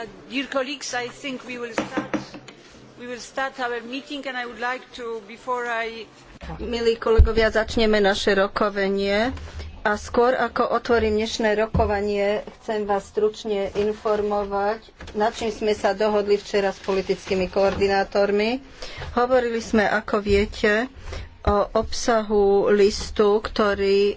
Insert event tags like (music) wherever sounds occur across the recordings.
Uh, dear colleagues, I think we will start, we will start our meeting and I would like to, before I... Milí kolegovia, začneme naše rokovanie. A skôr ako otvorím dnešné rokovanie, chcem vás stručne informovať, na čím sme sa dohodli včera s politickými koordinátormi. Hovorili sme, ako viete, o obsahu listu, ktorý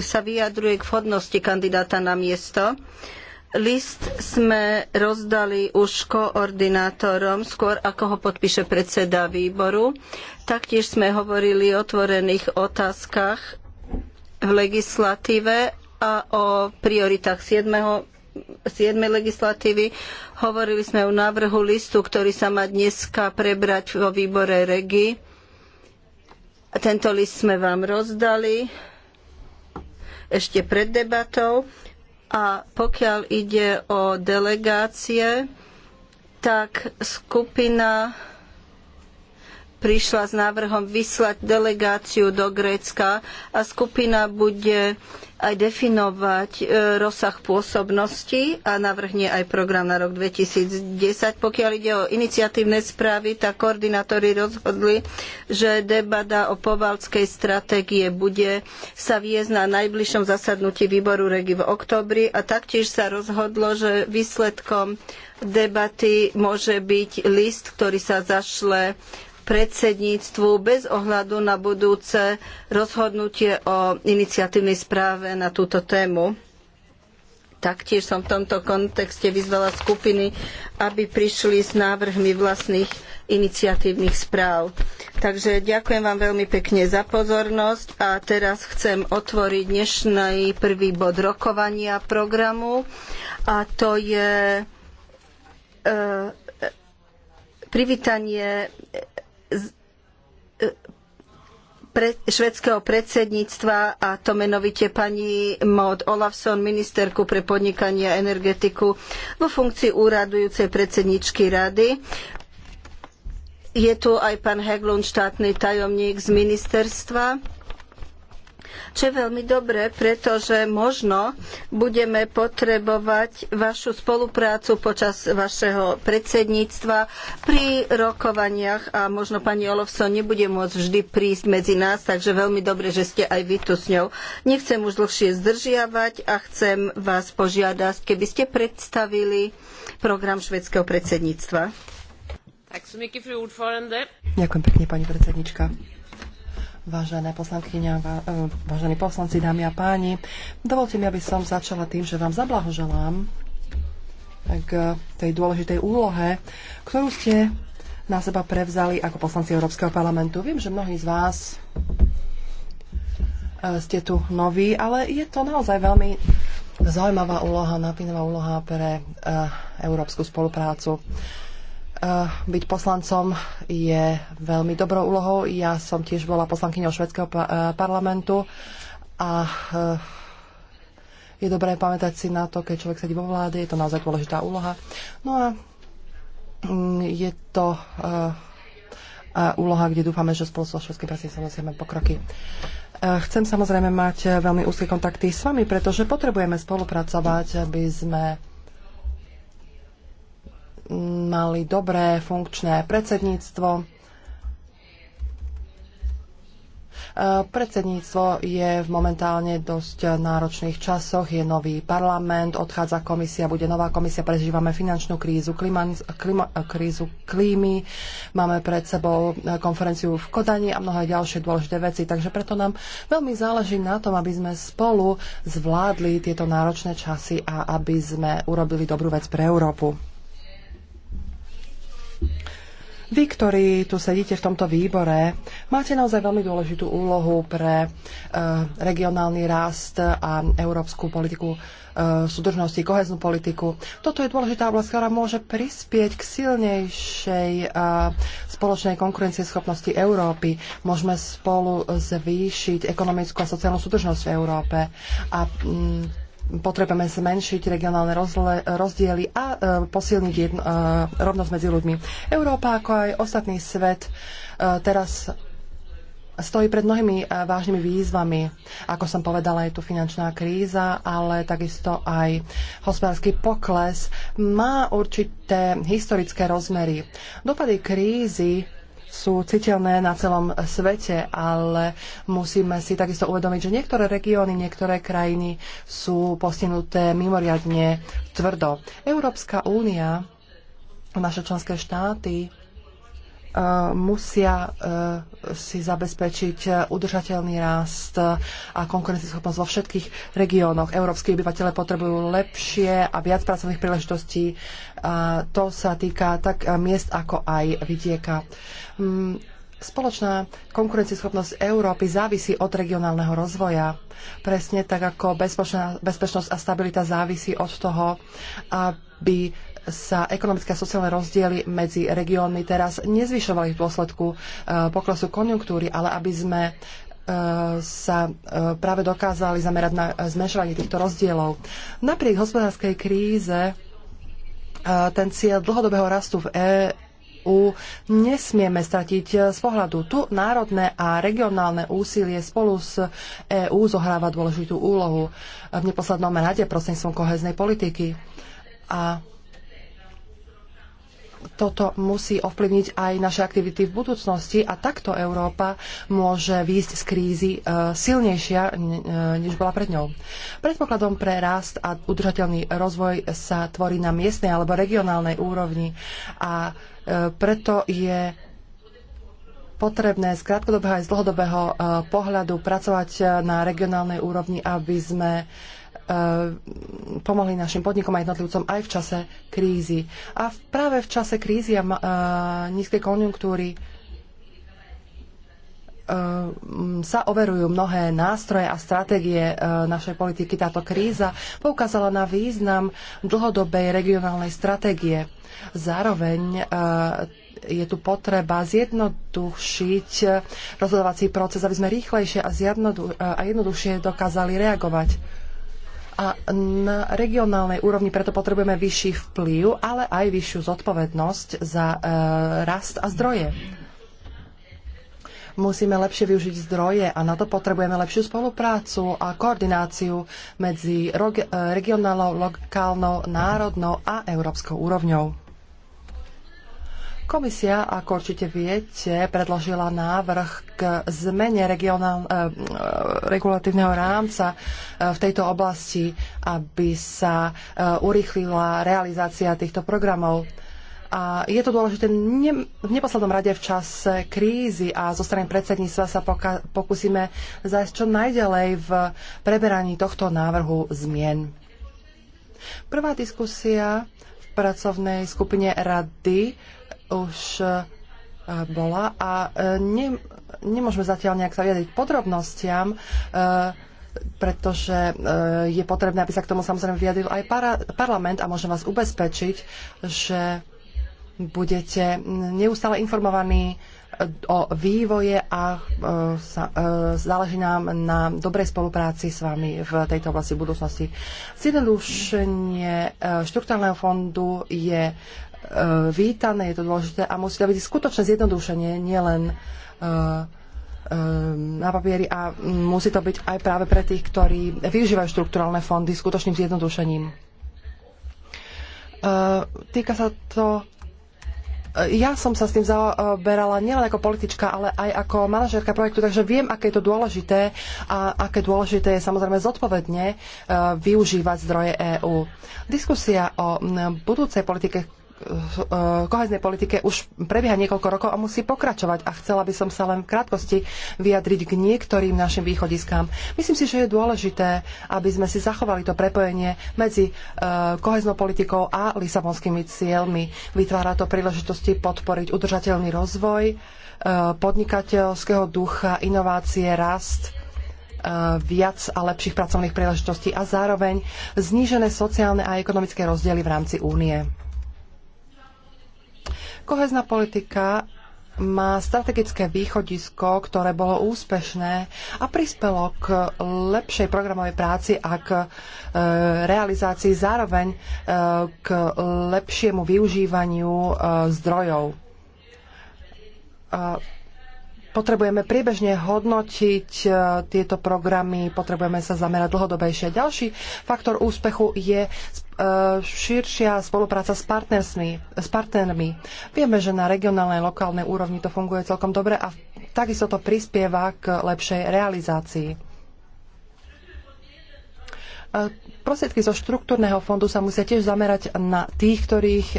sa vyjadruje k vhodnosti kandidáta na miesto. Uh, List sme rozdali už koordinátorom, skôr ako ho podpíše predseda výboru. Taktiež sme hovorili o otvorených otázkach v legislatíve a o prioritách 7. 7. legislatívy. Hovorili sme o návrhu listu, ktorý sa má dneska prebrať vo výbore REGI. Tento list sme vám rozdali ešte pred debatou. A pokiaľ ide o delegácie, tak skupina prišla s návrhom vyslať delegáciu do Grécka a skupina bude aj definovať e, rozsah pôsobnosti a navrhne aj program na rok 2010. Pokiaľ ide o iniciatívne správy, tak koordinátori rozhodli, že debata o povalskej stratégie bude sa viesť na najbližšom zasadnutí výboru regi v októbri a taktiež sa rozhodlo, že výsledkom debaty môže byť list, ktorý sa zašle predsedníctvu bez ohľadu na budúce rozhodnutie o iniciatívnej správe na túto tému. Taktiež som v tomto kontexte vyzvala skupiny, aby prišli s návrhmi vlastných iniciatívnych správ. Takže ďakujem vám veľmi pekne za pozornosť a teraz chcem otvoriť dnešný prvý bod rokovania programu a to je e, e privítanie E, pre, švedského predsedníctva a to menovite pani Maud Olafsson, ministerku pre podnikanie a energetiku vo funkcii úradujúcej predsedničky rady. Je tu aj pán Heglund, štátny tajomník z ministerstva čo je veľmi dobré, pretože možno budeme potrebovať vašu spoluprácu počas vašeho predsedníctva pri rokovaniach a možno pani Olovson nebude môcť vždy prísť medzi nás, takže veľmi dobre, že ste aj vy tu s ňou. Nechcem už dlhšie zdržiavať a chcem vás požiadať, keby ste predstavili program švedského predsedníctva. Ďakujem pekne, pani predsednička. Vážené poslankyňa, e, vážení poslanci, dámy a páni, dovolte mi, aby som začala tým, že vám zablahoželám k tej dôležitej úlohe, ktorú ste na seba prevzali ako poslanci Európskeho parlamentu. Viem, že mnohí z vás e, ste tu noví, ale je to naozaj veľmi zaujímavá úloha, napínavá úloha pre e, európsku spoluprácu. Eh, byť poslancom je veľmi dobrou úlohou. Ja som tiež bola poslankyňou švedského eh, parlamentu a eh, je dobré pamätať si na to, keď človek sedí vo vláde, je to naozaj dôležitá úloha. No a mm, je to úloha, kde dúfame, že spolu so švedským predsedníctvom dosiahneme pokroky. Chcem samozrejme mať veľmi úzke kontakty s vami, pretože potrebujeme spolupracovať, aby sme mali dobré funkčné predsedníctvo. E, predsedníctvo je v momentálne dosť náročných časoch. Je nový parlament, odchádza komisia, bude nová komisia, prežívame finančnú krízu, klima, klima, e, krízu klímy, máme pred sebou e, konferenciu v Kodani a mnohé ďalšie dôležité veci. Takže preto nám veľmi záleží na tom, aby sme spolu zvládli tieto náročné časy a aby sme urobili dobrú vec pre Európu. Vy, ktorí tu sedíte v tomto výbore, máte naozaj veľmi dôležitú úlohu pre e, regionálny rast a európsku politiku e, súdržnosti, koheznú politiku. Toto je dôležitá oblasť, ktorá môže prispieť k silnejšej eh, spoločnej konkurencieschopnosti Európy. Môžeme spolu zvýšiť ekonomickú a sociálnu súdržnosť v Európe. A mm, potrebujeme zmenšiť regionálne rozdiely a e, posilniť jedno, e, rovnosť medzi ľuďmi. Európa, ako aj ostatný svet, e, teraz stojí pred mnohými vážnymi výzvami. Ako som povedala, je tu finančná kríza, ale takisto aj hospodársky pokles má určité historické rozmery. Dopady krízy sú citeľné na celom svete, ale musíme si takisto uvedomiť, že niektoré regióny, niektoré krajiny sú postihnuté mimoriadne tvrdo. Európska únia, naše členské štáty E, musia e, si zabezpečiť e, udržateľný rast a konkurencieschopnosť vo všetkých regiónoch. Európsky obyvateľe potrebujú lepšie a viac pracovných príležitostí. A to sa týka tak miest, ako aj vidieka. Mm, spoločná konkurencieschopnosť Európy závisí od regionálneho rozvoja. Presne tak, ako bezpečnosť a stabilita závisí od toho, aby sa ekonomické a sociálne rozdiely medzi regiónmi teraz nezvyšovali v dôsledku e, poklesu konjunktúry, ale aby sme e, sa e, práve dokázali zamerať na zmenšovanie týchto rozdielov. Napriek hospodárskej kríze ten cieľ dlhodobého rastu v EÚ nesmieme stratiť z pohľadu. Tu národné a regionálne úsilie spolu s EÚ zohráva dôležitú úlohu v neposlednom rade prostredníctvom koheznej politiky. A toto musí ovplyvniť aj naše aktivity v budúcnosti a takto Európa môže výjsť z krízy e, silnejšia, e, než bola pred ňou. Predpokladom pre rast a udržateľný rozvoj sa tvorí na miestnej alebo regionálnej úrovni a e, preto je potrebné z krátkodobého aj z dlhodobého pohľadu pracovať na regionálnej úrovni, aby sme Eh, pomohli našim podnikom a jednotlivcom aj v čase krízy. A práve v čase krízy a eh, nízkej konjunktúry eh, sa overujú mnohé nástroje a stratégie našej politiky. Táto kríza poukázala na význam dlhodobej regionálnej stratégie. Zároveň je tu potreba zjednodušiť rozhodovací proces, aby sme rýchlejšie a, jednoduchšie dokázali reagovať a na regionálnej úrovni preto potrebujeme vyšší vplyv, ale aj vyššiu zodpovednosť za e, rast a zdroje. Musíme lepšie využiť zdroje a na to potrebujeme lepšiu spoluprácu a koordináciu medzi e, regionálnou, lokálnou, národnou a európskou úrovňou. Komisia, ako určite viete, predložila návrh k zmene regionál, eh, regulatívneho rámca eh, v tejto oblasti, aby sa eh, urýchlila realizácia týchto programov. A je to dôležité ne, v neposlednom rade v čase krízy a zo strany predsedníctva sa poka- pokúsime zajsť čo najďalej v preberaní tohto návrhu zmien. Prvá diskusia v pracovnej skupine rady už e, bola a e, ne, nemôžeme zatiaľ nejak sa vyjadriť podrobnostiam, e, pretože je potrebné, aby sa k tomu samozrejme vyjadril aj para, parlament a môžem vás ubezpečiť, že budete neustále informovaní o vývoje a sa, záleží nám na dobrej spolupráci s vami v tejto oblasti budúcnosti. Zjednodušenie štruktúrneho fondu je E, vítané, je to dôležité a musí to byť skutočné zjednodušenie, nielen e, e, na papieri a musí to byť aj práve pre tých, ktorí využívajú štrukturálne fondy skutočným zjednodušením. Týka sa to ja som sa s tým zaoberala nielen ako politička, ale aj ako manažérka projektu, takže viem, aké je to dôležité a aké dôležité je samozrejme zodpovedne využívať zdroje EÚ. Diskusia o budúcej politike koheznej politike už prebieha niekoľko rokov a musí pokračovať. A chcela by som sa len v krátkosti vyjadriť k niektorým našim východiskám. Myslím si, že je dôležité, aby sme si zachovali to prepojenie medzi e, koheznou politikou a lisabonskými cieľmi. Vytvára to príležitosti podporiť udržateľný rozvoj, e, podnikateľského ducha, inovácie, rast e, viac a lepších pracovných príležitostí a zároveň znížené sociálne a ekonomické rozdiely v rámci únie. Kohezná politika má strategické východisko, ktoré bolo úspešné a prispelo k lepšej programovej práci a k e, realizácii zároveň e, k lepšiemu využívaniu e, zdrojov. Potrebujeme priebežne hodnotiť tieto programy, potrebujeme sa zamerať dlhodobejšie. Ďalší faktor úspechu je E, širšia spolupráca s, s partnermi. Vieme, že na regionálnej, lokálnej úrovni to funguje celkom dobre a takisto to prispieva k lepšej realizácii. E, prostriedky zo štruktúrneho fondu sa musia tiež zamerať na tých, ktorých e,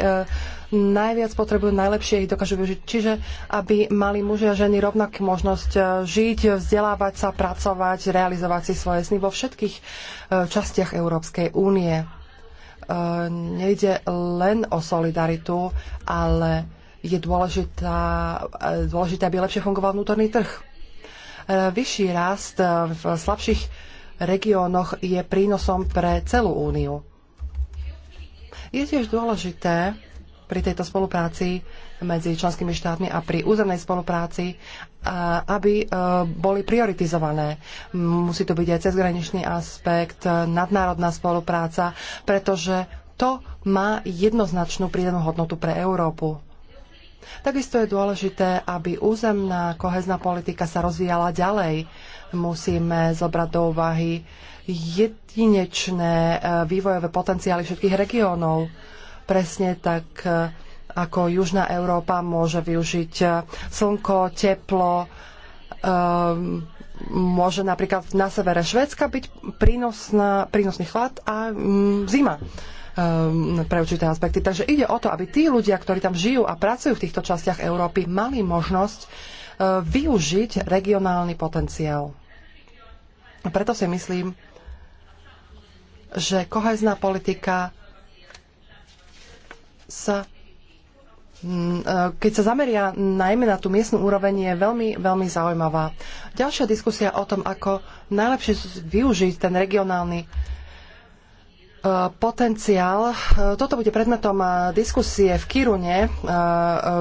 najviac potrebujú, najlepšie ich dokážu využiť. Čiže aby mali muži a ženy rovnakú možnosť žiť, vzdelávať sa, pracovať, realizovať si svoje sny vo všetkých častiach Európskej únie. E, nejde len o solidaritu, ale je dôležitá, e, dôležité, aby lepšie fungoval vnútorný trh. E, vyšší rast v slabších regiónoch je prínosom pre celú úniu. Je tiež dôležité pri tejto spolupráci medzi členskými štátmi a pri územnej spolupráci, aby e, boli prioritizované. Musí to byť aj cezgraničný aspekt, nadnárodná spolupráca, pretože to má jednoznačnú prídenú hodnotu pre Európu. Takisto je dôležité, aby územná kohezná politika sa rozvíjala ďalej. Musíme zobrať do úvahy jedinečné e, vývojové potenciály všetkých regiónov. Presne tak e, ako Južná Európa môže využiť eh, slnko, teplo, um, môže napríklad na severe Švédska byť prínosná, prínosný chlad a um, zima um, pre určité aspekty. Takže ide o to, aby tí ľudia, ktorí tam žijú a pracujú v týchto častiach Európy, mali možnosť uh, využiť regionálny potenciál. A preto si myslím, že kohezná politika sa Mm, e, keď sa zameria najmä na tú miestnu úroveň, je veľmi, veľmi zaujímavá. Ďalšia diskusia o tom, ako najlepšie využiť ten regionálny e, potenciál. E, toto bude predmetom diskusie v Kirune,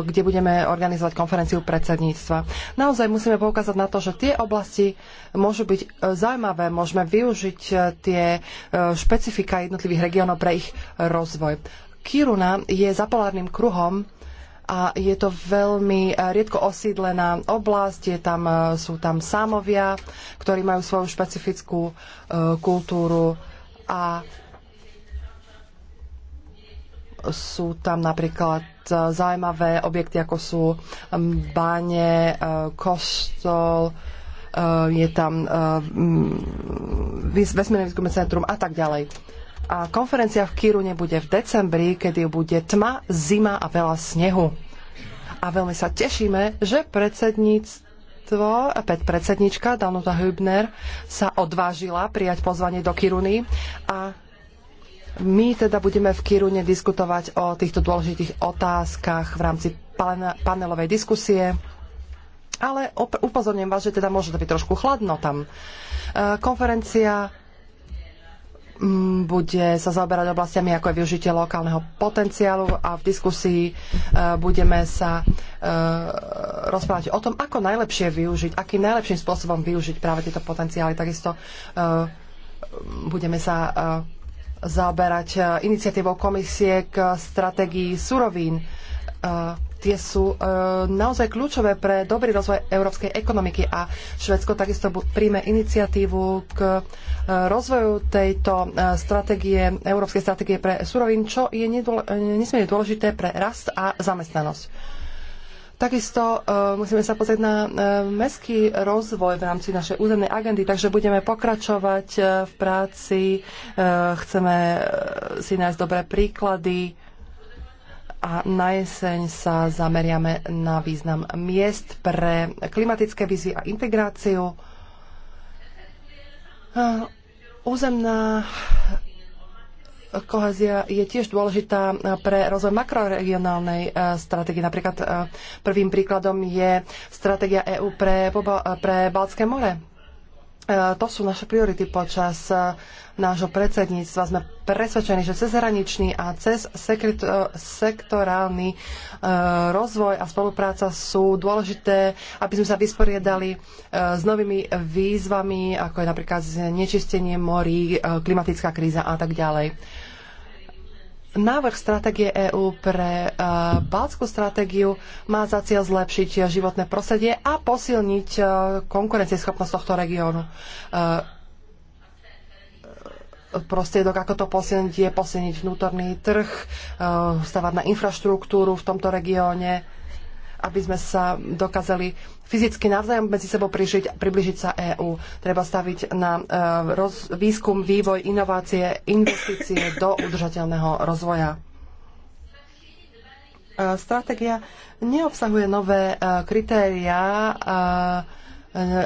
kde budeme organizovať konferenciu predsedníctva. Naozaj musíme poukázať na to, že tie oblasti môžu byť zaujímavé, môžeme využiť tie špecifika jednotlivých regiónov pre ich rozvoj. Kiruna je za polárnym kruhom a je to veľmi eh, riedko osídlená oblasť, je tam, eh, sú tam sámovia, ktorí majú svoju špecifickú eh, kultúru a sú tam napríklad zaujímavé objekty, ako sú mm, báne, kostol, je tam mm, vesmírne výskumné centrum a tak ďalej a konferencia v Kirune bude v decembri, kedy bude tma, zima a veľa snehu. A veľmi sa tešíme, že predsedníctvo predsedníctvo, pred predsednička Danuta Hübner sa odvážila prijať pozvanie do Kiruny a my teda budeme v Kirune diskutovať o týchto dôležitých otázkach v rámci panelovej diskusie. Ale upozorňujem vás, že teda môže to byť trošku chladno tam. E, konferencia bude sa zaoberať oblastiami, ako je využitie lokálneho potenciálu a v diskusii e, budeme sa e, rozprávať o tom, ako najlepšie využiť, akým najlepším spôsobom využiť práve tieto potenciály. Takisto e, budeme sa zaoberať iniciatívou komisie k stratégii surovín tie sú e, naozaj kľúčové pre dobrý rozvoj európskej ekonomiky a Švedsko takisto príjme iniciatívu k e, rozvoju tejto e, stratégie, európskej stratégie pre surovín, čo je nedôle, nesmierne dôležité pre rast a zamestnanosť. Takisto e, musíme sa pozrieť na e, mestský rozvoj v rámci našej územnej agendy, takže budeme pokračovať e, v práci, chceme si nájsť dobré príklady a na jeseň sa zameriame na význam miest pre klimatické výzvy a integráciu. Územná kohezia je tiež dôležitá pre rozvoj makroregionálnej e, stratégie. Napríklad e, prvým príkladom je stratégia EÚ pre, pre Baltské more. E, to sú naše priority počas e, nášho predsedníctva. Sme presvedčení, že cezhraničný a cez e, sektorálny rozvoj a spolupráca sú dôležité, aby sme sa vysporiadali s novými výzvami, ako je napríklad znečistenie morí, klimatická kríza a tak ďalej. Návrh stratégie EÚ pre e, Balckú stratégiu má za cieľ zlepšiť životné prostredie a posilniť e, konkurencieschopnosť tohto regiónu. E, prostriedok, ako to posilniť, je posilniť vnútorný trh, stavať na infraštruktúru v tomto regióne, aby sme sa dokázali fyzicky navzájom medzi sebou prižiť, približiť sa EÚ. Treba staviť na e, roz, výskum, vývoj, inovácie, investície do udržateľného rozvoja. E, stratégia neobsahuje nové e, kritériá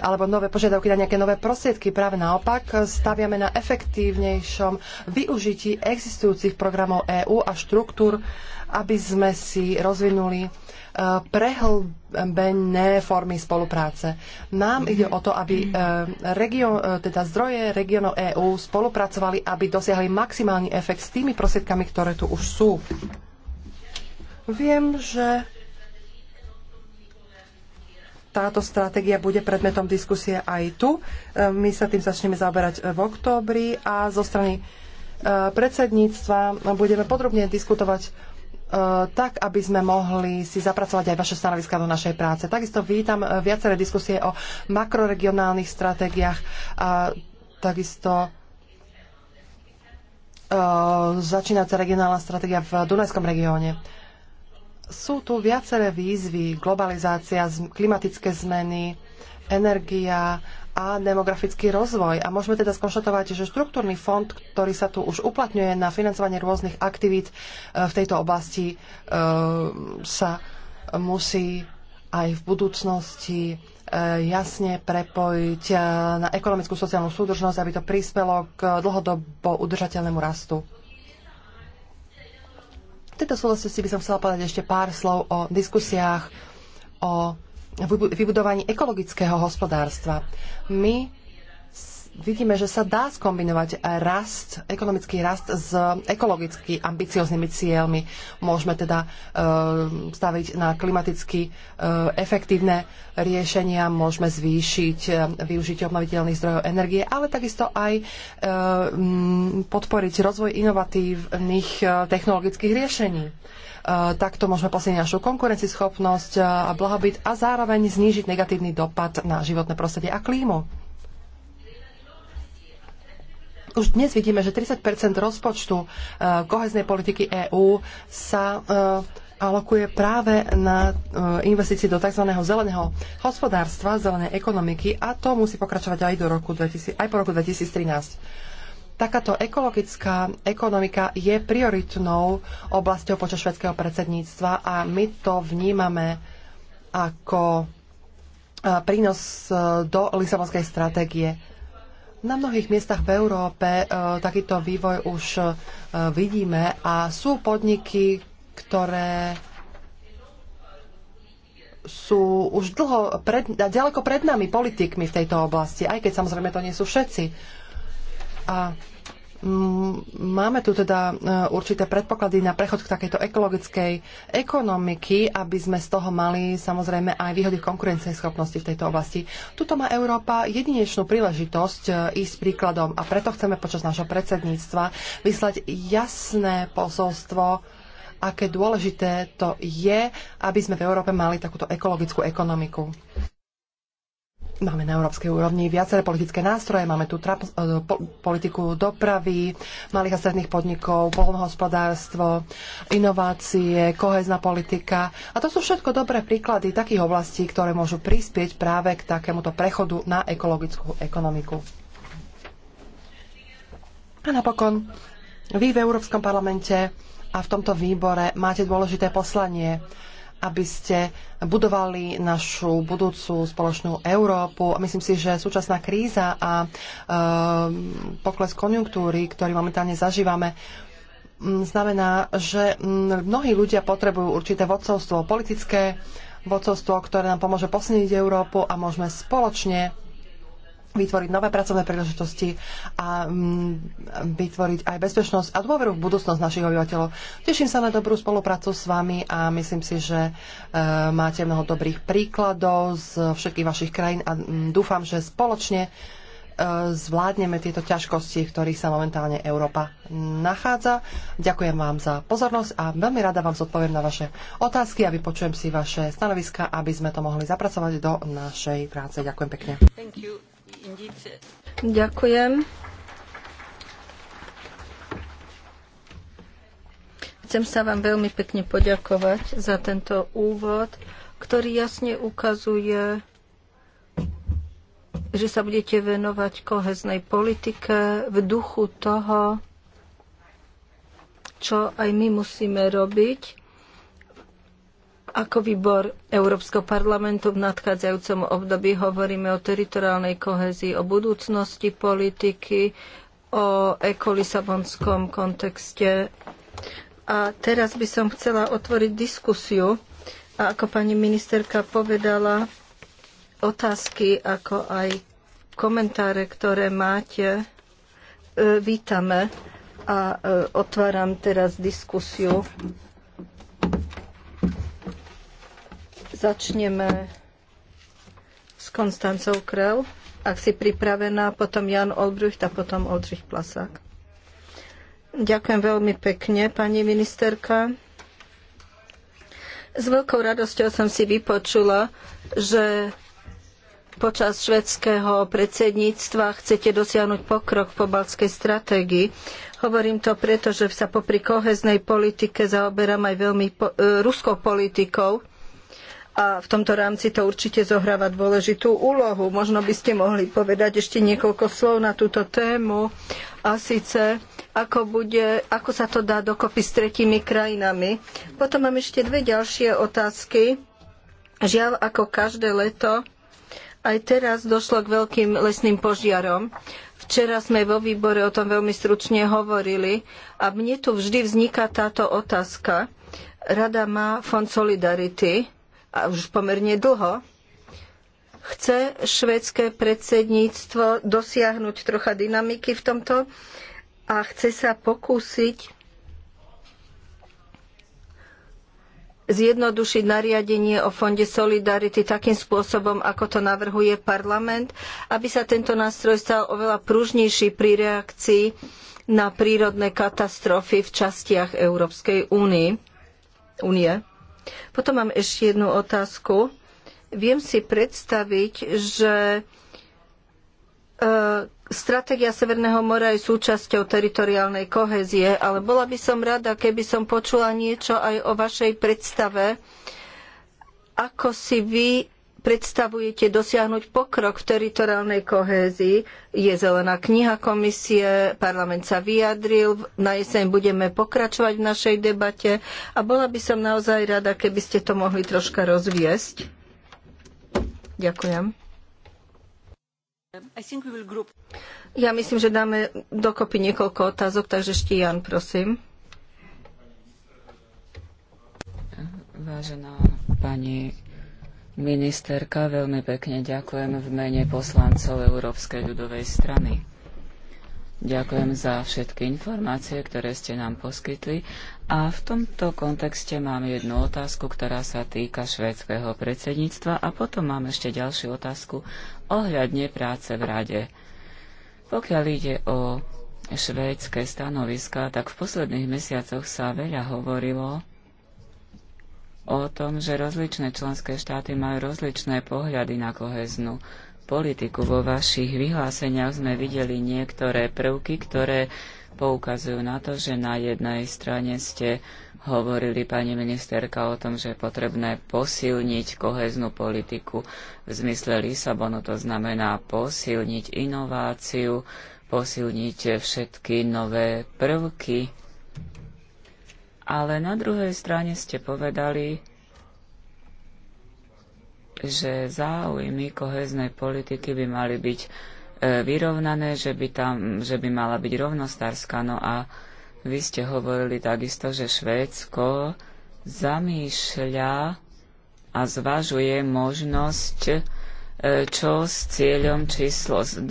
alebo nové požiadavky na nejaké nové prostriedky. Práve naopak, staviame na efektívnejšom využití existujúcich programov EÚ a štruktúr, aby sme si rozvinuli prehlbené formy spolupráce. Nám mhm. ide o to, aby mhm. eh, region, eh, teda zdroje regionov EÚ spolupracovali, aby dosiahli maximálny efekt s tými prosiedkami, ktoré tu už sú. Viem, že táto stratégia bude predmetom diskusie aj tu. Eh, my sa tým začneme zaoberať v októbri a zo strany predsedníctva budeme podrobne diskutovať tak, aby sme mohli si zapracovať aj vaše stanoviská do našej práce. Takisto vítam eh, viaceré diskusie o makroregionálnych stratégiách a takisto eh, začínajúca regionálna stratégia v Dunajskom regióne. Sú tu viaceré výzvy, globalizácia, klimatické zmeny, energia, a demografický rozvoj. A môžeme teda skonštatovať, že štruktúrny fond, ktorý sa tu už uplatňuje na financovanie rôznych aktivít e, v tejto oblasti, e, sa musí aj v budúcnosti e, jasne prepojiť na ekonomickú sociálnu súdržnosť, aby to prispelo k dlhodobo udržateľnému rastu. V tejto súvislosti by som chcela povedať ešte pár slov o diskusiách o vybudovaní ekologického hospodárstva. My vidíme, že sa dá skombinovať rast, ekonomický rast s ekologicky ambicioznými cieľmi. Môžeme teda e, staviť na klimaticky e, efektívne riešenia, môžeme zvýšiť e, využitie obnoviteľných zdrojov energie, ale takisto aj e, podporiť rozvoj inovatívnych e, technologických riešení. Eh, takto môžeme posilniť našu konkurencieschopnosť eh, a blahobyt a zároveň znížiť negatívny dopad na životné prostredie a klímu. Už dnes vidíme, že 30 rozpočtu eh, koheznej politiky EÚ sa alokuje práve na investície do tzv. zeleného hospodárstva, zelenej ekonomiky a to musí pokračovať aj, do roku 2000, aj po roku 2013 Takáto ekologická ekonomika je prioritnou oblasťou počas švedského predsedníctva a my to vnímame ako prínos e, do Lisabonskej stratégie. Na mnohých miestach v Európe e, takýto vývoj už e, vidíme a sú podniky, ktoré sú už dlho pred, ďaleko pred nami politikmi v tejto oblasti, aj keď samozrejme to nie sú všetci a mm, máme tu teda e, určité predpoklady na prechod k takejto ekologickej ekonomiky, aby sme z toho mali samozrejme aj výhody konkurencej schopnosti v tejto oblasti. Tuto má Európa jedinečnú príležitosť e, ísť príkladom a preto chceme počas nášho predsedníctva vyslať jasné posolstvo, aké dôležité to je, aby sme v Európe mali takúto ekologickú ekonomiku. Máme na európskej úrovni viaceré politické nástroje, máme tu trap, e, po, politiku dopravy, malých a stredných podnikov, polnohospodárstvo, inovácie, kohezná politika. A to sú všetko dobré príklady takých oblastí, ktoré môžu prispieť práve k takémuto prechodu na ekologickú ekonomiku. A napokon, vy v Európskom parlamente a v tomto výbore máte dôležité poslanie aby ste budovali našu budúcu spoločnú Európu. Myslím si, že súčasná kríza a e, pokles konjunktúry, ktorý momentálne zažívame, znamená, že mnohí ľudia potrebujú určité vodcovstvo, politické vodcovstvo, ktoré nám pomôže posilniť Európu a môžeme spoločne vytvoriť nové pracovné príležitosti a mm, vytvoriť aj bezpečnosť a dôveru v budúcnosť našich obyvateľov. Teším sa na dobrú spoluprácu s vami a myslím si, že e, máte mnoho dobrých príkladov z všetkých vašich krajín a mm, dúfam, že spoločne e, zvládneme tieto ťažkosti, v ktorých sa momentálne Európa nachádza. Ďakujem vám za pozornosť a veľmi rada vám zodpoviem na vaše otázky a vypočujem si vaše stanoviska, aby sme to mohli zapracovať do našej práce. Ďakujem pekne. Ďakujem. Chcem sa vám veľmi pekne poďakovať za tento úvod, ktorý jasne ukazuje, že sa budete venovať koheznej politike v duchu toho, čo aj my musíme robiť ako výbor Európskeho parlamentu v nadchádzajúcom období hovoríme o teritoriálnej kohezii, o budúcnosti politiky, o ekolisabonskom kontexte. A teraz by som chcela otvoriť diskusiu. A ako pani ministerka povedala, otázky ako aj komentáre, ktoré máte, e, vítame a e, otváram teraz diskusiu. Začneme s Konstancou Krel. Ak si pripravená, potom Jan Olbrucht a potom Oldřich Plasák. Ďakujem veľmi pekne, pani ministerka. S veľkou radosťou som si vypočula, že počas švedského predsedníctva chcete dosiahnuť pokrok v pobalskej stratégii. Hovorím to preto, že sa popri koheznej politike zaoberám aj veľmi po, e, ruskou politikou a v tomto rámci to určite zohráva dôležitú úlohu. Možno by ste mohli povedať ešte niekoľko slov na túto tému a síce ako, bude, ako sa to dá dokopy s tretími krajinami. Potom mám ešte dve ďalšie otázky. Žiaľ, ako každé leto, aj teraz došlo k veľkým lesným požiarom. Včera sme vo výbore o tom veľmi stručne hovorili a mne tu vždy vzniká táto otázka. Rada má fond Solidarity a už pomerne dlho. Chce švédske predsedníctvo dosiahnuť trocha dynamiky v tomto a chce sa pokúsiť zjednodušiť nariadenie o Fonde Solidarity takým spôsobom, ako to navrhuje parlament, aby sa tento nástroj stal oveľa pružnejší pri reakcii na prírodné katastrofy v častiach Európskej únie. únie. Potom mám ešte jednu otázku. Viem si predstaviť, že e, stratégia Severného mora je súčasťou teritoriálnej kohézie, ale bola by som rada, keby som počula niečo aj o vašej predstave, ako si vy predstavujete dosiahnuť pokrok v teritoriálnej kohézii. Je zelená kniha komisie, parlament sa vyjadril, na jeseň budeme pokračovať v našej debate a bola by som naozaj rada, keby ste to mohli troška rozviesť. Ďakujem. Ja myslím, že dáme dokopy niekoľko otázok, takže ešte Jan, prosím. Vážená pani Ministerka, veľmi pekne ďakujem v mene poslancov Európskej ľudovej strany. Ďakujem za všetky informácie, ktoré ste nám poskytli. A v tomto kontexte mám jednu otázku, ktorá sa týka švédskeho predsedníctva a potom mám ešte ďalšiu otázku ohľadne práce v rade. Pokiaľ ide o švédske stanoviska, tak v posledných mesiacoch sa veľa hovorilo o tom, že rozličné členské štáty majú rozličné pohľady na koheznú politiku. Vo vašich vyhláseniach sme videli niektoré prvky, ktoré poukazujú na to, že na jednej strane ste hovorili pani ministerka o tom, že je potrebné posilniť koheznú politiku v zmysle Lisabonu, to znamená posilniť inováciu, posilniť všetky nové prvky ale na druhej strane ste povedali, že záujmy koheznej politiky by mali byť e, vyrovnané, že by, tam, že by mala byť rovnostárska. No a vy ste hovorili takisto, že Švédsko zamýšľa a zvažuje možnosť e, čo s cieľom číslo 2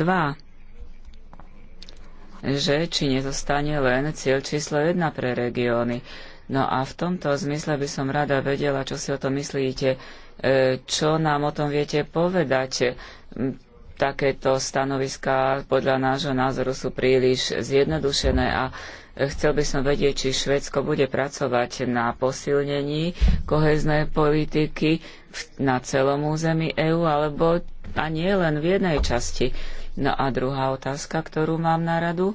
že či nezostane len cieľ číslo jedna pre regióny. No a v tomto zmysle by som rada vedela, čo si o tom myslíte, e, čo nám o tom viete povedať. Takéto stanoviská podľa nášho názoru sú príliš zjednodušené a Chcel by som vedieť, či Švédsko bude pracovať na posilnení kohéznej politiky na celom území EÚ alebo a nie len v jednej časti. No a druhá otázka, ktorú mám na radu.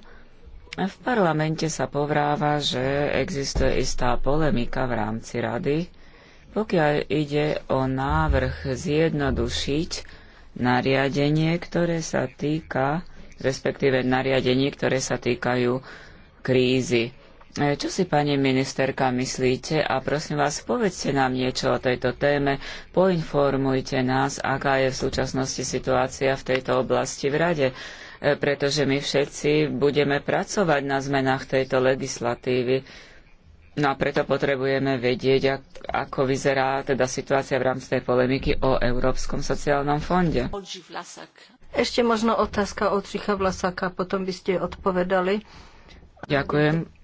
V parlamente sa povráva, že existuje istá polemika v rámci rady, pokiaľ ide o návrh zjednodušiť nariadenie, ktoré sa týka, respektíve nariadenie, ktoré sa týkajú krízy. E, čo si, pani ministerka, myslíte? A prosím vás, povedzte nám niečo o tejto téme, poinformujte nás, aká je v súčasnosti situácia v tejto oblasti v Rade, e, pretože my všetci budeme pracovať na zmenách tejto legislatívy. No a preto potrebujeme vedieť, ako vyzerá teda situácia v rámci tej polemiky o Európskom sociálnom fonde. Ešte možno otázka od Žicha Vlasaka, potom by ste odpovedali. Ďakujem.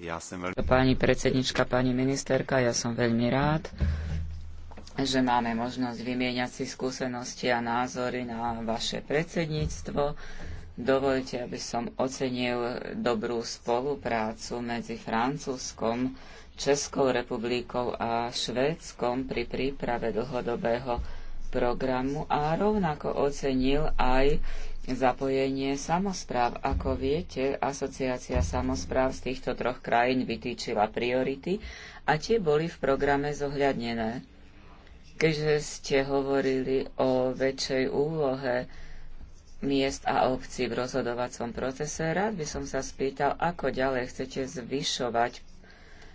Ja som veľmi... Pani predsednička, pani ministerka, ja som veľmi rád, že máme možnosť vymieňať si skúsenosti a názory na vaše predsedníctvo. Dovolte, aby som ocenil dobrú spoluprácu medzi Francúzskom, Českou republikou a Švédskom pri príprave dlhodobého programu a rovnako ocenil aj zapojenie samospráv. Ako viete, asociácia samospráv z týchto troch krajín vytýčila priority a tie boli v programe zohľadnené. Keďže ste hovorili o väčšej úlohe miest a obcí v rozhodovacom procese, rád by som sa spýtal, ako ďalej chcete zvyšovať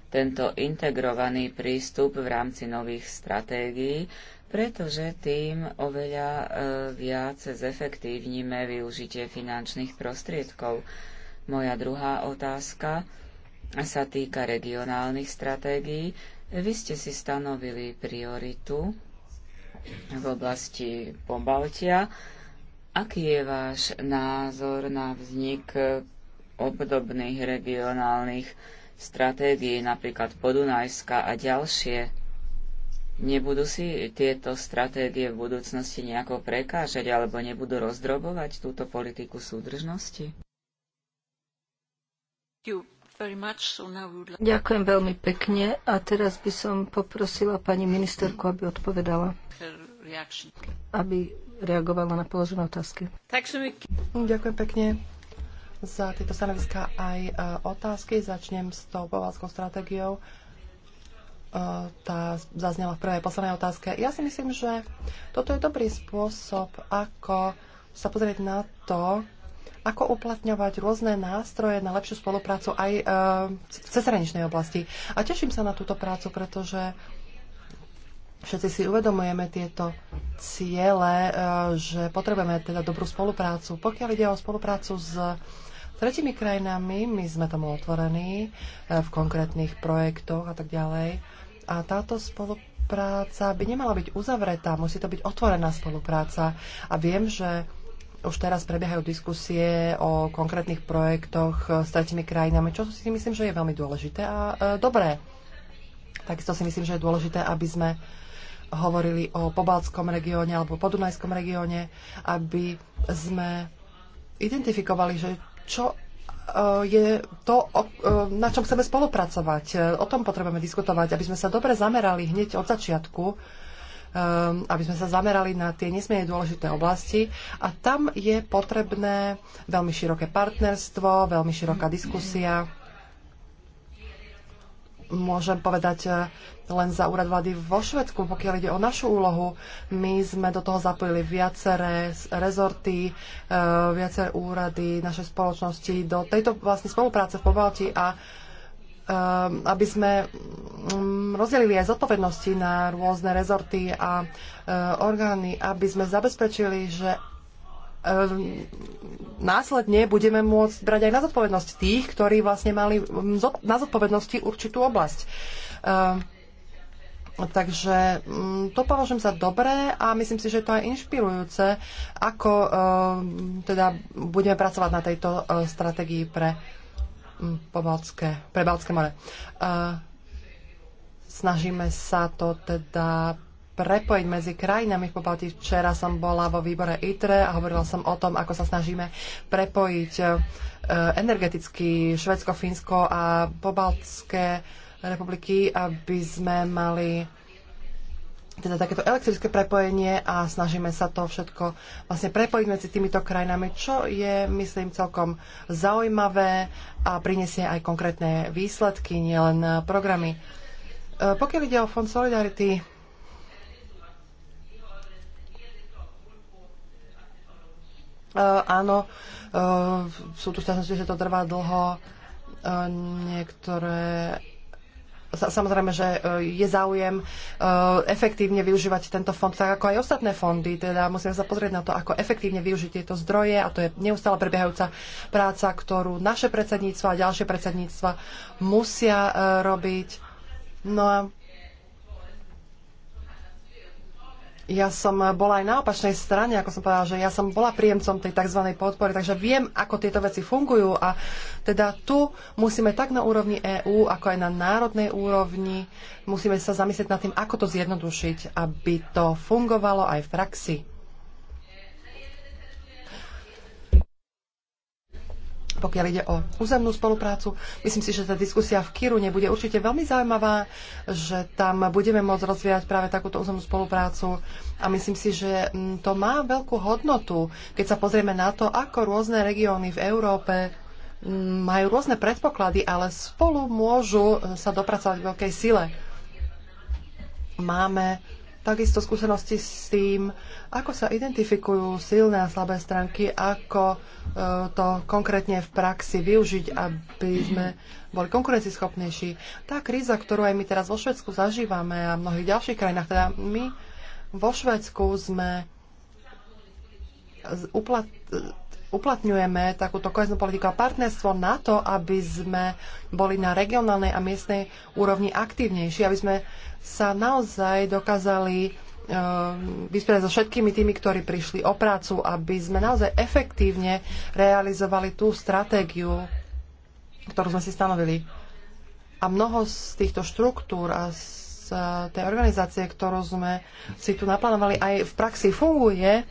tento integrovaný prístup v rámci nových stratégií pretože tým oveľa e, viac zefektívnime využitie finančných prostriedkov. Moja druhá otázka sa týka regionálnych stratégií. Vy ste si stanovili prioritu v oblasti Pobaltia. Aký je váš názor na vznik obdobných regionálnych stratégií, napríklad Podunajska a ďalšie? Nebudú si tieto stratégie v budúcnosti nejako prekážať alebo nebudú rozdrobovať túto politiku súdržnosti? Ďakujem veľmi pekne a teraz by som poprosila pani ministerku, aby odpovedala. Aby reagovala na položené otázky. Ďakujem pekne za tieto stanoviská aj e, otázky. Začnem s tou povádzkou stratégiou. E, tá zaznela v prvej poslednej otázke. Ja si myslím, že toto je dobrý spôsob, ako sa pozrieť na to, ako uplatňovať rôzne nástroje na lepšiu spoluprácu aj e, v cezhraničnej oblasti. A teším sa na túto prácu, pretože všetci si uvedomujeme tieto ciele, e, že potrebujeme teda dobrú spoluprácu. Pokiaľ ide o spoluprácu s tretimi krajinami, my sme tomu otvorení e, v konkrétnych projektoch a tak ďalej a táto spolupráca by nemala byť uzavretá, musí to byť otvorená spolupráca. A viem, že už teraz prebiehajú diskusie o konkrétnych projektoch eh, s tretimi krajinami, čo si myslím, že je veľmi dôležité a e, dobré. Takisto si myslím, že je dôležité, aby sme hovorili o pobaltskom regióne alebo podunajskom regióne, aby sme identifikovali, že čo E, je to, e, na čom chceme spolupracovať. E, o tom potrebujeme diskutovať, aby sme sa dobre zamerali hneď od začiatku, aby sme sa zamerali na tie nesmierne dôležité oblasti. A tam je potrebné veľmi široké partnerstvo, veľmi široká diskusia môžem povedať e, len za úrad vlády vo Švedsku, pokiaľ ide o našu úlohu. My sme do toho zapojili viaceré rezorty, e, viaceré úrady našej spoločnosti do tejto vlastne spolupráce v Pobalti a e, aby sme mm, rozdelili aj zodpovednosti na rôzne rezorty a orgány, aby sme zabezpečili, že Ehm, následne budeme môcť brať aj na zodpovednosť tých, ktorí vlastne mali na zodpovednosti určitú oblasť. Ehm, takže to považujem za dobré a myslím si, že to je inšpirujúce, ako ehm, teda budeme pracovať na tejto e, stratégii pre, Pobaltské, pre Baltské more. Snažíme sa to teda prepojiť medzi krajinami v Pobalti. Včera som bola vo výbore ITRE a hovorila som o tom, ako sa snažíme prepojiť e, energeticky Švedsko, Fínsko a Pobaltské republiky, aby sme mali teda takéto elektrické prepojenie a snažíme sa to všetko vlastne prepojiť medzi týmito krajinami, čo je, myslím, celkom zaujímavé a prinesie aj konkrétne výsledky, nielen programy. E, pokiaľ ide o Fond Solidarity, E, áno, e, sú tu šťastnosti, že to trvá dlho. E, niektoré samozrejme, že je záujem efektívne využívať tento fond, tak ako aj ostatné fondy. Teda musíme sa pozrieť na to, ako efektívne využiť tieto zdroje a to je neustále prebiehajúca práca, ktorú naše predsedníctva a ďalšie predsedníctva musia robiť. No a ja som eh, bola aj na opačnej strane, ako som povedala, že ja som bola príjemcom tej tzv. podpory, takže viem, ako tieto veci fungujú a teda tu musíme tak na úrovni EÚ, ako aj na národnej úrovni, musíme sa zamyslieť nad tým, ako to zjednodušiť, aby to fungovalo aj v praxi. pokiaľ ide o územnú spoluprácu. Myslím si, že tá diskusia v Kirune bude určite veľmi zaujímavá, že tam budeme môcť rozvíjať práve takúto územnú spoluprácu a myslím si, že mm, to má veľkú hodnotu, keď sa pozrieme na to, ako rôzne regióny v Európe mm, majú rôzne predpoklady, ale spolu môžu e, sa dopracovať v veľkej sile. Máme takisto skúsenosti s tým, ako sa identifikujú silné a slabé stránky, ako e, to konkrétne v praxi využiť, aby sme boli konkurencieschopnejší. Tá kríza, ktorú aj my teraz vo Švedsku zažívame a v mnohých ďalších krajinách, teda my vo Švedsku sme uplat, uplatňujeme takúto koheznú politiku a partnerstvo na to, aby sme boli na regionálnej a miestnej úrovni aktívnejší, aby sme sa naozaj dokázali e, vysporiadať so všetkými tými, ktorí prišli o prácu, aby sme naozaj efektívne realizovali tú stratégiu, ktorú sme si stanovili. A mnoho z týchto štruktúr a z e, tej organizácie, ktorú sme si tu naplánovali, aj v praxi funguje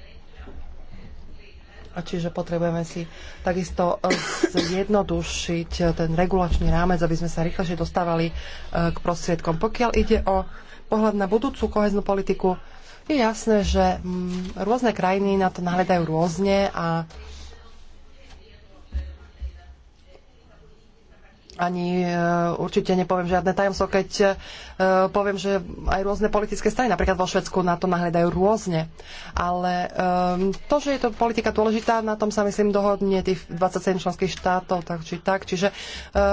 a čiže potrebujeme si takisto e, zjednodušiť e, ten regulačný rámec, aby sme sa rýchlejšie dostávali e, k prostriedkom. Pokiaľ ide o pohľad na budúcu koheznú politiku, je jasné, že mm, rôzne krajiny na to nahľadajú rôzne a ani e, určite nepoviem žiadne tajomstvo, keď e, poviem, že aj rôzne politické strany, napríklad vo Švedsku, na to nahľadajú rôzne. Ale e, to, že je to politika dôležitá, na tom sa myslím dohodne tých 27 členských štátov, tak či tak. Čiže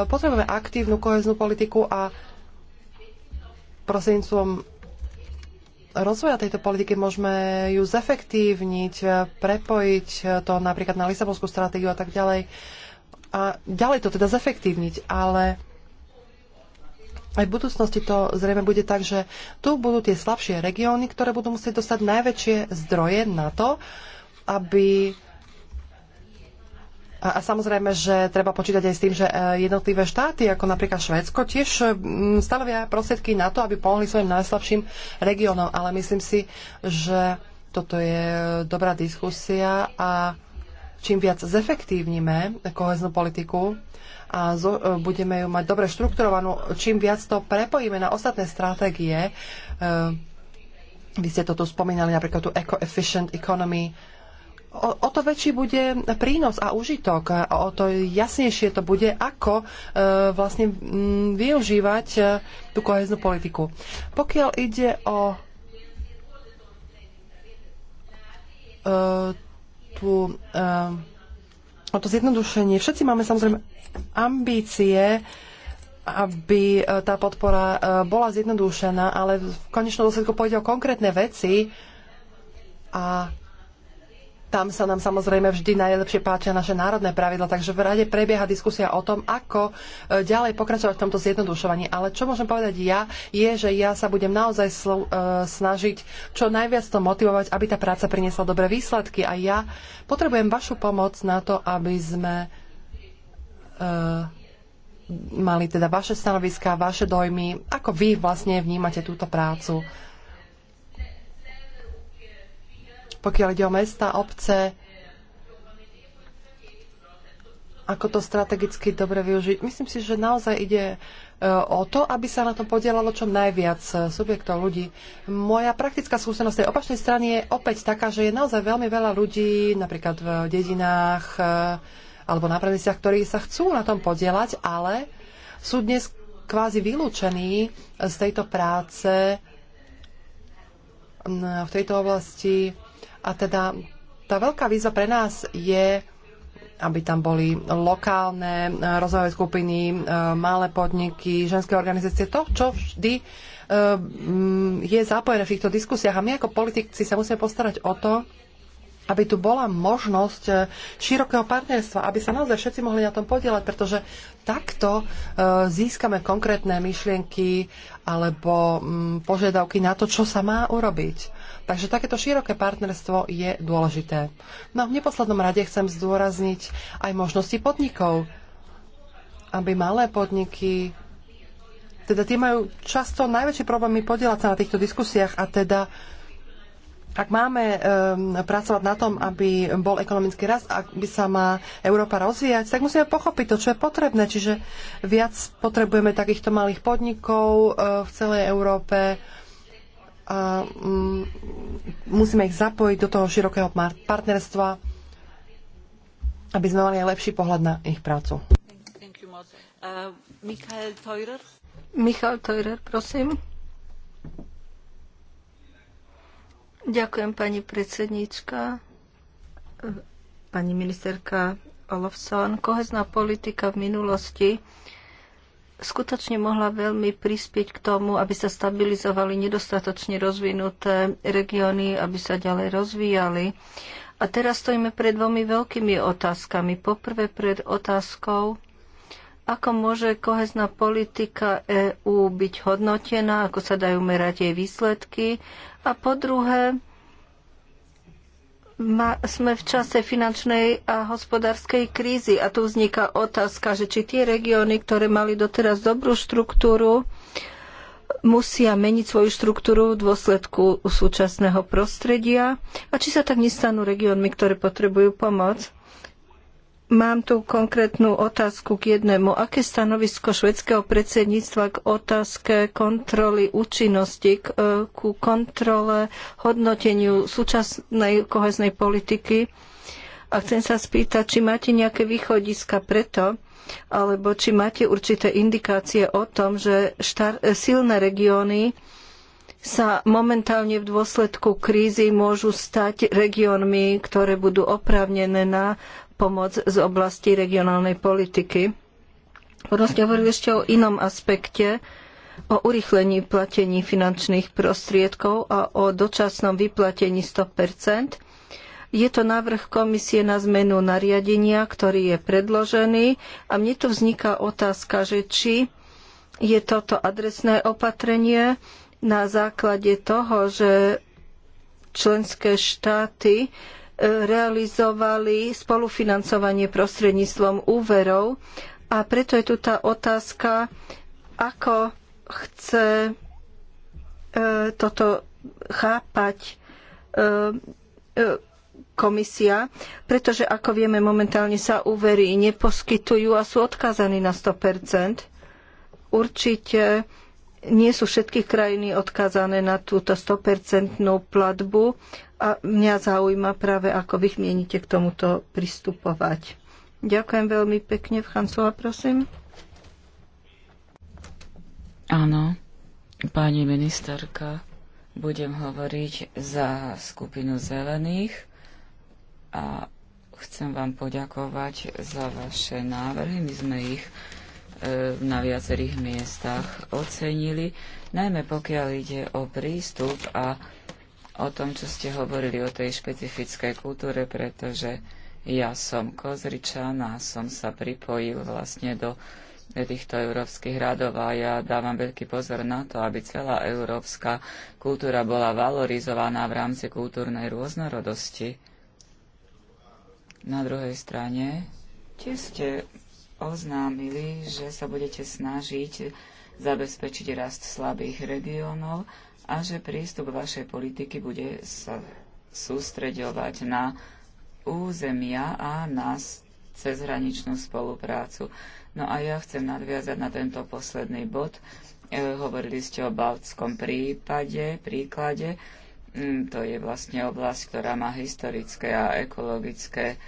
potrebujeme aktívnu koheznú politiku a prostredníctvom rozvoja tejto politiky môžeme ju zefektívniť, prepojiť to napríklad na Lisabonskú stratégiu a tak ďalej a ďalej to teda zefektívniť, ale aj v budúcnosti to zrejme bude tak, že tu budú tie slabšie regióny, ktoré budú musieť dostať najväčšie zdroje na to, aby a, a samozrejme, že treba počítať aj s tým, že e, jednotlivé štáty, ako napríklad Švédsko, tiež mm, stanovia prostriedky na to, aby pomohli svojim najslabším regiónom. Ale myslím si, že toto je e, dobrá diskusia a čím viac zefektívnime koheznú politiku a zo, e, budeme ju mať dobre štrukturovanú, čím viac to prepojíme na ostatné stratégie, e, vy ste to tu spomínali, napríklad tú eco-efficient economy, o, o to väčší bude prínos a užitok a o to jasnejšie to bude, ako e, vlastne m, využívať e, tú koheznú politiku. Pokiaľ ide o e, tú, uh, eh, o to zjednodušenie. Všetci máme samozrejme ambície, aby eh, tá podpora eh, bola zjednodušená, ale v konečnom dôsledku pôjde o konkrétne veci a tam sa nám samozrejme vždy najlepšie páčia naše národné pravidla, takže v rade prebieha diskusia o tom, ako e, ďalej pokračovať v tomto zjednodušovaní. Ale čo môžem povedať ja, je, že ja sa budem naozaj e, snažiť čo najviac to motivovať, aby tá práca priniesla dobré výsledky. A ja potrebujem vašu pomoc na to, aby sme e, mali teda vaše stanoviská, vaše dojmy, ako vy vlastne vnímate túto prácu pokiaľ ide o mesta, obce, ako to strategicky dobre využiť. Myslím si, že naozaj ide e, o to, aby sa na tom podielalo čo najviac e, subjektov ľudí. Moja praktická skúsenosť tej opačnej strany je opäť taká, že je naozaj veľmi veľa ľudí, napríklad v dedinách e, alebo na predmestiach, ktorí sa chcú na tom podielať, ale sú dnes kvázi vylúčení z tejto práce v tejto oblasti a teda tá veľká výzva pre nás je, aby tam boli lokálne eh, rozvojové skupiny, eh, malé podniky, ženské organizácie, to, čo vždy eh, je zapojené v týchto diskusiách. A my ako politici sa musíme postarať o to, aby tu bola možnosť širokého partnerstva, aby sa naozaj všetci mohli na tom podielať, pretože takto získame konkrétne myšlienky alebo mm, požiadavky na to, čo sa má urobiť. Takže takéto široké partnerstvo je dôležité. No a v neposlednom rade chcem zdôrazniť aj možnosti podnikov, aby malé podniky teda tie majú často najväčšie problémy podielať sa na týchto diskusiách a teda ak máme um, pracovať na tom, aby bol ekonomický rast, ak by sa má Európa rozvíjať, tak musíme pochopiť to, čo je potrebné. Čiže viac potrebujeme takýchto malých podnikov uh, v celej Európe, a mm, musíme ich zapojiť do toho širokého partnerstva, aby sme mali aj lepší pohľad na ich prácu. Michal Teurer, prosím. Ďakujem, pani predsednička, pani ministerka Olofsson. Kohezná politika v minulosti skutočne mohla veľmi prispieť k tomu, aby sa stabilizovali nedostatočne rozvinuté regióny, aby sa ďalej rozvíjali. A teraz stojíme pred dvomi veľkými otázkami. Poprvé pred otázkou, ako môže kohezná politika EÚ byť hodnotená, ako sa dajú merať jej výsledky. A po druhé, sme v čase finančnej a hospodárskej krízy a tu vzniká otázka, že či tie regióny, ktoré mali doteraz dobrú štruktúru, musia meniť svoju štruktúru v dôsledku súčasného prostredia a či sa tak nestanú regiónmi, ktoré potrebujú pomoc. Mám tu konkrétnu otázku k jednému. Aké stanovisko švedského predsedníctva k otázke kontroly účinnosti, k, e, ku kontrole hodnoteniu súčasnej koheznej politiky? A chcem sa spýtať, či máte nejaké východiska preto, alebo či máte určité indikácie o tom, že štar, e, silné regióny sa momentálne v dôsledku krízy môžu stať regiónmi, ktoré budú oprávnené na pomoc z oblasti regionálnej politiky. Potom hovorí hovorili ešte o inom aspekte, o urýchlení platení finančných prostriedkov a o dočasnom vyplatení 100 je to návrh komisie na zmenu nariadenia, ktorý je predložený a mne tu vzniká otázka, že či je toto adresné opatrenie na základe toho, že členské štáty realizovali spolufinancovanie prostredníctvom úverov a preto je tu tá otázka, ako chce e, toto chápať e, e, komisia, pretože ako vieme, momentálne sa úvery neposkytujú a sú odkázaní na 100%. Určite nie sú všetky krajiny odkázané na túto 100% platbu a mňa zaujíma práve, ako vy mienite k tomuto pristupovať. Ďakujem veľmi pekne. Chancova, prosím. Áno, pani ministerka, budem hovoriť za skupinu zelených a chcem vám poďakovať za vaše návrhy. My sme ich E, na viacerých miestach ocenili, najmä pokiaľ ide o prístup a o tom, čo ste hovorili o tej špecifickej kultúre, pretože ja som Kozričan a som sa pripojil vlastne do týchto európskych radov a ja dávam veľký pozor na to, aby celá európska kultúra bola valorizovaná v rámci kultúrnej rôznorodosti. Na druhej strane, tie ste oznámili, že sa budete snažiť zabezpečiť rast slabých regiónov a že prístup vašej politiky bude sa sústreďovať na územia a na cezhraničnú spoluprácu. No a ja chcem nadviazať na tento posledný bod. E, hovorili ste o Baltskom prípade, príklade. Mm, to je vlastne oblasť, ktorá má historické a ekologické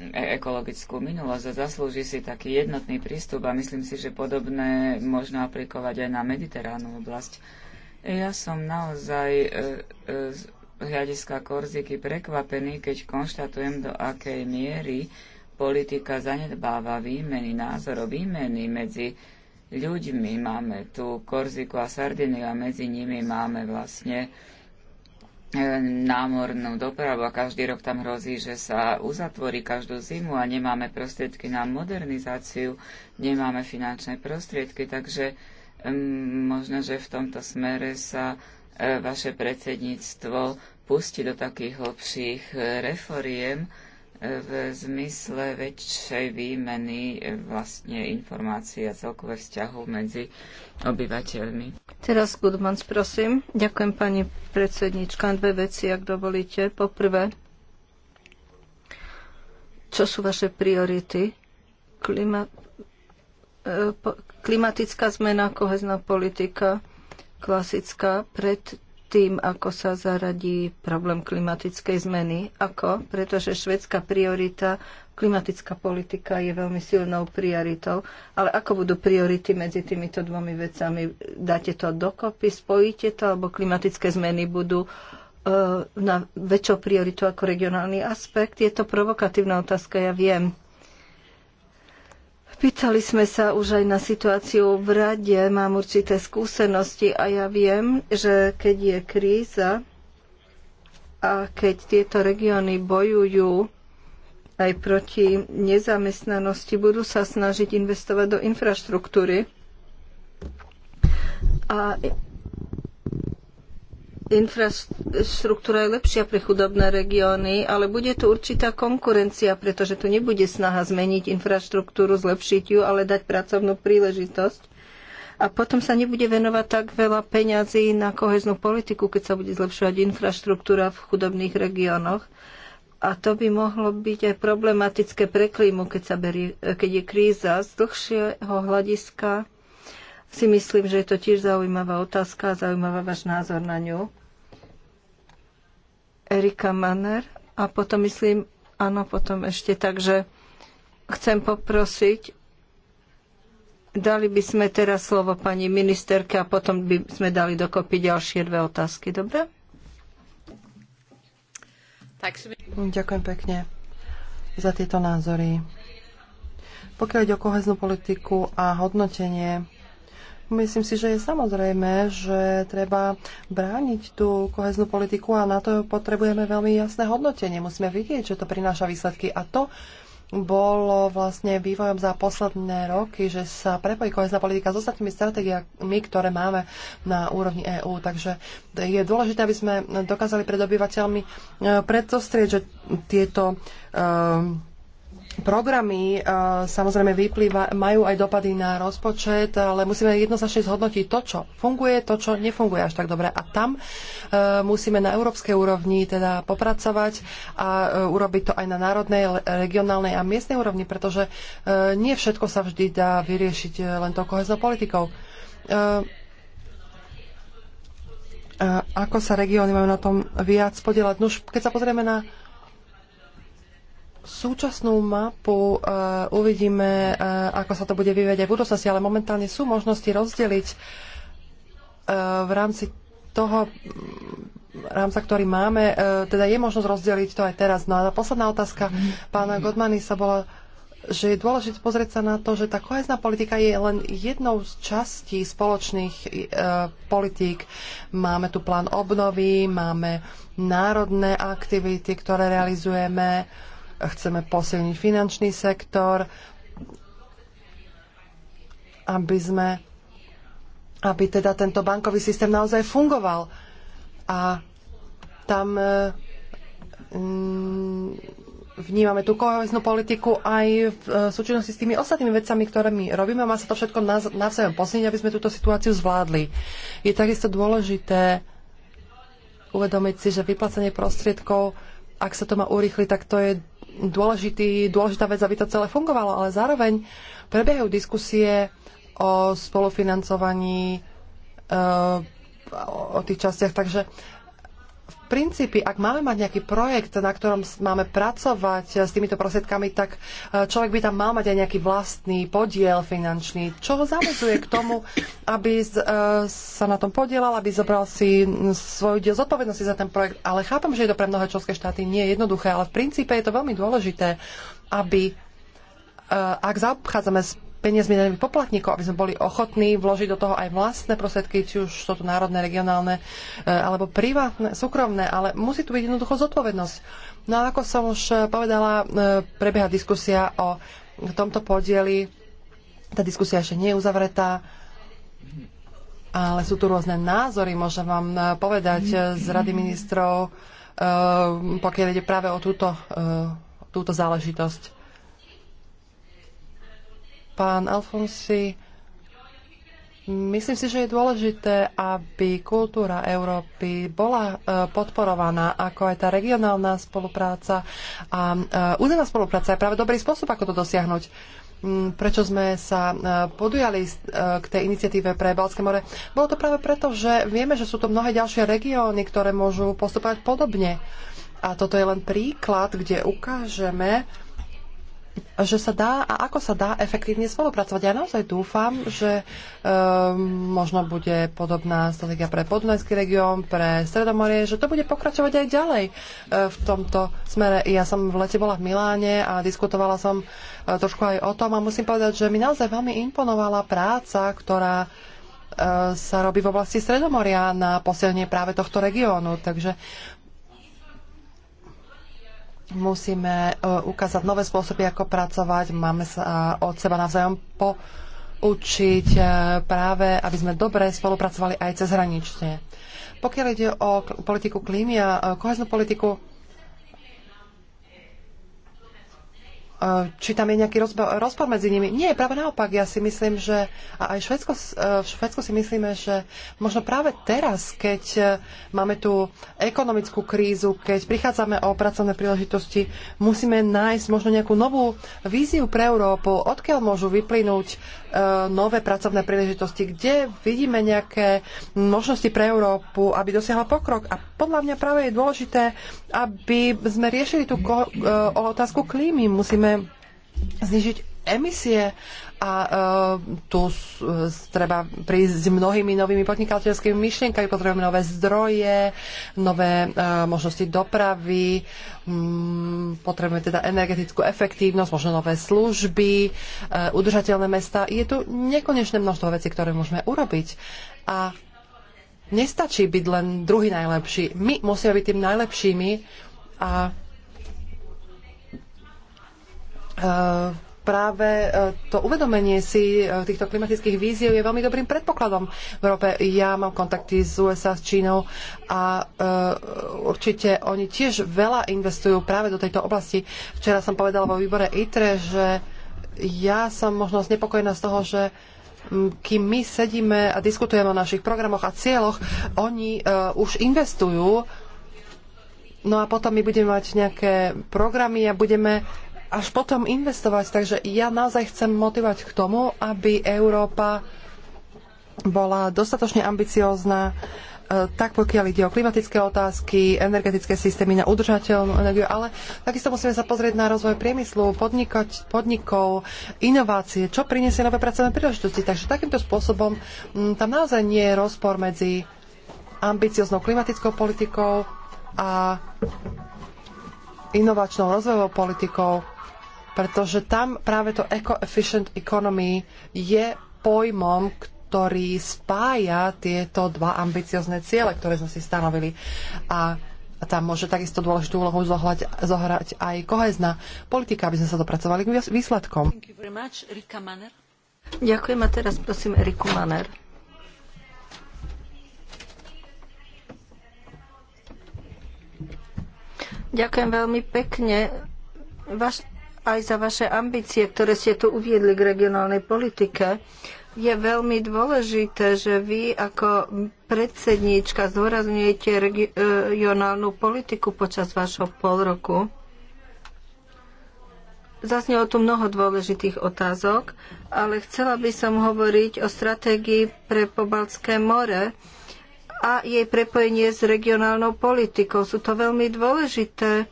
E- ekologickú minulosť a zaslúži si taký jednotný prístup a myslím si, že podobné možno aplikovať aj na mediteránnu oblasť. Ja som naozaj e, e, z hľadiska Korziky prekvapený, keď konštatujem, do akej miery politika zanedbáva výmeny názorov, výmeny medzi ľuďmi. Máme tu Korziku a Sardiniu a medzi nimi máme vlastne námornú dopravu a každý rok tam hrozí, že sa uzatvorí každú zimu a nemáme prostriedky na modernizáciu, nemáme finančné prostriedky, takže um, možno, že v tomto smere sa e, vaše predsedníctvo pustí do takých hlbších e, reforiem, v zmysle väčšej výmeny e, vlastne informácií a celkové vzťahov medzi obyvateľmi. Teraz Gudmans, prosím. Ďakujem pani predsednička. Dve veci, ak dovolíte. Poprvé, čo sú vaše priority? Klima, e, klimatická zmena, kohezná politika, klasická. Pred tým, ako sa zaradí problém klimatickej zmeny. Ako? Pretože švedská priorita, klimatická politika je veľmi silnou prioritou. Ale ako budú priority medzi týmito dvomi vecami? Dáte to dokopy, spojíte to, alebo klimatické zmeny budú e, na väčšou prioritu ako regionálny aspekt? Je to provokatívna otázka, ja viem. Pýtali sme sa už aj na situáciu v rade, mám určité skúsenosti a ja viem, že keď je kríza a keď tieto regióny bojujú aj proti nezamestnanosti, budú sa snažiť investovať do infraštruktúry. A infraštruktúra je lepšia pre chudobné regióny, ale bude tu určitá konkurencia, pretože tu nebude snaha zmeniť infraštruktúru, zlepšiť ju, ale dať pracovnú príležitosť. A potom sa nebude venovať tak veľa peňazí na koheznú politiku, keď sa bude zlepšovať infraštruktúra v chudobných regiónoch. A to by mohlo byť aj problematické pre klímu, keď, sa berie, keď je kríza z dlhšieho hľadiska si myslím, že je to tiež zaujímavá otázka a zaujímavá váš názor na ňu. Erika Manner a potom myslím, áno, potom ešte, že chcem poprosiť, dali by sme teraz slovo pani ministerke a potom by sme dali dokopy ďalšie dve otázky, dobre? Ďakujem pekne za tieto názory. Pokiaľ ide o koheznú politiku a hodnotenie Myslím si, že je samozrejme, že treba brániť tú koheznú politiku a na to potrebujeme veľmi jasné hodnotenie. Musíme vidieť, že to prináša výsledky a to bolo vlastne vývojom za posledné roky, že sa prepojí kohezná politika s ostatnými stratégiami, ktoré máme na úrovni EÚ. Takže je dôležité, aby sme dokázali pred obyvateľmi eh, predostrieť, že tieto um, programy e, samozrejme vyplýva, majú aj dopady na rozpočet, ale musíme jednoznačne zhodnotiť to, čo funguje, to, čo nefunguje až tak dobre. A tam e, musíme na európskej úrovni teda popracovať a e, urobiť to aj na národnej, regionálnej a miestnej úrovni, pretože nie všetko sa vždy dá vyriešiť len to koheznou politikou. Ako sa regióny majú na tom viac podielať? No už keď sa pozrieme na súčasnú mapu uh, uvidíme, uh, ako sa to bude vyvieť aj v budúcnosti, ale momentálne sú možnosti rozdeliť uh, v rámci toho mm, rámca, ktorý máme, teda je možnosť rozdeliť to aj teraz. No a posledná otázka pána Godmanisa bola, že je dôležité pozrieť sa na to, že tá kohezná politika je len jednou z častí spoločných uh, politík. Máme tu plán obnovy, máme národné aktivity, ktoré realizujeme chceme posilniť finančný sektor, aby sme aby teda tento bankový systém naozaj fungoval. A tam e, mm, vnímame tú koheznú politiku aj e, v súčinnosti s tými ostatnými vecami, ktoré my robíme. Má sa to všetko navzájom posilniť, aby sme túto situáciu zvládli. Je takisto dôležité uvedomiť si, že vyplacenie prostriedkov, ak sa to má urýchliť, tak to je dôležitý, dôležitá vec, aby to celé fungovalo, ale zároveň prebiehajú diskusie o spolufinancovaní, e, o tých častiach, takže princípy. Ak máme mať nejaký projekt, na ktorom máme pracovať eh, s týmito prostriedkami, tak eh, človek by tam mal mať aj nejaký vlastný podiel finančný, čo ho zavezuje k tomu, aby eh, sa na tom podielal, aby zobral si mm, svoj diel zodpovednosti za ten projekt. Ale chápem, že je to pre mnohé členské štáty nie je jednoduché, ale v princípe je to veľmi dôležité, aby ak zaobchádzame s peniazmi daňových poplatníkov, aby sme boli ochotní vložiť do toho aj vlastné prostriedky, či už sú to národné, regionálne, e, alebo privátne, súkromné, ale musí tu byť jednoducho zodpovednosť. No a ako som už povedala, e, prebieha diskusia o tomto podieli. Tá diskusia ešte nie je uzavretá, ale sú tu rôzne názory, môžem vám e, povedať z Rady ministrov, pokiaľ ide práve o túto, túto záležitosť pán Alfonsi. Myslím si, že je dôležité, aby kultúra Európy bola e, podporovaná, ako aj tá regionálna spolupráca a e, územná spolupráca je práve dobrý spôsob, ako to dosiahnuť mm, prečo sme sa e, podujali k tej iniciatíve pre Balské more. Bolo to práve preto, že vieme, že sú to mnohé ďalšie regióny, ktoré môžu postupovať podobne. A toto je len príklad, kde ukážeme, že sa dá a ako sa dá efektívne spolupracovať. Ja naozaj dúfam, že um, možno bude podobná strategia pre Podunajský región, pre Stredomorie, že to bude pokračovať aj ďalej uh, v tomto smere. Ja som v lete bola v Miláne a diskutovala som uh, trošku aj o tom a musím povedať, že mi naozaj veľmi imponovala práca, ktorá uh, sa robí v oblasti Stredomoria na posilnenie práve tohto regiónu. Takže musíme e, ukázať nové spôsoby, ako pracovať, máme sa od seba navzájom poučiť e, práve, aby sme dobre spolupracovali aj cezhranične. Pokiaľ ide o politiku klímy a e, koheznú politiku, E, či tam je nejaký rozpor medzi nimi. Nie, práve naopak, ja si myslím, že a aj Švedsko, e, v Švedsku si myslíme, že možno práve teraz, keď e, máme tú ekonomickú krízu, keď prichádzame o pracovné príležitosti, musíme nájsť možno nejakú novú víziu pre Európu, odkiaľ môžu vyplynúť nové pracovné príležitosti, kde vidíme nejaké možnosti pre Európu, aby dosiahla pokrok. A podľa mňa práve je dôležité, aby sme riešili tú otázku klímy. Musíme musíme znižiť emisie a uh, tu uh, treba prísť s mnohými novými podnikateľskými myšlienkami, potrebujeme nové zdroje, nové uh, možnosti dopravy, um, potrebujeme teda energetickú efektívnosť, možno nové služby, uh, udržateľné mesta. Je tu nekonečné množstvo vecí, ktoré môžeme urobiť. A nestačí byť len druhý najlepší. My musíme byť tým najlepšími a Eh, práve eh, to uvedomenie si eh, týchto klimatických víziev je veľmi dobrým predpokladom v Európe. Ja mám kontakty s USA, s Čínou a určite oni tiež veľa investujú práve do tejto oblasti. Včera som povedala vo výbore ITRE, že ja som možno znepokojená z toho, že mm, kým my sedíme a diskutujeme o našich programoch a cieľoch, oni už investujú No a potom my budeme mať nejaké programy a budeme až potom investovať. Takže ja naozaj chcem motivovať k tomu, aby Európa bola dostatočne ambiciózna, e, tak pokiaľ ide o klimatické otázky, energetické systémy na udržateľnú energiu, ale takisto musíme sa pozrieť na rozvoj priemyslu, podnikať, podnikov, inovácie, čo priniesie nové pracovné príležitosti. Takže takýmto spôsobom tam naozaj nie je rozpor medzi ambicioznou klimatickou politikou a inovačnou rozvojovou politikou pretože tam práve to eco-efficient economy je pojmom, ktorý spája tieto dva ambiciozne ciele, ktoré sme si stanovili. A a tam môže takisto dôležitú úlohu zohľať, zohrať aj kohezná politika, aby sme sa dopracovali k výsledkom. Ďakujem a teraz prosím Eriku Maner. Ďakujem veľmi pekne. Váš aj za vaše ambície, ktoré ste tu uviedli k regionálnej politike. Je veľmi dôležité, že vy ako predsedníčka zdôrazňujete regionálnu politiku počas vášho pol roku. Zaznelo tu mnoho dôležitých otázok, ale chcela by som hovoriť o stratégii pre Pobalské more a jej prepojenie s regionálnou politikou. Sú to veľmi dôležité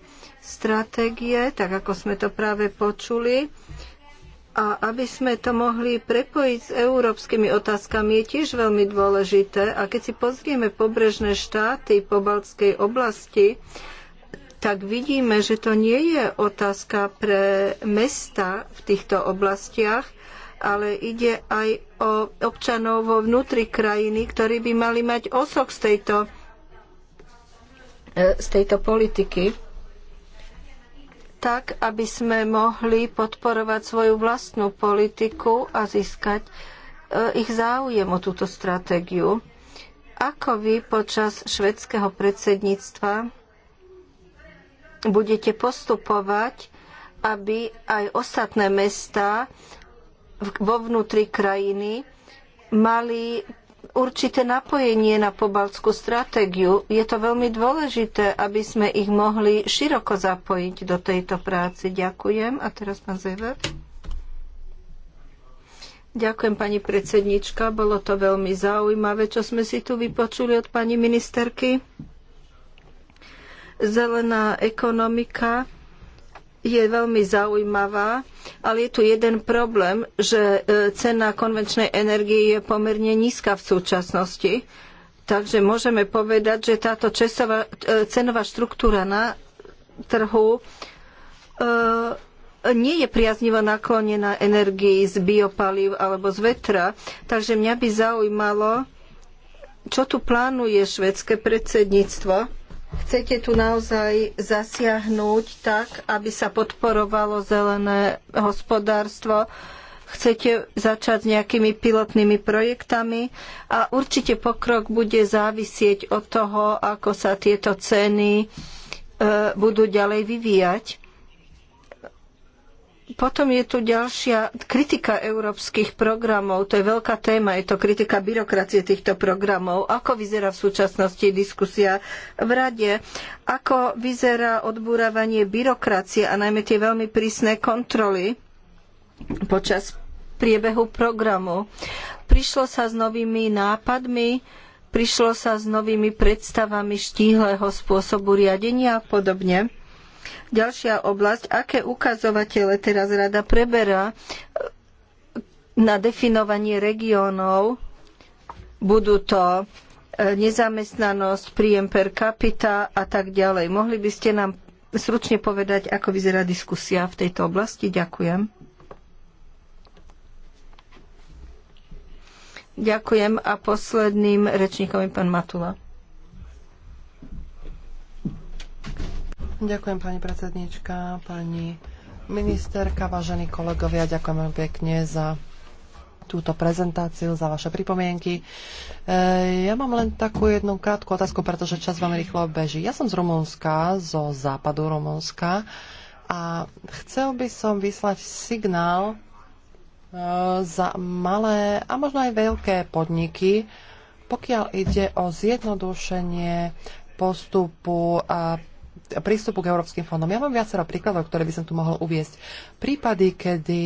stratégie, tak ako sme to práve počuli. A aby sme to mohli prepojiť s európskymi otázkami je tiež veľmi dôležité. A keď si pozrieme pobrežné štáty po Baltskej oblasti, tak vidíme, že to nie je otázka pre mesta v týchto oblastiach, ale ide aj o občanov vo vnútri krajiny, ktorí by mali mať osok z tejto, e, z tejto politiky tak, aby sme mohli podporovať svoju vlastnú politiku a získať e, ich záujem o túto stratégiu. Ako vy počas švedského predsedníctva budete postupovať, aby aj ostatné mestá vo vnútri krajiny mali určité napojenie na pobaltskú stratégiu. Je to veľmi dôležité, aby sme ich mohli široko zapojiť do tejto práce. Ďakujem. A teraz pán Zever. Ďakujem, pani predsednička. Bolo to veľmi zaujímavé, čo sme si tu vypočuli od pani ministerky. Zelená ekonomika je veľmi zaujímavá, ale je tu jeden problém, že e, cena konvenčnej energie je pomerne nízka v súčasnosti. Takže môžeme povedať, že táto česová, e, cenová štruktúra na trhu e, nie je priaznivo naklonená energii z biopalív alebo z vetra. Takže mňa by zaujímalo, čo tu plánuje švedské predsedníctvo Chcete tu naozaj zasiahnuť tak, aby sa podporovalo zelené hospodárstvo, chcete začať s nejakými pilotnými projektami a určite pokrok bude závisieť od toho, ako sa tieto ceny e, budú ďalej vyvíjať. Potom je tu ďalšia kritika európskych programov. To je veľká téma, je to kritika byrokracie týchto programov. Ako vyzerá v súčasnosti diskusia v Rade? Ako vyzerá odbúravanie byrokracie a najmä tie veľmi prísne kontroly počas priebehu programu? Prišlo sa s novými nápadmi, prišlo sa s novými predstavami štíhleho spôsobu riadenia a podobne. Ďalšia oblasť, aké ukazovatele teraz rada preberá na definovanie regiónov, budú to e, nezamestnanosť, príjem per capita a tak ďalej. Mohli by ste nám sručne povedať, ako vyzerá diskusia v tejto oblasti? Ďakujem. Ďakujem a posledným rečníkom je pán Matula. Ďakujem pani predsednička, pani ministerka, vážení kolegovia, ďakujem veľmi pekne za túto prezentáciu, za vaše pripomienky. E, ja mám len takú jednu krátku otázku, pretože čas veľmi rýchlo beží. Ja som z Rumunska, zo západu Rumunska a chcel by som vyslať signál e, za malé a možno aj veľké podniky, pokiaľ ide o zjednodušenie postupu a prístupu k európskym fondom. Ja mám viacero príkladov, ktoré by som tu mohol uviesť. Prípady, kedy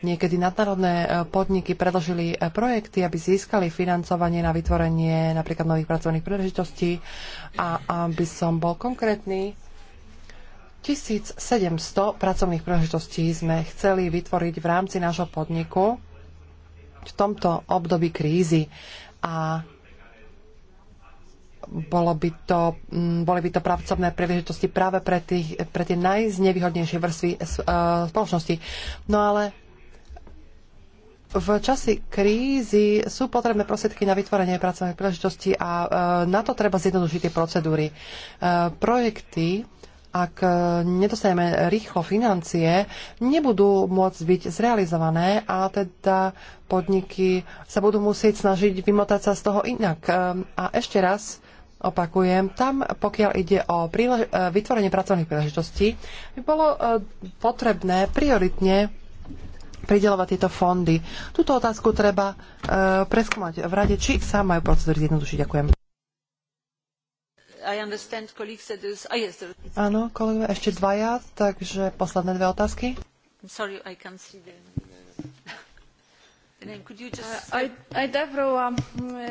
Niekedy nadnárodné e, podniky predložili e, projekty, aby získali financovanie na vytvorenie napríklad nových pracovných príležitostí. A aby som bol konkrétny, 1700 pracovných príležitostí sme chceli vytvoriť v rámci nášho podniku v tomto období krízy. A bolo by to, mm, boli by to pracovné príležitosti práve pre, tých, pre tie najznevýhodnejšie vrstvy eh, eh, spoločnosti. No ale v časi krízy sú potrebné prostriedky na vytvorenie pracovných príležitostí a eh, na to treba zjednodušiť tie procedúry. Projekty, ak nedostaneme rýchlo financie, nebudú môcť byť zrealizované a teda podniky sa budú musieť snažiť vymotať sa z toho inak. A ešte raz, opakujem, tam pokiaľ ide o prílež- e, vytvorenie pracovných príležitostí, by bolo e, potrebné prioritne pridelovať tieto fondy. Túto otázku treba e, preskúmať v rade, či sa majú procedúry zjednodušiť. Ďakujem. Is... Oh, yes, there... Áno, kolegovia, ešte dvaja, takže posledné dve otázky. I'm sorry, I can't see the aitäh uh, proua um,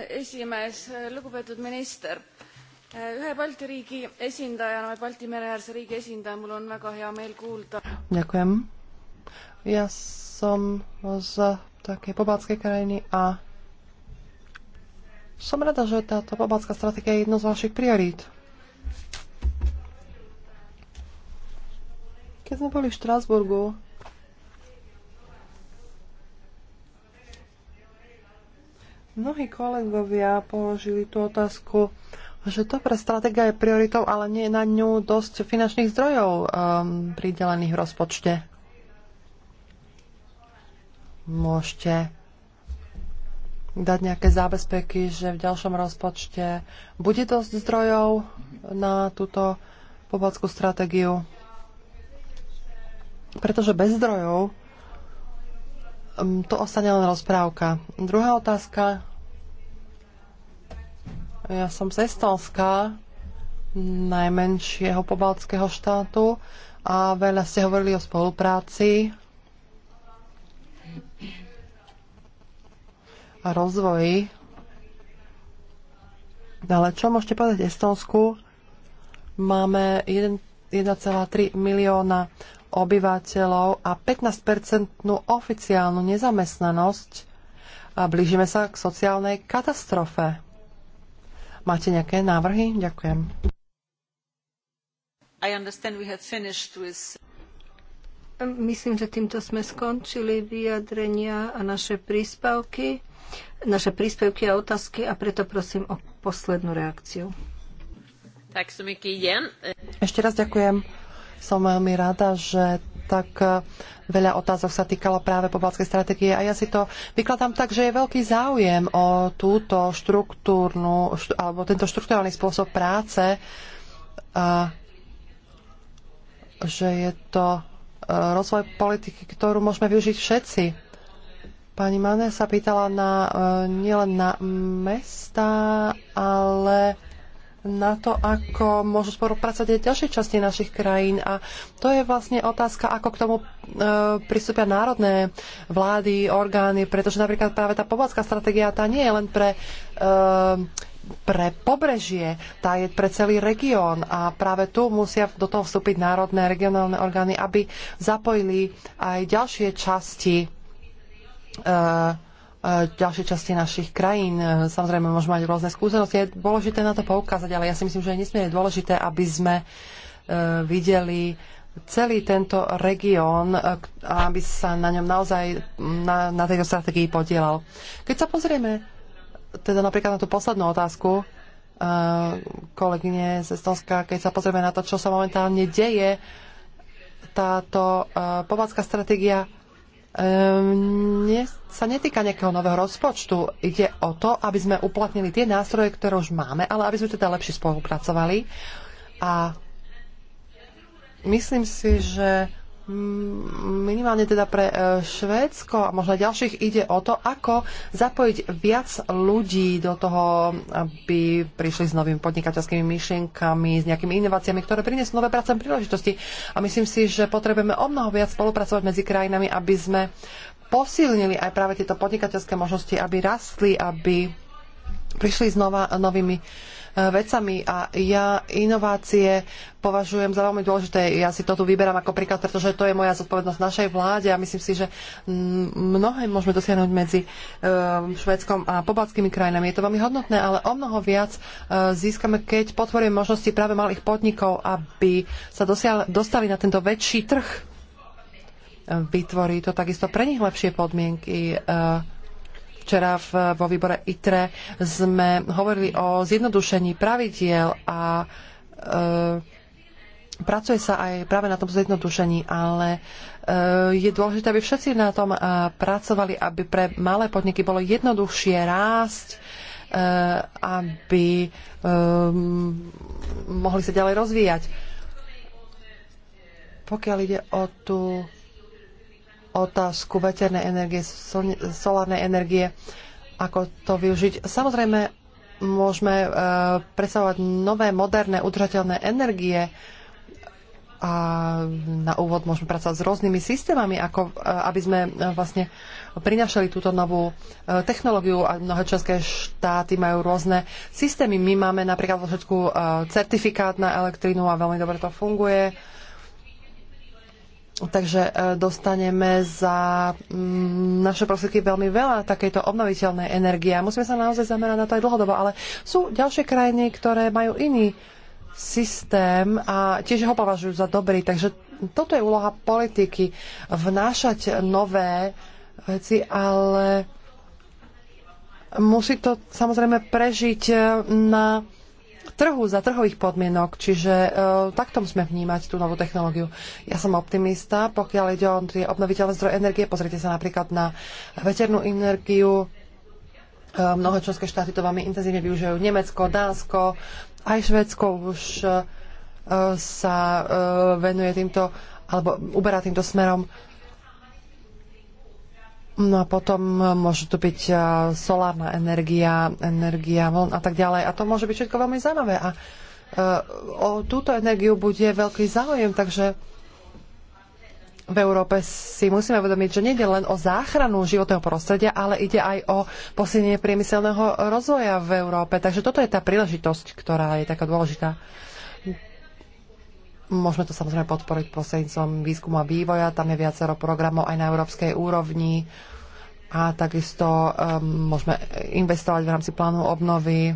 esimees uh, lugupeetud minister uh, ühe balti riigi esindajana või balti mereäärse riigi esindajana mul on väga hea meel kuulda Ďakujem. Ja som z takej pobaltskej krajiny a som rada, že táto pobaltská stratégia je jednou z vašich priorít. Keď sme boli v Štrásburgu, Mnohí kolegovia položili tú otázku, že dobrá stratégia je prioritou, ale nie je na ňu dosť finančných zdrojov um, pridelených v rozpočte. Môžete dať nejaké zábezpeky, že v ďalšom rozpočte bude dosť zdrojov na túto pobalskú stratégiu. Pretože bez zdrojov ehm, to ostane len rozprávka. Druhá otázka ja som z Estonska, najmenšieho pobaltského štátu a veľa ste hovorili o spolupráci a rozvoji. Ale čo môžete povedať Estonsku? Máme 1,3 milióna obyvateľov a 15-percentnú oficiálnu nezamestnanosť a blížime sa k sociálnej katastrofe. Máte nejaké návrhy? Ďakujem. I understand we have finished with... Myslím, že týmto sme skončili vyjadrenia a naše príspevky, naše príspevky a otázky a preto prosím o poslednú reakciu. Ešte raz ďakujem. Som veľmi rada, že tak eh, veľa otázok sa týkalo práve pobalskej stratégie a ja si to vykladám tak, že je veľký záujem o túto štruktúrnu, alebo tento štruktúrny spôsob práce a eh, že je to eh, rozvoj politiky, ktorú môžeme využiť všetci. Pani Mane sa pýtala na, nielen na mesta, ale na to, ako môžu spolupracovať aj ďalšie časti našich krajín. A to je vlastne otázka, ako k tomu e, pristúpia národné vlády, orgány, pretože napríklad práve tá pobalská stratégia tá nie je len pre, e, pre pobrežie, tá je pre celý región a práve tu musia do toho vstúpiť národné, regionálne orgány, aby zapojili aj ďalšie časti e, E, ďalšej časti našich krajín. E, samozrejme, môžeme mať rôzne skúsenosti. Je dôležité na to poukázať, ale ja si myslím, že je nesmierne dôležité, aby sme e, videli celý tento región, aby sa na ňom naozaj na, na tejto strategii podielal. Keď sa pozrieme teda napríklad na tú poslednú otázku, kolegyne z Estonska, keď sa pozrieme na to, čo sa momentálne deje, táto uh, strategia, stratégia Ehm, nie, sa netýka nejakého nového rozpočtu. Ide o to, aby sme uplatnili tie nástroje, ktoré už máme, ale aby sme teda lepšie spolupracovali. A myslím si, že minimálne teda pre e, Švédsko a možno ďalších ide o to, ako zapojiť viac ľudí do toho, aby prišli s novými podnikateľskými myšlienkami, s nejakými inováciami, ktoré prinesú nové práce príležitosti. A myslím si, že potrebujeme o mnoho viac spolupracovať medzi krajinami, aby sme posilnili aj práve tieto podnikateľské možnosti, aby rastli, aby prišli s novými vecami a ja inovácie považujem za veľmi dôležité. Ja si to tu vyberám ako príklad, pretože to je moja zodpovednosť našej vláde a myslím si, že mnohé môžeme dosiahnuť medzi e, Švedskom a pobalskými krajinami. Je to veľmi hodnotné, ale o mnoho viac e, získame, keď potvoríme možnosti práve malých podnikov, aby sa dostali na tento väčší trh. E, vytvorí to takisto pre nich lepšie podmienky Včera v, vo výbore ITRE sme hovorili o zjednodušení pravidiel a e, pracuje sa aj práve na tom zjednodušení, ale e, je dôležité, aby všetci na tom e, pracovali, aby pre malé podniky bolo jednoduchšie rásť, e, aby e, mohli sa ďalej rozvíjať. Pokiaľ ide o tú otázku veternej energie, sol, solárnej energie, ako to využiť. Samozrejme, môžeme e, predstavovať nové, moderné, udržateľné energie a na úvod môžeme pracovať s rôznymi systémami, ako, e, aby sme e, vlastne prinašali túto novú e, technológiu a mnohé české štáty majú rôzne systémy. My máme napríklad vo všetku e, certifikát na elektrínu a veľmi dobre to funguje. E, Takže e, dostaneme za mm, naše prostriedky veľmi veľa takejto obnoviteľnej energie. Musíme sa naozaj zamerať na to aj dlhodobo, ale sú ďalšie krajiny, ktoré majú iný systém a tiež ho považujú za dobrý. Takže toto je úloha politiky. Vnášať nové veci, ale musí to samozrejme prežiť e, na trhu, za trhových podmienok, čiže e, takto musíme vnímať tú novú technológiu. Ja som optimista, pokiaľ ide o tie obnoviteľné zdroje energie, pozrite sa napríklad na veternú energiu, e, mnohé členské štáty to veľmi intenzívne využívajú, Nemecko, Dánsko, aj Švedsko už e, sa e, venuje týmto alebo uberá týmto smerom. No a potom e, môže tu byť e, solárna energia, energia von a tak ďalej. A to môže byť všetko veľmi zaujímavé. A e, o túto energiu bude veľký záujem, takže v Európe si musíme uvedomiť, že nejde len o záchranu životného prostredia, ale ide aj o posilnenie priemyselného rozvoja v Európe. Takže toto je tá príležitosť, ktorá je taká dôležitá. Môžeme to samozrejme podporiť prostredníctvom výskumu a vývoja. Tam je viacero programov aj na európskej úrovni. A takisto um, môžeme investovať v rámci plánu obnovy,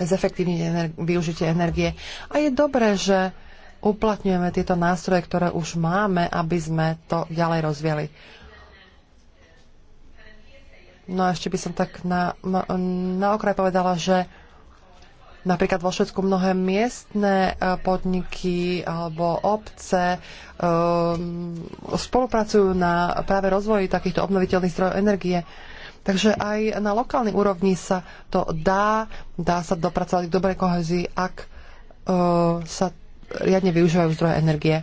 zefektívniť ener- využitie energie. A je dobré, že uplatňujeme tieto nástroje, ktoré už máme, aby sme to ďalej rozvieli. No a ešte by som tak na, na okraj povedala, že Napríklad vo Švedsku mnohé miestne e, podniky alebo obce um, spolupracujú na práve rozvoji takýchto obnoviteľných zdrojov energie. Takže aj na lokálnej úrovni sa to dá, dá sa dopracovať k dobrej kohezii, ak uh, sa riadne využívajú zdroje energie.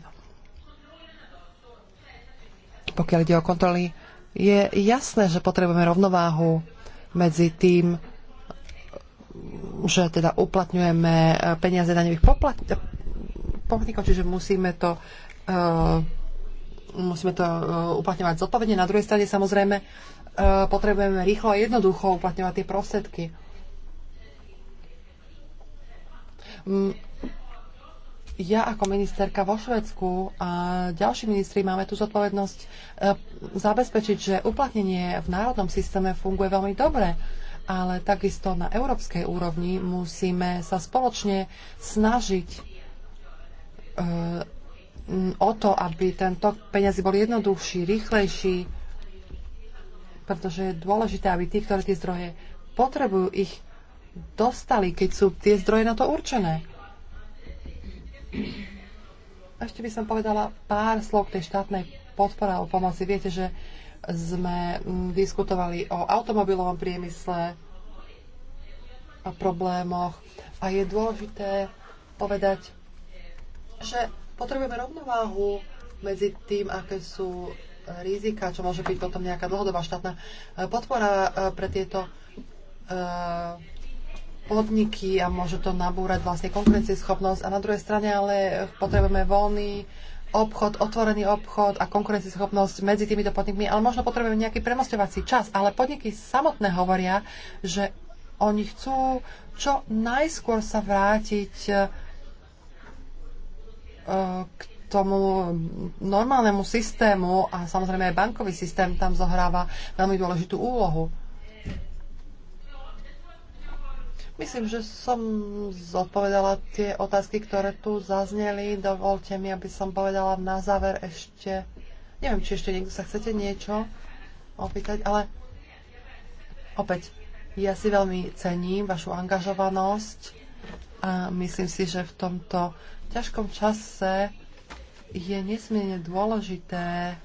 Pokiaľ ide o kontroly, je jasné, že potrebujeme rovnováhu medzi tým, že teda uplatňujeme eh, peniaze daňových eh, poplatníkov, čiže musíme to uh, musíme to uplatňovať zodpovedne. Na druhej strane samozrejme uh, potrebujeme rýchlo a jednoducho uplatňovať tie prostriedky. Mm, ja ako ministerka vo Švedsku a ďalší ministri máme tú zodpovednosť zabezpečiť, že uplatnenie v národnom systéme funguje veľmi dobre ale takisto na európskej úrovni musíme sa spoločne snažiť eh, o to, aby ten tok peniazy bol jednoduchší, rýchlejší, pretože je dôležité, aby tí, ktorí tie zdroje potrebujú, ich dostali, keď sú tie zdroje na to určené. Ešte by som povedala pár slov k tej štátnej podpore alebo pomoci. Viete, že sme mm, diskutovali o automobilovom priemysle, o problémoch a je dôležité povedať, že potrebujeme rovnováhu medzi tým, aké sú rizika, čo môže byť potom nejaká dlhodobá štátna eh, podpora eh, pre tieto eh, podniky a môže to nabúrať vlastne konkurencieschopnosť. A na druhej strane ale potrebujeme voľný obchod, otvorený obchod a konkurencieschopnosť medzi týmito podnikmi, ale možno potrebujeme nejaký premostovací čas. Ale podniky samotné hovoria, že oni chcú čo najskôr sa vrátiť e, k tomu normálnemu systému a samozrejme aj bankový systém tam zohráva veľmi dôležitú úlohu. Myslím, že som zodpovedala tie otázky, ktoré tu zazneli. Dovolte mi, aby som povedala na záver ešte, neviem, či ešte niekto sa chcete niečo opýtať, ale opäť, ja si veľmi cením vašu angažovanosť a myslím si, že v tomto ťažkom čase je nesmierne dôležité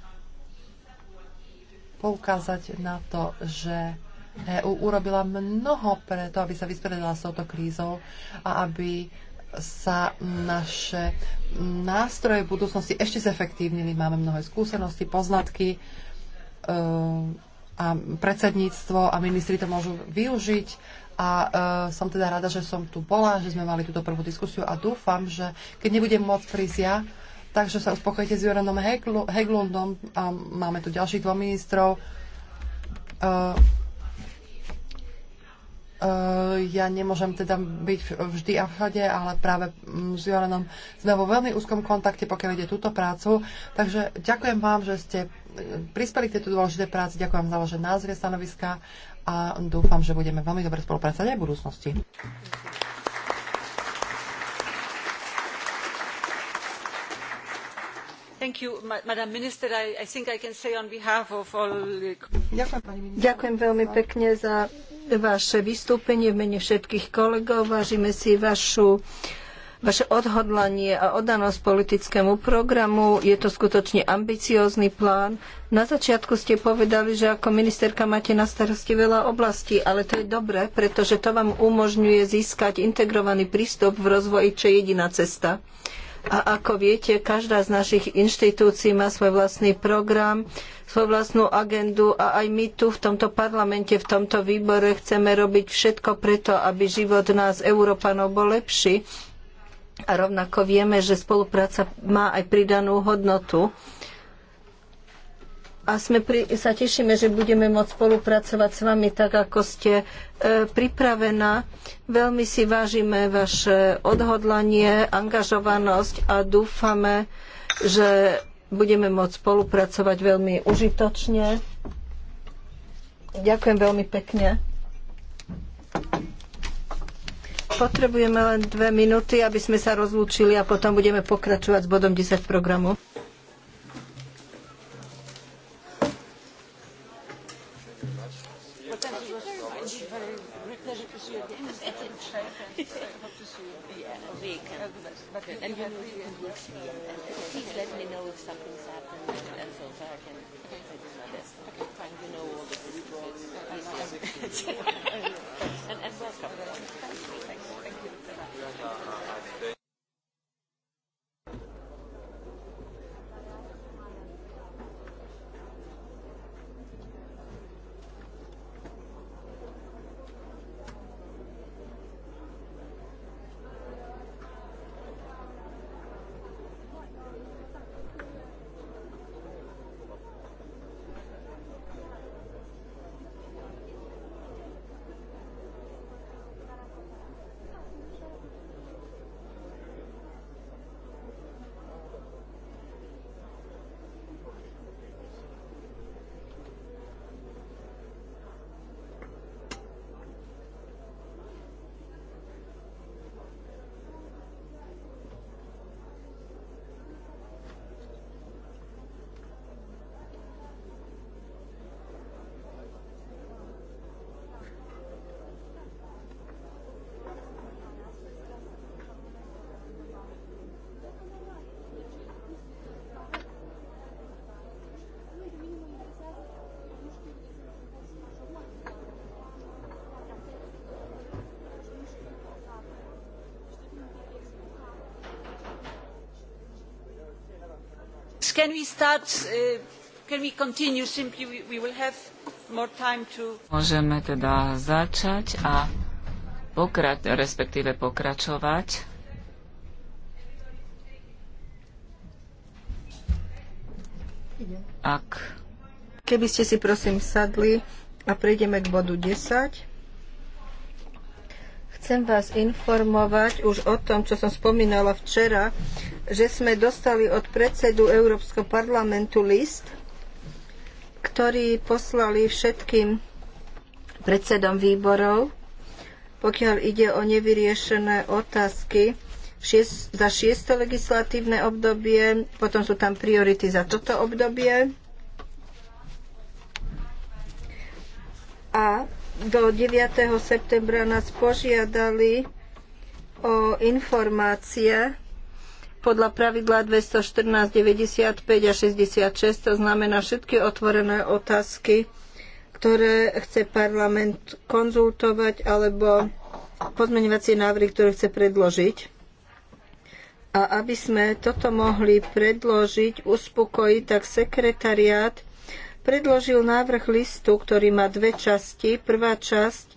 poukázať na to, že EÚ urobila mnoho preto, aby sa vyspredala s touto krízou a aby sa naše nástroje v budúcnosti ešte zefektívnili. Máme mnohé skúsenosti, poznatky e, a predsedníctvo a ministri to môžu využiť. A uh, som teda rada, že som tu bola, že sme mali túto prvú diskusiu a dúfam, že keď nebudem môcť prísť ja, takže sa uspokojíte s Joranom Heglundom a máme tu ďalších dvoch ministrov. Uh, Eh, ja nemôžem teda byť vždy a všade, ale práve mm, s Jorenom sme vo veľmi úzkom kontakte, pokiaľ ide túto prácu. Takže ďakujem vám, že ste eh, prispeli k tejto dôležitej práci, ďakujem za vaše názory, stanoviska a dúfam, že budeme veľmi dobre spolupracovať aj v budúcnosti. Ďakujem. Ďakujem, Ďakujem veľmi pekne za vaše vystúpenie v mene všetkých kolegov. Vážime si vašu vaše odhodlanie a oddanosť politickému programu. Je to skutočne ambiciózny plán. Na začiatku ste povedali, že ako ministerka máte na starosti veľa oblastí, ale to je dobré, pretože to vám umožňuje získať integrovaný prístup v rozvoji, čo je jediná cesta. A ako viete, každá z našich inštitúcií má svoj vlastný program, svoju vlastnú agendu a aj my tu v tomto parlamente, v tomto výbore chceme robiť všetko preto, aby život nás, Európanov, bol lepší. A rovnako vieme, že spolupráca má aj pridanú hodnotu. Uh, a sme pri, sa tešíme, že budeme môcť spolupracovať s vami tak, ako ste e, pripravená. Veľmi si vážime vaše odhodlanie, angažovanosť a dúfame, že budeme môcť spolupracovať veľmi užitočne. Ďakujem veľmi pekne. Potrebujeme len dve minúty, aby sme sa rozlúčili a potom budeme pokračovať s bodom 10 programu. and you have previous work. Please let me know if something's happened and so far I can I do my best. Okay, fine. You know all the statistics. (laughs) Uh, Môžeme teda začať a pokrať, respektíve pokračovať. Ak... Keby ste si prosím sadli a prejdeme k bodu 10 chcem vás informovať už o tom, čo som spomínala včera, že sme dostali od predsedu Európskeho parlamentu list, ktorý poslali všetkým predsedom výborov, pokiaľ ide o nevyriešené otázky šiest, za šiesto legislatívne obdobie, potom sú tam priority za toto obdobie a do 9. septembra nás požiadali o informácie podľa pravidla 214, 95 a 66, to znamená všetky otvorené otázky, ktoré chce parlament konzultovať alebo pozmeňovacie návrhy, ktoré chce predložiť. A aby sme toto mohli predložiť, uspokojiť, tak sekretariát predložil návrh listu, ktorý má dve časti. Prvá časť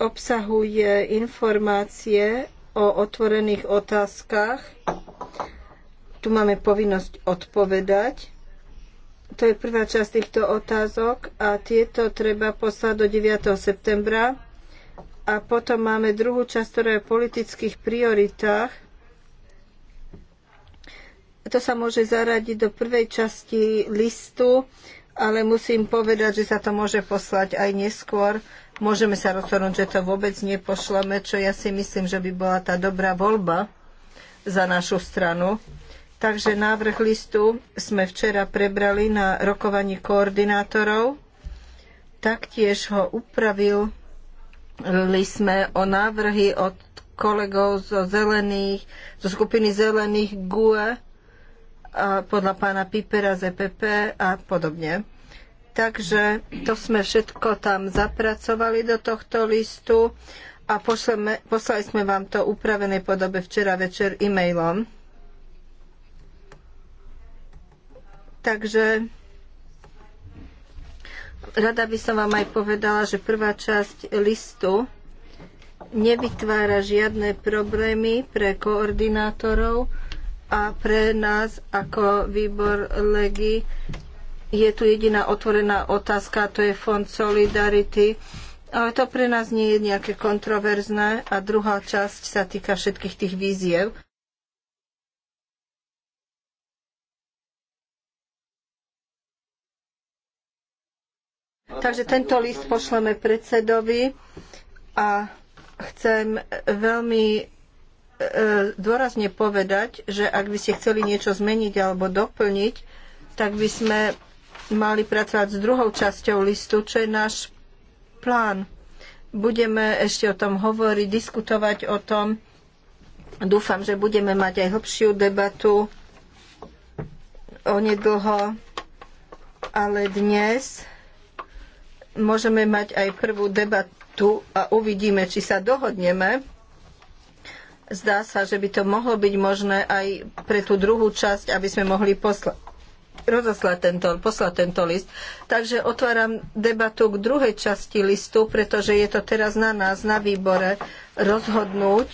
obsahuje informácie o otvorených otázkach. Tu máme povinnosť odpovedať. To je prvá časť týchto otázok a tieto treba poslať do 9. septembra. A potom máme druhú časť, ktorá je o politických prioritách. To sa môže zaradiť do prvej časti listu, ale musím povedať, že sa to môže poslať aj neskôr, môžeme sa rozhodnúť, že to vôbec nepošleme, čo ja si myslím, že by bola tá dobrá voľba za našu stranu. Takže návrh listu sme včera prebrali na rokovaní koordinátorov. Taktiež ho upravili sme o návrhy od kolegov zo zelených, zo skupiny zelených GUE, a podľa pána Pipera z EPP a podobne. Takže to sme všetko tam zapracovali do tohto listu a pošleme, poslali sme vám to v upravenej podobe včera večer e-mailom. Takže rada by som vám aj povedala, že prvá časť listu nevytvára žiadne problémy pre koordinátorov, a pre nás ako výbor legy je tu jediná otvorená otázka, to je fond Solidarity, ale to pre nás nie je nejaké kontroverzné. A druhá časť sa týka všetkých tých víziev. Takže tento list pošleme predsedovi a chcem veľmi e, dôrazne povedať, že ak by ste chceli niečo zmeniť alebo doplniť, tak by sme mali pracovať s druhou časťou listu, čo je náš plán. Budeme ešte o tom hovoriť, diskutovať o tom. Dúfam, že budeme mať aj hlbšiu debatu nedlho, ale dnes môžeme mať aj prvú debatu a uvidíme, či sa dohodneme. Zdá sa, že by to mohlo byť možné aj pre tú druhú časť, aby sme mohli poslať rozoslať tento, poslať tento list. Takže otváram debatu k druhej časti listu, pretože je to teraz na nás, na výbore, rozhodnúť,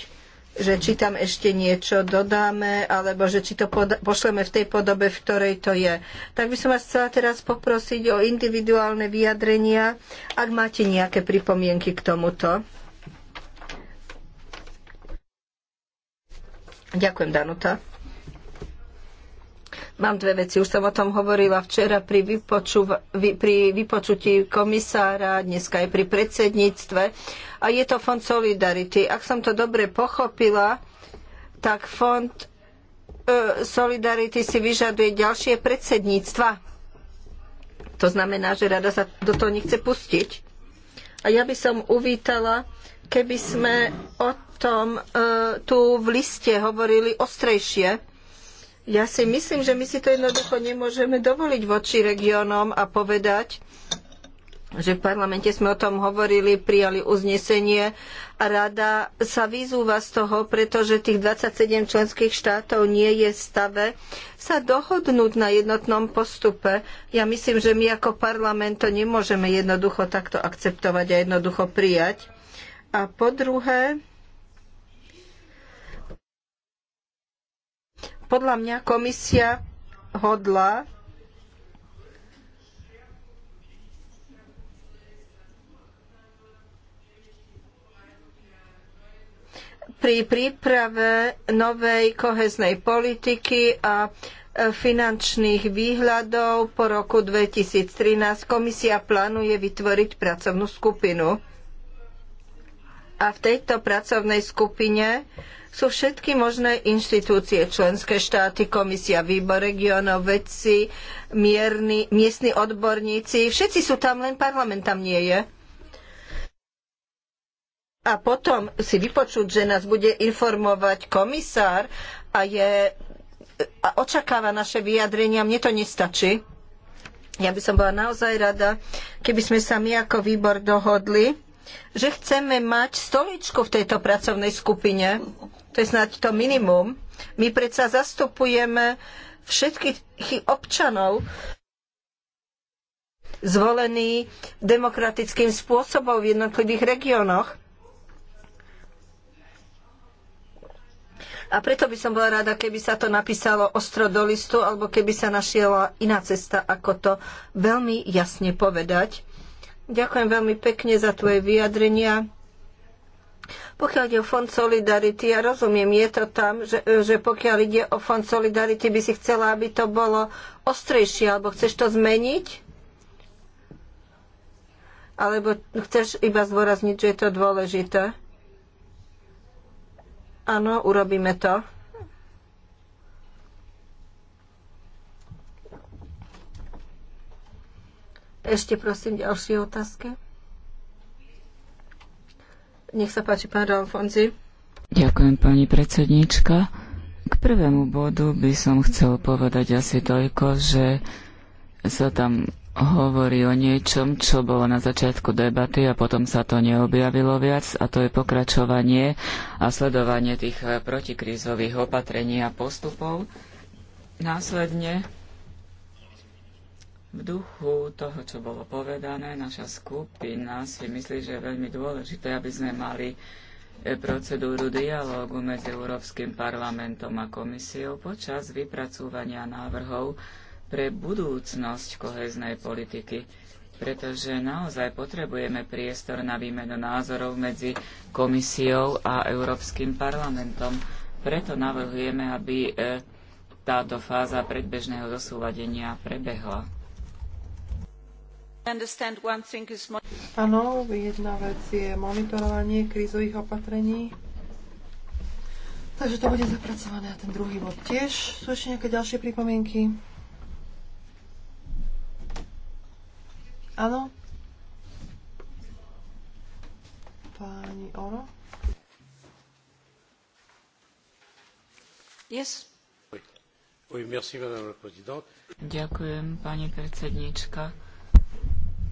že či tam ešte niečo dodáme, alebo že či to pošleme v tej podobe, v ktorej to je. Tak by som vás chcela teraz poprosiť o individuálne vyjadrenia, ak máte nejaké pripomienky k tomuto. Ďakujem, Danuta. Mám dve veci. Už som o tom hovorila včera pri, vypoču, pri vypočutí komisára, dneska aj pri predsedníctve. A je to fond Solidarity. Ak som to dobre pochopila, tak fond e, Solidarity si vyžaduje ďalšie predsedníctva. To znamená, že rada sa do toho nechce pustiť. A ja by som uvítala, keby sme o tom e, tu v liste hovorili ostrejšie, ja si myslím, že my si to jednoducho nemôžeme dovoliť voči regiónom a povedať, že v parlamente sme o tom hovorili, prijali uznesenie a rada sa vyzúva z toho, pretože tých 27 členských štátov nie je v stave sa dohodnúť na jednotnom postupe. Ja myslím, že my ako parlament to nemôžeme jednoducho takto akceptovať a jednoducho prijať. A po druhé, Podľa mňa komisia hodla pri príprave novej koheznej politiky a e, finančných výhľadov po roku 2013 komisia plánuje vytvoriť pracovnú skupinu. A v tejto pracovnej skupine sú všetky možné inštitúcie, členské štáty, komisia, výbor regionov, vedci, mierni, miestni odborníci. Všetci sú tam, len parlament tam nie je. A potom si vypočuť, že nás bude informovať komisár a, je, a očakáva naše vyjadrenia, mne to nestačí. Ja by som bola naozaj rada, keby sme sa my ako výbor dohodli, že chceme mať stoličku v tejto pracovnej skupine to je snáď to minimum. My predsa zastupujeme všetkých občanov zvolený demokratickým spôsobom v jednotlivých regiónoch. A preto by som bola rada, keby sa to napísalo ostro do listu, alebo keby sa našiela iná cesta, ako to veľmi jasne povedať. Ďakujem veľmi pekne za tvoje vyjadrenia. Pokiaľ ide o fond Solidarity, ja rozumiem, je to tam, že, že pokiaľ ide o fond Solidarity, by si chcela, aby to bolo ostrejšie, alebo chceš to zmeniť? Alebo chceš iba zdôrazniť, že je to dôležité? Áno, urobíme to. Ešte prosím ďalšie otázky. Nech sa páči, pán Alfonzi. Ďakujem, pani predsednička. K prvému bodu by som chcel povedať asi toľko, že sa tam hovorí o niečom, čo bolo na začiatku debaty a potom sa to neobjavilo viac a to je pokračovanie a sledovanie tých protikrízových opatrení a postupov. Následne v duchu toho, čo bolo povedané, naša skupina si myslí, že je veľmi dôležité, aby sme mali e, procedúru dialógu medzi Európskym parlamentom a komisiou počas vypracúvania návrhov pre budúcnosť koheznej politiky, pretože naozaj potrebujeme priestor na výmenu názorov medzi komisiou a Európskym parlamentom. Preto navrhujeme, aby e, táto fáza predbežného zosúladenia prebehla. Áno, jedna vec je monitorovanie krízových opatrení. Takže to bude zapracované a ten druhý bod tiež. Sú ešte nejaké ďalšie pripomienky? Áno? Pani Oro? Yes. Oui, merci, Ďakujem, pani predsedníčka.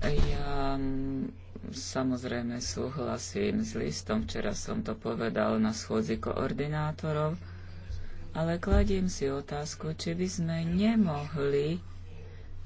Ja mm, samozrejme súhlasím s listom, včera som to povedal na schôdzi koordinátorov, ale kladiem si otázku, či by sme nemohli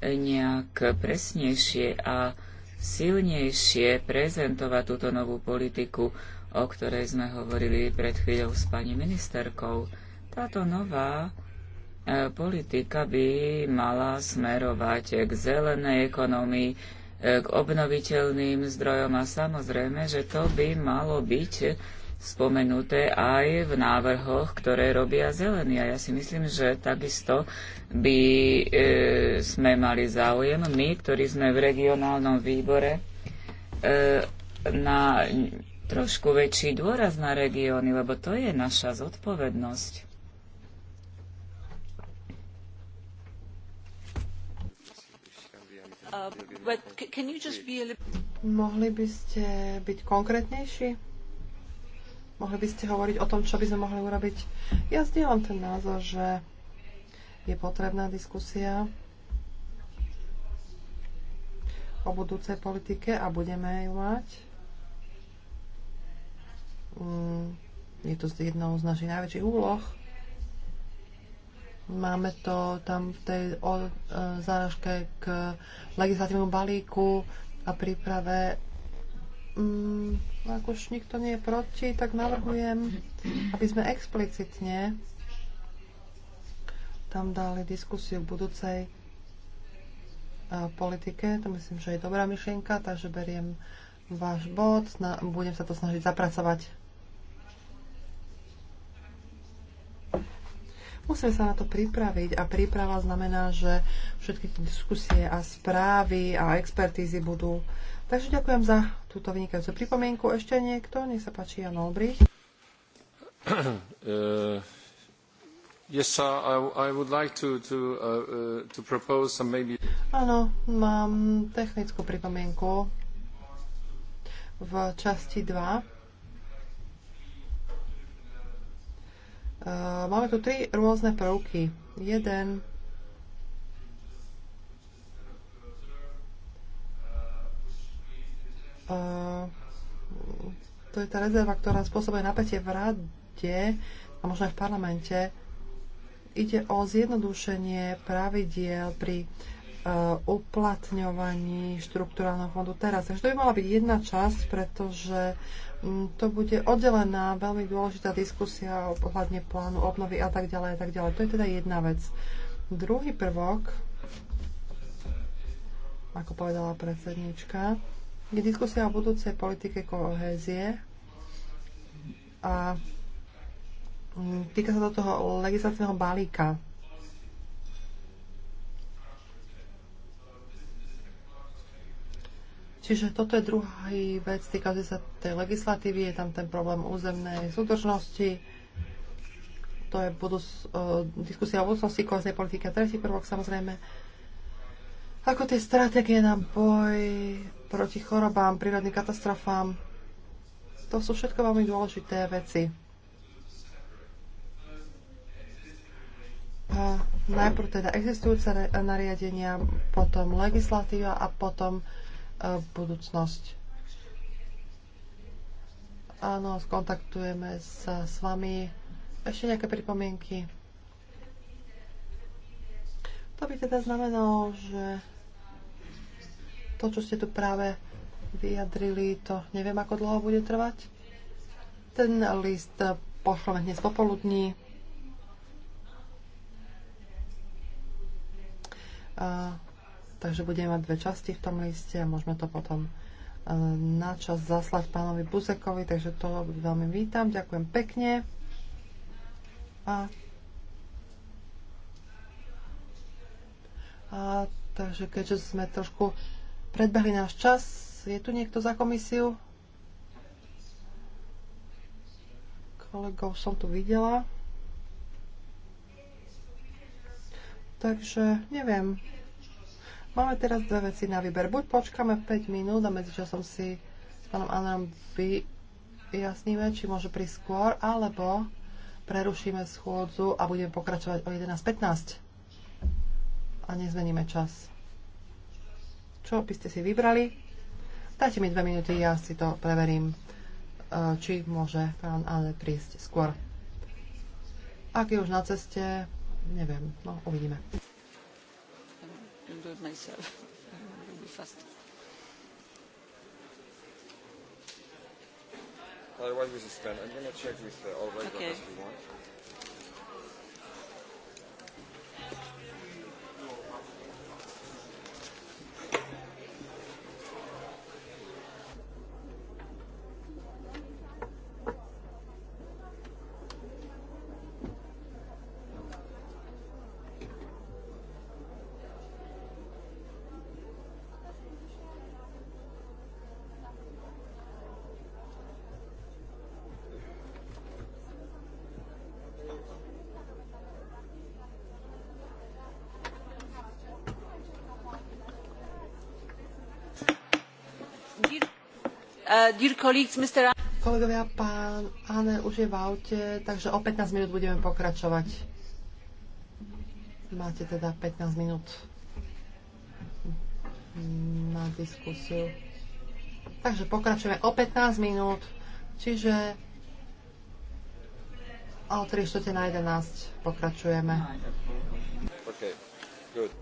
nejak presnejšie a silnejšie prezentovať túto novú politiku, o ktorej sme hovorili pred chvíľou s pani ministerkou. Táto nová e, politika by mala smerovať k zelenej ekonomii, k obnoviteľným zdrojom a samozrejme, že to by malo byť spomenuté aj v návrhoch, ktoré robia zelení. A ja si myslím, že takisto by e, sme mali záujem, my, ktorí sme v regionálnom výbore, e, na trošku väčší dôraz na regióny, lebo to je naša zodpovednosť. Uh, mohli by ste byť konkrétnejší? Mohli by ste hovoriť o tom, čo by sme mohli urobiť? Ja zdieľam ten názor, že je potrebná diskusia o budúcej politike a budeme ju mať. Mm, je to jednou z našich najväčších úloh Máme to tam v tej e, záražke k legislatívnemu balíku a príprave. Mm, ak už nikto nie je proti, tak navrhujem, aby sme explicitne tam dali diskusiu v budúcej e, politike. To myslím, že je dobrá myšlienka, takže beriem váš bod. Na, budem sa to snažiť zapracovať Musíme sa na to pripraviť a príprava znamená, že všetky tie diskusie a správy a expertízy budú. Takže ďakujem za túto vynikajúcu pripomienku. Ešte niekto? Nech sa páči, Jan Olbrich. Áno, mám technickú pripomienku v časti 2 Máme tu tri rôzne prvky. Jeden to je tá rezerva, ktorá spôsobuje napätie v rade a možno aj v parlamente. Ide o zjednodušenie pravidiel pri Eh, uplatňovaní štruktúrálneho fondu teraz. Takže to by mala byť jedna časť, pretože mm, to bude oddelená veľmi dôležitá diskusia ohľadne plánu obnovy a tak ďalej a tak ďalej. To je teda jedna vec. Druhý prvok, ako povedala predsednička, je diskusia o budúcej politike kohézie a mm, týka sa do toho legislatívneho balíka Čiže toto je druhá vec týka sa tej legislatívy, je tam ten problém územnej súdržnosti, to je budú, uh, e, diskusia o budúcnosti koheznej politiky a tretí prvok samozrejme, ako tie stratégie na boj proti chorobám, prírodným katastrofám, to sú všetko veľmi dôležité veci. Uh, najprv teda existujúce nariadenia, potom legislatíva a potom uh, budúcnosť. Áno, skontaktujeme sa s vami. Ešte nejaké pripomienky? To by teda znamenalo, že to, čo ste tu práve vyjadrili, to neviem, ako dlho bude trvať. Ten list pošleme dnes popoludní. A Takže budeme mať dve časti v tom liste a môžeme to potom e, na čas zaslať pánovi Buzekovi, takže to veľmi vítam, ďakujem pekne. A, a takže keďže sme trošku predbehli náš čas, je tu niekto za komisiu? Kolegov som tu videla. Takže neviem. Máme teraz dve veci na výber. Buď počkáme 5 minút a medzičasom si s pánom Anerom vyjasníme, či môže prísť skôr, alebo prerušíme schôdzu a budeme pokračovať o 11.15 a nezmeníme čas. Čo by ste si vybrali? Dajte mi dve minúty, ja si to preverím, e, či môže pán Ale prísť skôr. Ak je už na ceste, neviem, no uvidíme can do it myself. (laughs) it will be faster. Otherwise, we suspend. I'm going to check with uh, all regulars okay. if you want. Uh, Kolegovia, pán Anne už je v aute, takže o 15 minút budeme pokračovať. Máte teda 15 minút na diskusiu. Takže pokračujeme o 15 minút, čiže o 3 pokračujeme. Okay, good.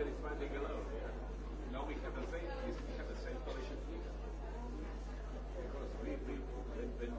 Because we, we've when, when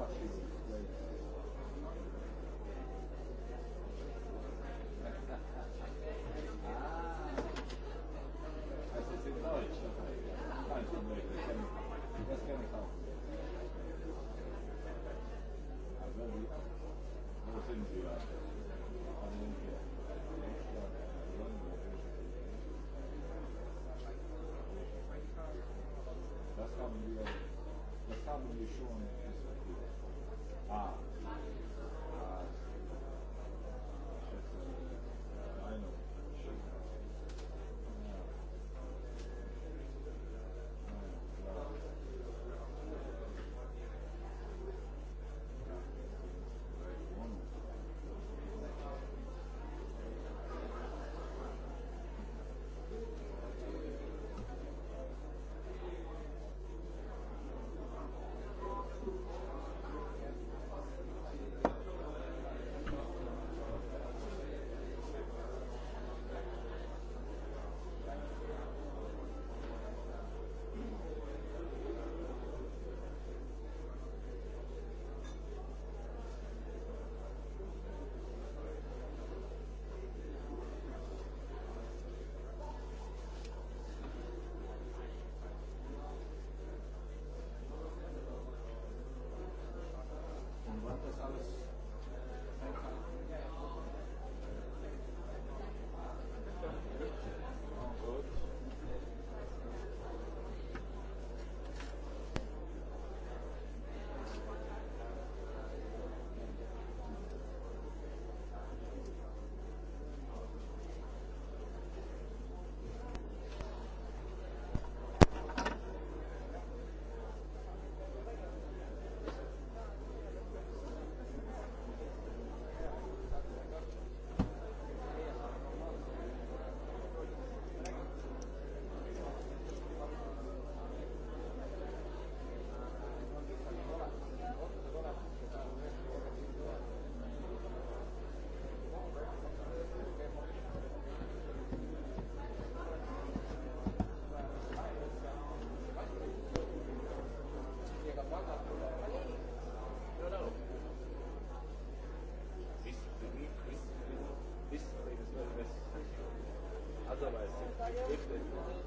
Vaši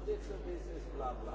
Dixon, this is blah blah.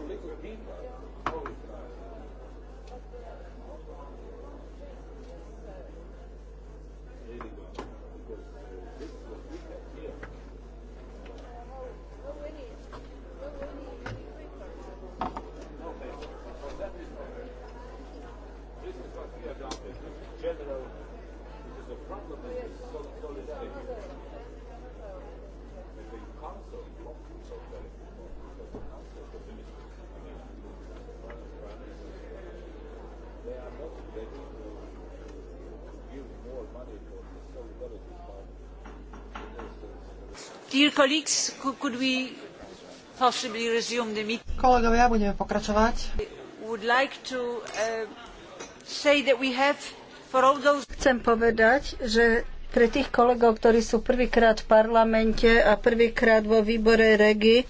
Oh, liquid. Kolegovia, budeme pokračovať. Uh, Chcem povedať, že pre tých kolegov, ktorí sú prvýkrát v parlamente a prvýkrát vo výbore REGI,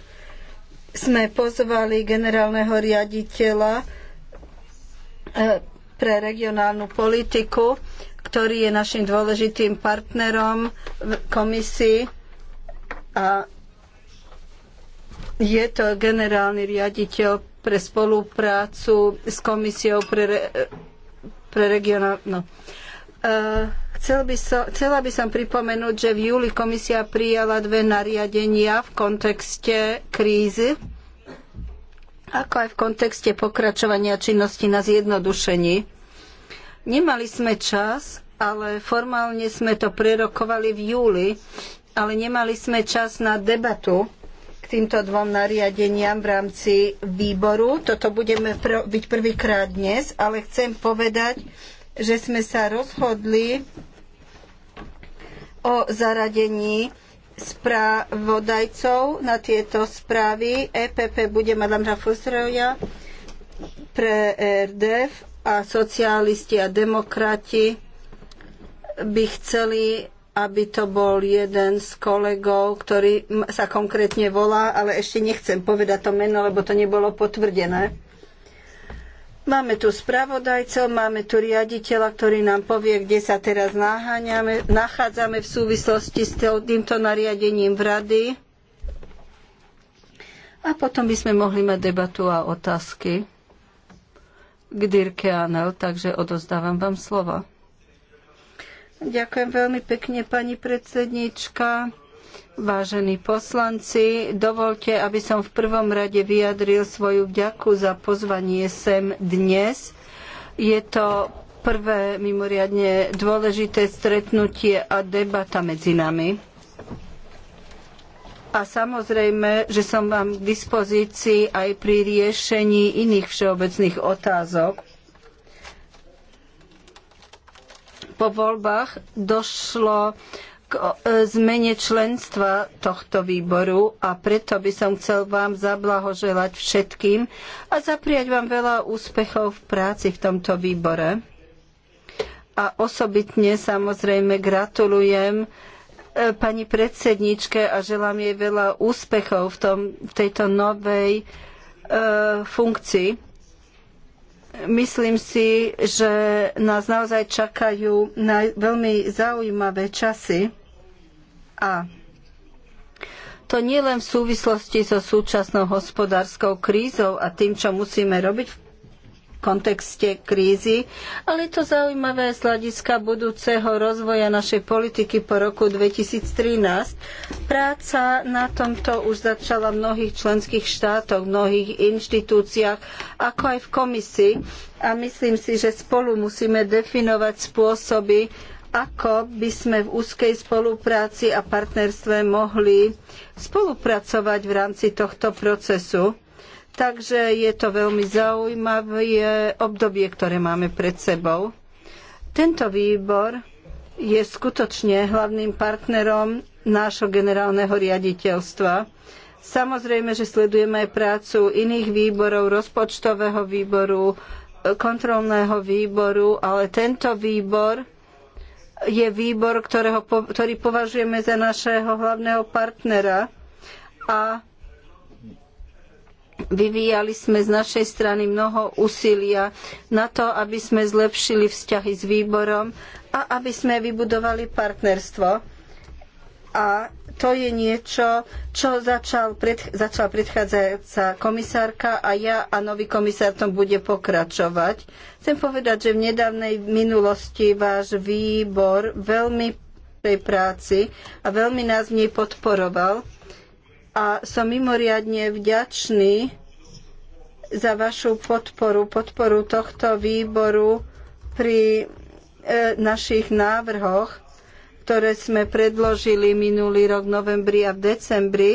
sme pozvali generálneho riaditeľa uh, pre regionálnu politiku, ktorý je našim dôležitým partnerom v komisii a je to generálny riaditeľ pre spoluprácu s komisiou pre, re, pre regionálnu. No. E, chcel by so, chcela by som pripomenúť, že v júli komisia prijala dve nariadenia v kontexte krízy, ako aj v kontexte pokračovania činnosti na zjednodušení. Nemali sme čas, ale formálne sme to prerokovali v júli ale nemali sme čas na debatu k týmto dvom nariadeniam v rámci výboru. Toto budeme pr- byť prvýkrát dnes, ale chcem povedať, že sme sa rozhodli o zaradení správodajcov na tieto správy. EPP bude Madame Rafusroja pre e RDF a socialisti a demokrati by chceli aby to bol jeden z kolegov, ktorý sa konkrétne volá, ale ešte nechcem povedať to meno, lebo to nebolo potvrdené. Máme tu spravodajcov, máme tu riaditeľa, ktorý nám povie, kde sa teraz nachádzame v súvislosti s týmto nariadením v rady. A potom by sme mohli mať debatu a otázky k Dirke Anel, takže odozdávam vám slovo. Ďakujem veľmi pekne, pani predsednička. Vážení poslanci, dovolte, aby som v prvom rade vyjadril svoju vďaku za pozvanie sem dnes. Je to prvé mimoriadne dôležité stretnutie a debata medzi nami. A samozrejme, že som vám k dispozícii aj pri riešení iných všeobecných otázok, po voľbách došlo k e, zmene členstva tohto výboru a preto by som chcel vám zablahoželať všetkým a zapriať vám veľa úspechov v práci v tomto výbore. A osobitne samozrejme gratulujem e, pani predsedničke a želám jej veľa úspechov v, tom, v tejto novej e, funkcii Myslím si, že nás naozaj čakajú na veľmi zaujímavé časy a to nie len v súvislosti so súčasnou hospodárskou krízou a tým, čo musíme robiť v kontexte krízy, ale je to zaujímavé z hľadiska budúceho rozvoja našej politiky po roku 2013. Práca na tomto už začala v mnohých členských štátoch, v mnohých inštitúciách, ako aj v komisii a myslím si, že spolu musíme definovať spôsoby, ako by sme v úzkej spolupráci a partnerstve mohli spolupracovať v rámci tohto procesu. Takže je to veľmi zaujímavé obdobie, ktoré máme pred sebou. Tento výbor je skutočne hlavným partnerom nášho generálneho riaditeľstva. Samozrejme, že sledujeme aj prácu iných výborov, rozpočtového výboru, kontrolného výboru, ale tento výbor je výbor, ktorého, ktorý považujeme za našeho hlavného partnera a Vyvíjali sme z našej strany mnoho úsilia na to, aby sme zlepšili vzťahy s výborom a aby sme vybudovali partnerstvo. A to je niečo, čo začal pred, začala predchádzajúca komisárka a ja a nový komisár tom bude pokračovať. Chcem povedať, že v nedávnej minulosti váš výbor veľmi tej práci a veľmi nás v nej podporoval a som mimoriadne vďačný za vašu podporu, podporu tohto výboru pri e, našich návrhoch, ktoré sme predložili minulý rok v novembri a v decembri.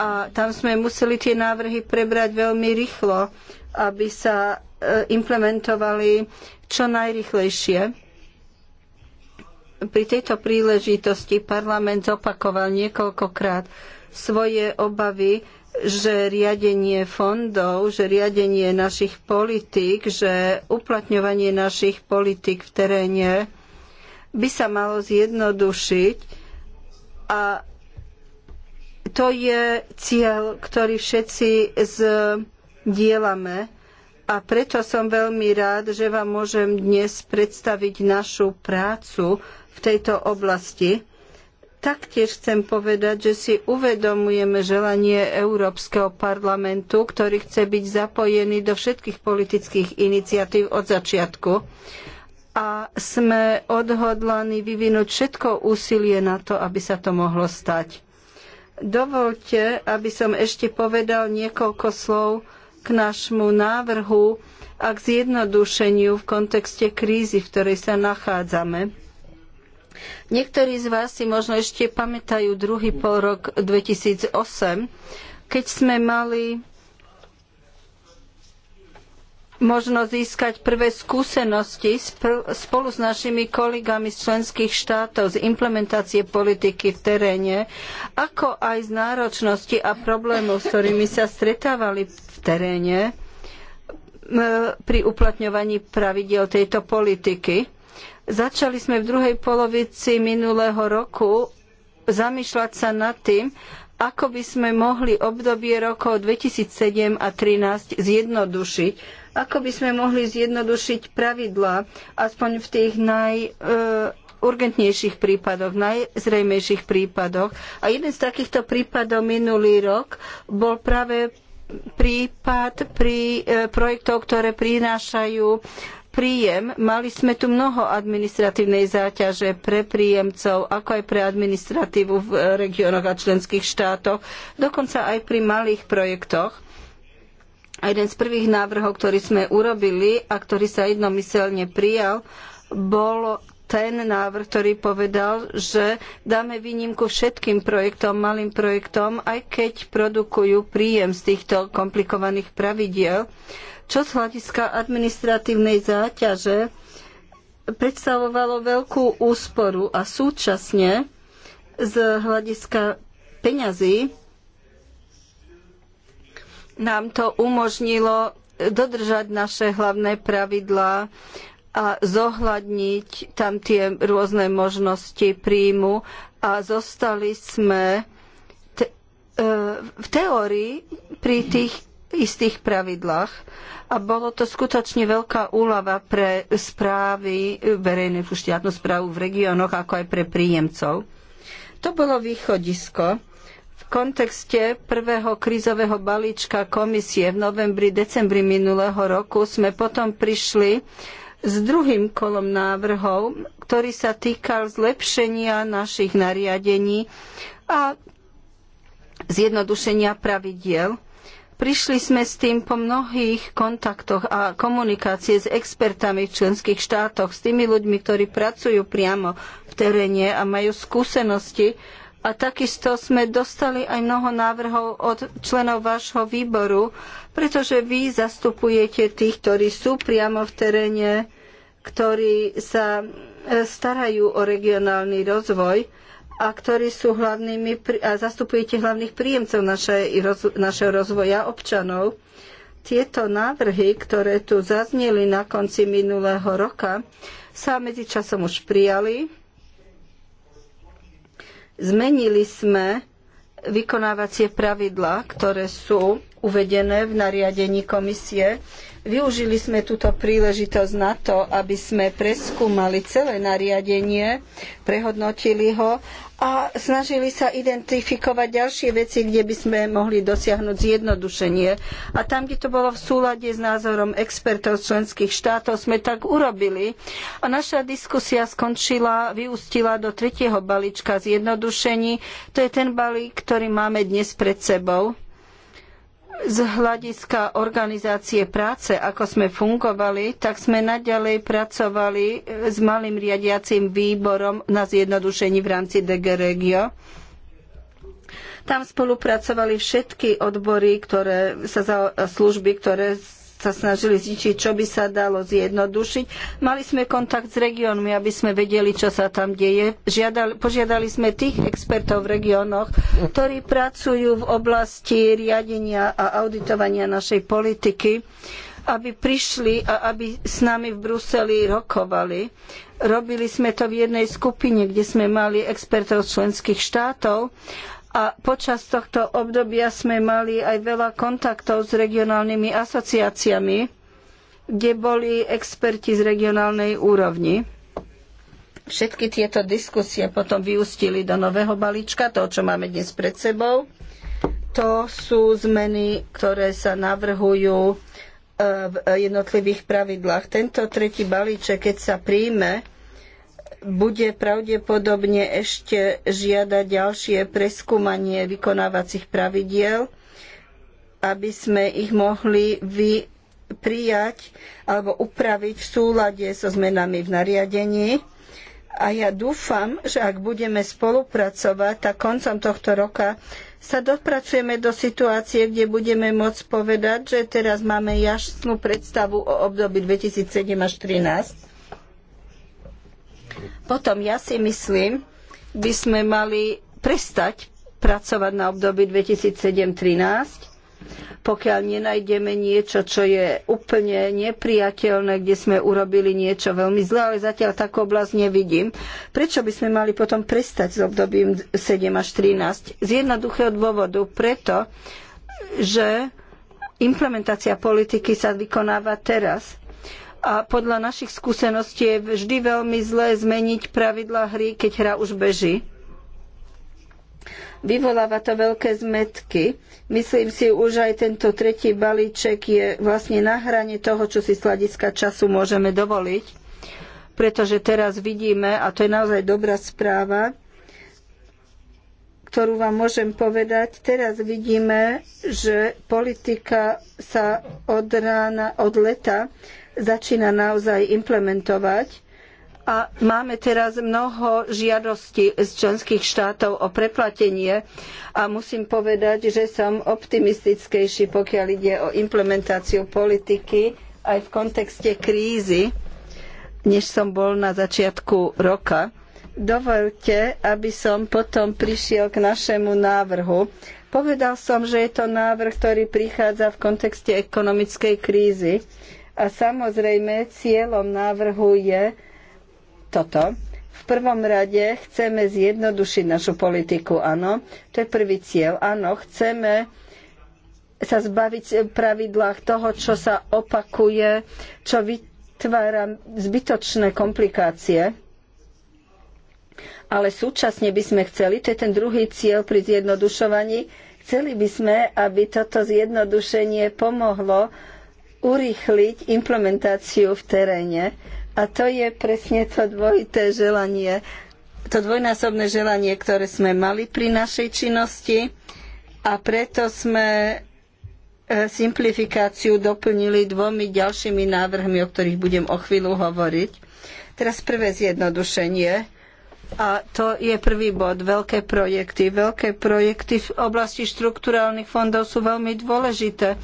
A tam sme museli tie návrhy prebrať veľmi rýchlo, aby sa e, implementovali čo najrychlejšie. Pri tejto príležitosti parlament zopakoval niekoľkokrát, svoje obavy, že riadenie fondov, že riadenie našich politík, že uplatňovanie našich politík v teréne by sa malo zjednodušiť a to je cieľ, ktorý všetci zdieľame a preto som veľmi rád, že vám môžem dnes predstaviť našu prácu v tejto oblasti. Taktiež chcem povedať, že si uvedomujeme želanie Európskeho parlamentu, ktorý chce byť zapojený do všetkých politických iniciatív od začiatku. A sme odhodlaní vyvinúť všetko úsilie na to, aby sa to mohlo stať. Dovolte, aby som ešte povedal niekoľko slov k nášmu návrhu a k zjednodušeniu v kontexte krízy, v ktorej sa nachádzame Niektorí z vás si možno ešte pamätajú druhý rok 2008, keď sme mali možno získať prvé skúsenosti spolu s našimi kolegami z členských štátov z implementácie politiky v teréne, ako aj z náročnosti a problémov, s ktorými sa stretávali v teréne pri uplatňovaní pravidel tejto politiky. Začali sme v druhej polovici minulého roku zamýšľať sa nad tým, ako by sme mohli obdobie rokov 2007 a 2013 zjednodušiť, ako by sme mohli zjednodušiť pravidlá, aspoň v tých najurgentnejších e, prípadoch, najzrejmejších prípadoch. A jeden z takýchto prípadov minulý rok bol práve prípad pri e, projektov, ktoré prinášajú príjem. Mali sme tu mnoho administratívnej záťaže pre príjemcov, ako aj pre administratívu v regiónoch a členských štátoch, dokonca aj pri malých projektoch. A jeden z prvých návrhov, ktorý sme urobili a ktorý sa jednomyselne prijal, bol ten návrh, ktorý povedal, že dáme výnimku všetkým projektom, malým projektom, aj keď produkujú príjem z týchto komplikovaných pravidiel čo z hľadiska administratívnej záťaže predstavovalo veľkú úsporu a súčasne z hľadiska peňazí nám to umožnilo dodržať naše hlavné pravidlá a zohľadniť tam tie rôzne možnosti príjmu a zostali sme e, v teórii pri tých istých pravidlách a bolo to skutočne veľká úlava pre správy, verejnú štátnu správu v regiónoch, ako aj pre príjemcov. To bolo východisko. V kontexte prvého krízového balíčka komisie v novembri, decembri minulého roku sme potom prišli s druhým kolom návrhov, ktorý sa týkal zlepšenia našich nariadení a zjednodušenia pravidiel Prišli sme s tým po mnohých kontaktoch a komunikácie s expertami v členských štátoch, s tými ľuďmi, ktorí pracujú priamo v teréne a majú skúsenosti. A takisto sme dostali aj mnoho návrhov od členov vášho výboru, pretože vy zastupujete tých, ktorí sú priamo v teréne, ktorí sa e, starajú o regionálny rozvoj a ktorí sú hlavnými a zastupujete hlavných príjemcov našeho rozvoja občanov. Tieto návrhy, ktoré tu zazneli na konci minulého roka, sa medzičasom už prijali. Zmenili sme vykonávacie pravidlá, ktoré sú uvedené v nariadení komisie Využili sme túto príležitosť na to, aby sme preskúmali celé nariadenie, prehodnotili ho a snažili sa identifikovať ďalšie veci, kde by sme mohli dosiahnuť zjednodušenie. A tam, kde to bolo v súlade s názorom expertov členských štátov, sme tak urobili. A naša diskusia skončila, vyústila do tretieho balíčka zjednodušení. To je ten balík, ktorý máme dnes pred sebou z hľadiska organizácie práce, ako sme fungovali, tak sme naďalej pracovali e, s malým riadiacím výborom na zjednodušení v rámci DG Regio. Tam spolupracovali všetky odbory, ktoré sa za, služby, ktoré sa snažili zničiť, čo by sa dalo zjednodušiť. Mali sme kontakt s regiónmi, aby sme vedeli, čo sa tam deje. Žiadali, požiadali sme tých expertov v regiónoch, ktorí pracujú v oblasti riadenia a auditovania našej politiky aby prišli a aby s nami v Bruseli rokovali. Robili sme to v jednej skupine, kde sme mali expertov členských štátov a počas tohto obdobia sme mali aj veľa kontaktov s regionálnymi asociáciami, kde boli experti z regionálnej úrovni. Všetky tieto diskusie potom vyústili do nového balíčka, toho, čo máme dnes pred sebou. To sú zmeny, ktoré sa navrhujú eh, v jednotlivých pravidlách. Tento tretí balíček, keď sa príjme, bude pravdepodobne ešte žiadať ďalšie preskúmanie vykonávacích pravidiel, aby sme ich mohli vy prijať alebo upraviť v súlade so zmenami v nariadení. A ja dúfam, že ak budeme spolupracovať, tak koncom tohto roka sa dopracujeme do situácie, kde budeme môcť povedať, že teraz máme jasnú predstavu o období 2007 až 2013 potom ja si myslím, by sme mali prestať pracovať na období 2007-2013, pokiaľ nenájdeme niečo, čo je úplne nepriateľné, kde sme urobili niečo veľmi zlé, ale zatiaľ takú oblasť nevidím. Prečo by sme mali potom prestať s obdobím 7 až 13? Z jednoduchého dôvodu, preto, že implementácia politiky sa vykonáva teraz a podľa našich skúseností je vždy veľmi zlé zmeniť pravidlá hry, keď hra už beží. Vyvoláva to veľké zmetky. Myslím si, už aj tento tretí balíček je vlastne na hrane toho, čo si z hľadiska času môžeme dovoliť. Pretože teraz vidíme, a to je naozaj dobrá správa, ktorú vám môžem povedať. Teraz vidíme, že politika sa od rána, od leta začína naozaj implementovať. A máme teraz mnoho žiadostí z členských štátov o preplatenie a musím povedať, že som optimistickejší, pokiaľ ide o implementáciu politiky aj v kontexte krízy, než som bol na začiatku roka. Dovolte, aby som potom prišiel k našemu návrhu. Povedal som, že je to návrh, ktorý prichádza v kontexte ekonomickej krízy. A samozrejme cieľom návrhu je toto. V prvom rade chceme zjednodušiť našu politiku, áno. To je prvý cieľ, áno. Chceme sa zbaviť v pravidlách toho, čo sa opakuje, čo vytvára zbytočné komplikácie. Ale súčasne by sme chceli, to je ten druhý cieľ pri zjednodušovaní, chceli by sme, aby toto zjednodušenie pomohlo urýchliť implementáciu v teréne. A to je presne to dvojité želanie, to dvojnásobné želanie, ktoré sme mali pri našej činnosti a preto sme e, simplifikáciu doplnili dvomi ďalšími návrhmi, o ktorých budem o chvíľu hovoriť. Teraz prvé zjednodušenie. A to je prvý bod, veľké projekty. Veľké projekty v oblasti štrukturálnych fondov sú veľmi dôležité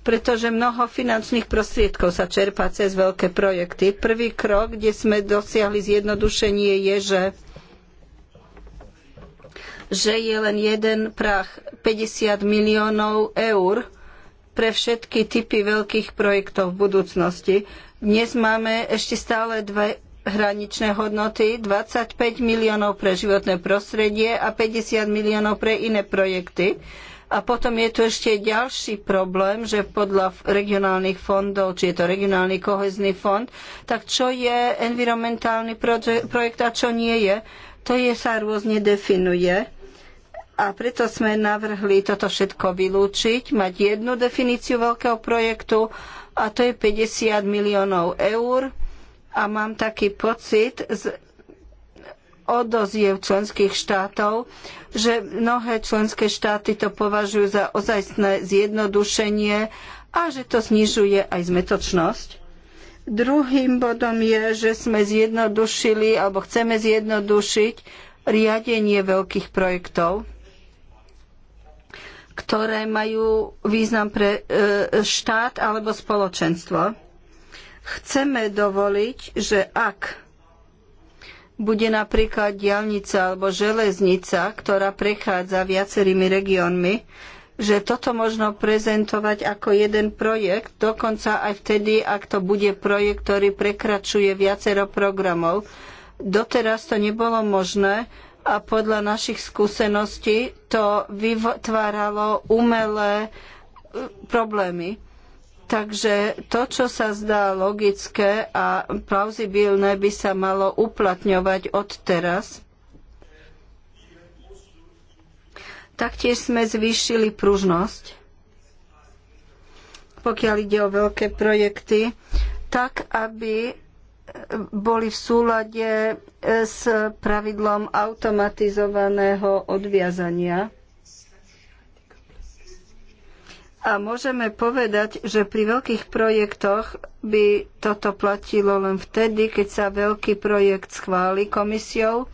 pretože mnoho finančných prostriedkov sa čerpá cez veľké projekty. Prvý krok, kde sme dosiahli zjednodušenie, je, že že je len jeden prach 50 miliónov eur pre všetky typy veľkých projektov v budúcnosti. Dnes máme ešte stále dve hraničné hodnoty, 25 miliónov pre životné prostredie a 50 miliónov pre iné projekty. A potom je tu ešte ďalší problém, že podľa regionálnych fondov, či je to regionálny kohezný fond, tak čo je environmentálny projekt a čo nie je, to je, sa rôzne definuje. A preto sme navrhli toto všetko vylúčiť, mať jednu definíciu veľkého projektu a to je 50 miliónov eur. A mám taký pocit z odoziev členských štátov, že mnohé členské štáty to považujú za ozajstné zjednodušenie a že to znižuje aj zmetočnosť. Druhým bodom je, že sme zjednodušili alebo chceme zjednodušiť riadenie veľkých projektov ktoré majú význam pre e, štát alebo spoločenstvo. Chceme dovoliť, že ak bude napríklad diaľnica alebo železnica, ktorá prechádza viacerými regiónmi, že toto možno prezentovať ako jeden projekt, dokonca aj vtedy, ak to bude projekt, ktorý prekračuje viacero programov. Doteraz to nebolo možné a podľa našich skúseností to vytváralo umelé e, problémy. Takže to, čo sa zdá logické a plauzibilné, by sa malo uplatňovať od teraz. Taktiež sme zvýšili pružnosť, pokiaľ ide o veľké projekty, tak, aby boli v súlade s pravidlom automatizovaného odviazania. A môžeme povedať, že pri veľkých projektoch by toto platilo len vtedy, keď sa veľký projekt schváli komisiou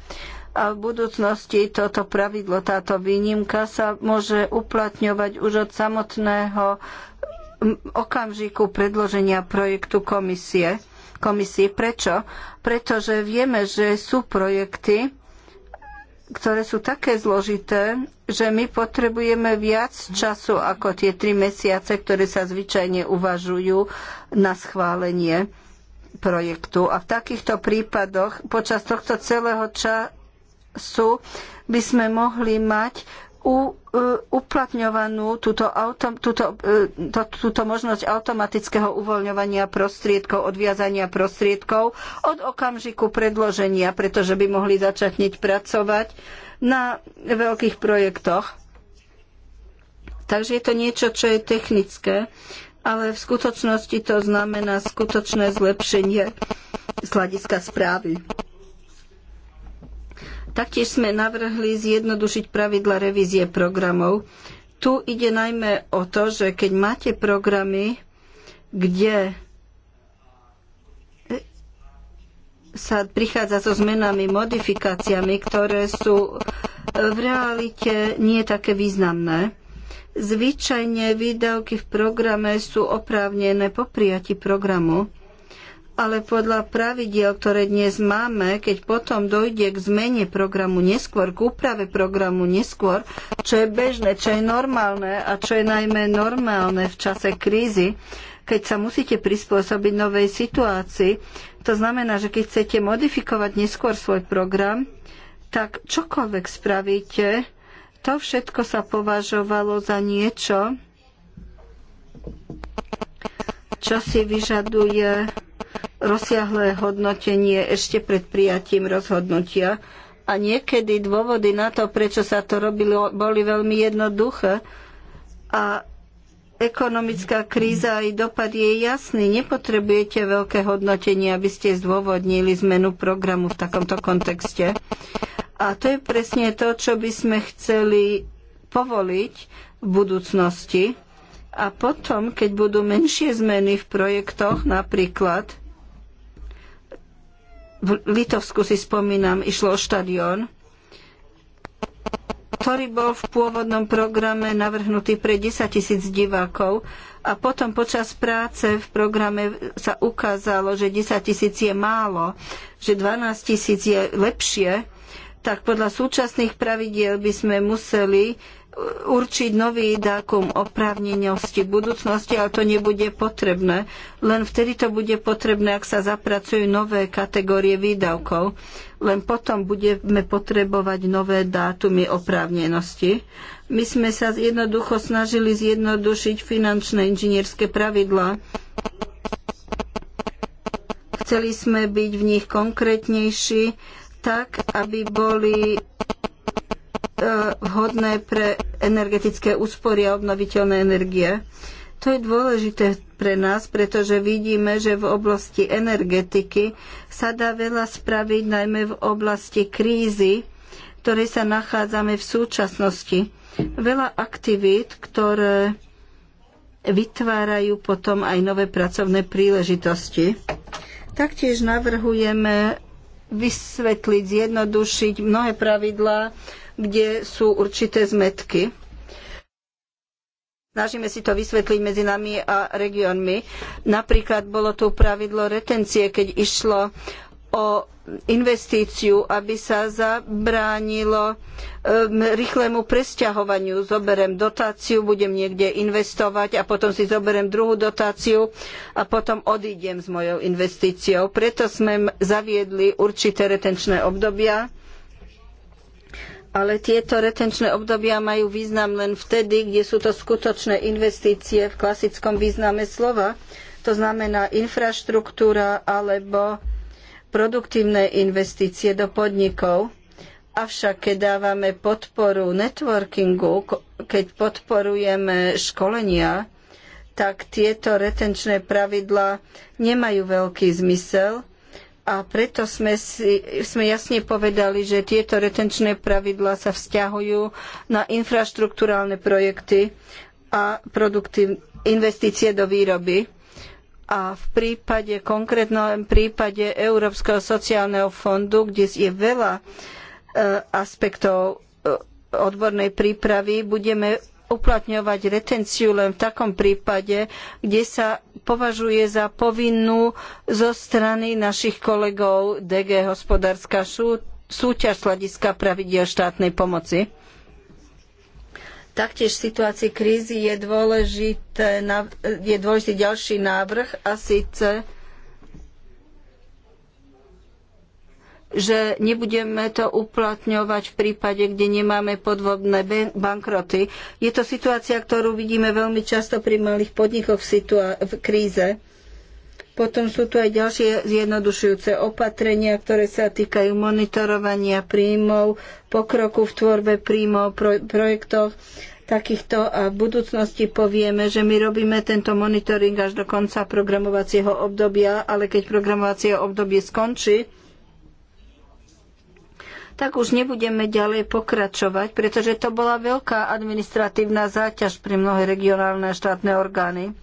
a v budúcnosti toto pravidlo, táto výnimka sa môže uplatňovať už od samotného okamžiku predloženia projektu komisie. komisie. Prečo? Pretože vieme, že sú projekty, ktoré sú také zložité, že my potrebujeme viac času ako tie tri mesiace, ktoré sa zvyčajne uvažujú na schválenie projektu. A v takýchto prípadoch počas tohto celého času by sme mohli mať u, e, uplatňovanú túto, autom, túto, e, to, túto možnosť automatického uvoľňovania prostriedkov, odviazania prostriedkov od okamžiku predloženia, pretože by mohli začať hneď pracovať na veľkých projektoch. Takže je to niečo, čo je technické, ale v skutočnosti to znamená skutočné zlepšenie z hľadiska správy. Taktiež sme navrhli zjednodušiť pravidla revízie programov. Tu ide najmä o to, že keď máte programy, kde sa prichádza so zmenami, modifikáciami, ktoré sú v realite nie také významné. Zvyčajne výdavky v programe sú oprávnené po prijati programu ale podľa pravidiel, ktoré dnes máme, keď potom dojde k zmene programu neskôr, k úprave programu neskôr, čo je bežné, čo je normálne a čo je najmä normálne v čase krízy, keď sa musíte prispôsobiť novej situácii. To znamená, že keď chcete modifikovať neskôr svoj program, tak čokoľvek spravíte, to všetko sa považovalo za niečo, čo si vyžaduje rozsiahle hodnotenie ešte pred prijatím rozhodnutia a niekedy dôvody na to, prečo sa to robilo, boli veľmi jednoduché a ekonomická kríza aj dopad je jasný. Nepotrebujete veľké hodnotenie, aby ste zdôvodnili zmenu programu v takomto kontexte. A to je presne to, čo by sme chceli povoliť v budúcnosti. A potom, keď budú menšie zmeny v projektoch, napríklad v Litovsku si spomínam, išlo o štadión, ktorý bol v pôvodnom programe navrhnutý pre 10 tisíc divákov a potom počas práce v programe sa ukázalo, že 10 tisíc je málo, že 12 tisíc je lepšie, tak podľa súčasných pravidiel by sme museli určiť nový dákum oprávnenosti budúcnosti, ale to nebude potrebné. Len vtedy to bude potrebné, ak sa zapracujú nové kategórie výdavkov. Len potom budeme potrebovať nové dátumy oprávnenosti. My sme sa jednoducho snažili zjednodušiť finančné inžinierské pravidlá. Chceli sme byť v nich konkrétnejší, tak aby boli Eh, vhodné pre energetické úspory a obnoviteľné energie. To je dôležité pre nás, pretože vidíme, že v oblasti energetiky sa dá veľa spraviť, najmä v oblasti krízy, ktorej sa nachádzame v súčasnosti. Veľa aktivít, ktoré vytvárajú potom aj nové pracovné príležitosti. Taktiež navrhujeme vysvetliť, zjednodušiť mnohé pravidlá kde sú určité zmetky. Snažíme si to vysvetliť medzi nami a regiónmi. Napríklad bolo tu pravidlo retencie, keď išlo o investíciu, aby sa zabránilo um, rýchlemu presťahovaniu. Zoberem dotáciu, budem niekde investovať a potom si zoberem druhú dotáciu a potom odídem s mojou investíciou. Preto sme zaviedli určité retenčné obdobia ale tieto retenčné obdobia majú význam len vtedy, kde sú to skutočné investície v klasickom význame slova, to znamená infraštruktúra alebo produktívne investície do podnikov. Avšak keď dávame podporu networkingu, keď podporujeme školenia, tak tieto retenčné pravidlá nemajú veľký zmysel, a preto sme, si, sme jasne povedali, že tieto retenčné pravidlá sa vzťahujú na infraštruktúrálne projekty a investície do výroby. A v prípade, konkrétnom prípade Európskeho sociálneho fondu, kde je veľa e, aspektov e, odbornej prípravy, budeme uplatňovať retenciu len v takom prípade, kde sa považuje za povinnú zo strany našich kolegov DG hospodárska súťaž z hľadiska pravidiel štátnej pomoci. Taktiež v situácii krízy je, dôležité, je dôležitý ďalší návrh a síce že nebudeme to uplatňovať v prípade, kde nemáme podvodné bankroty. Je to situácia, ktorú vidíme veľmi často pri malých podnikoch v, v kríze. Potom sú tu aj ďalšie zjednodušujúce opatrenia, ktoré sa týkajú monitorovania príjmov, pokroku v tvorbe príjmov, pro, projektov takýchto a v budúcnosti povieme, že my robíme tento monitoring až do konca programovacieho obdobia, ale keď programovacie obdobie skončí, tak už nebudeme ďalej pokračovať, pretože to bola veľká administratívna záťaž pre mnohé regionálne a štátne orgány.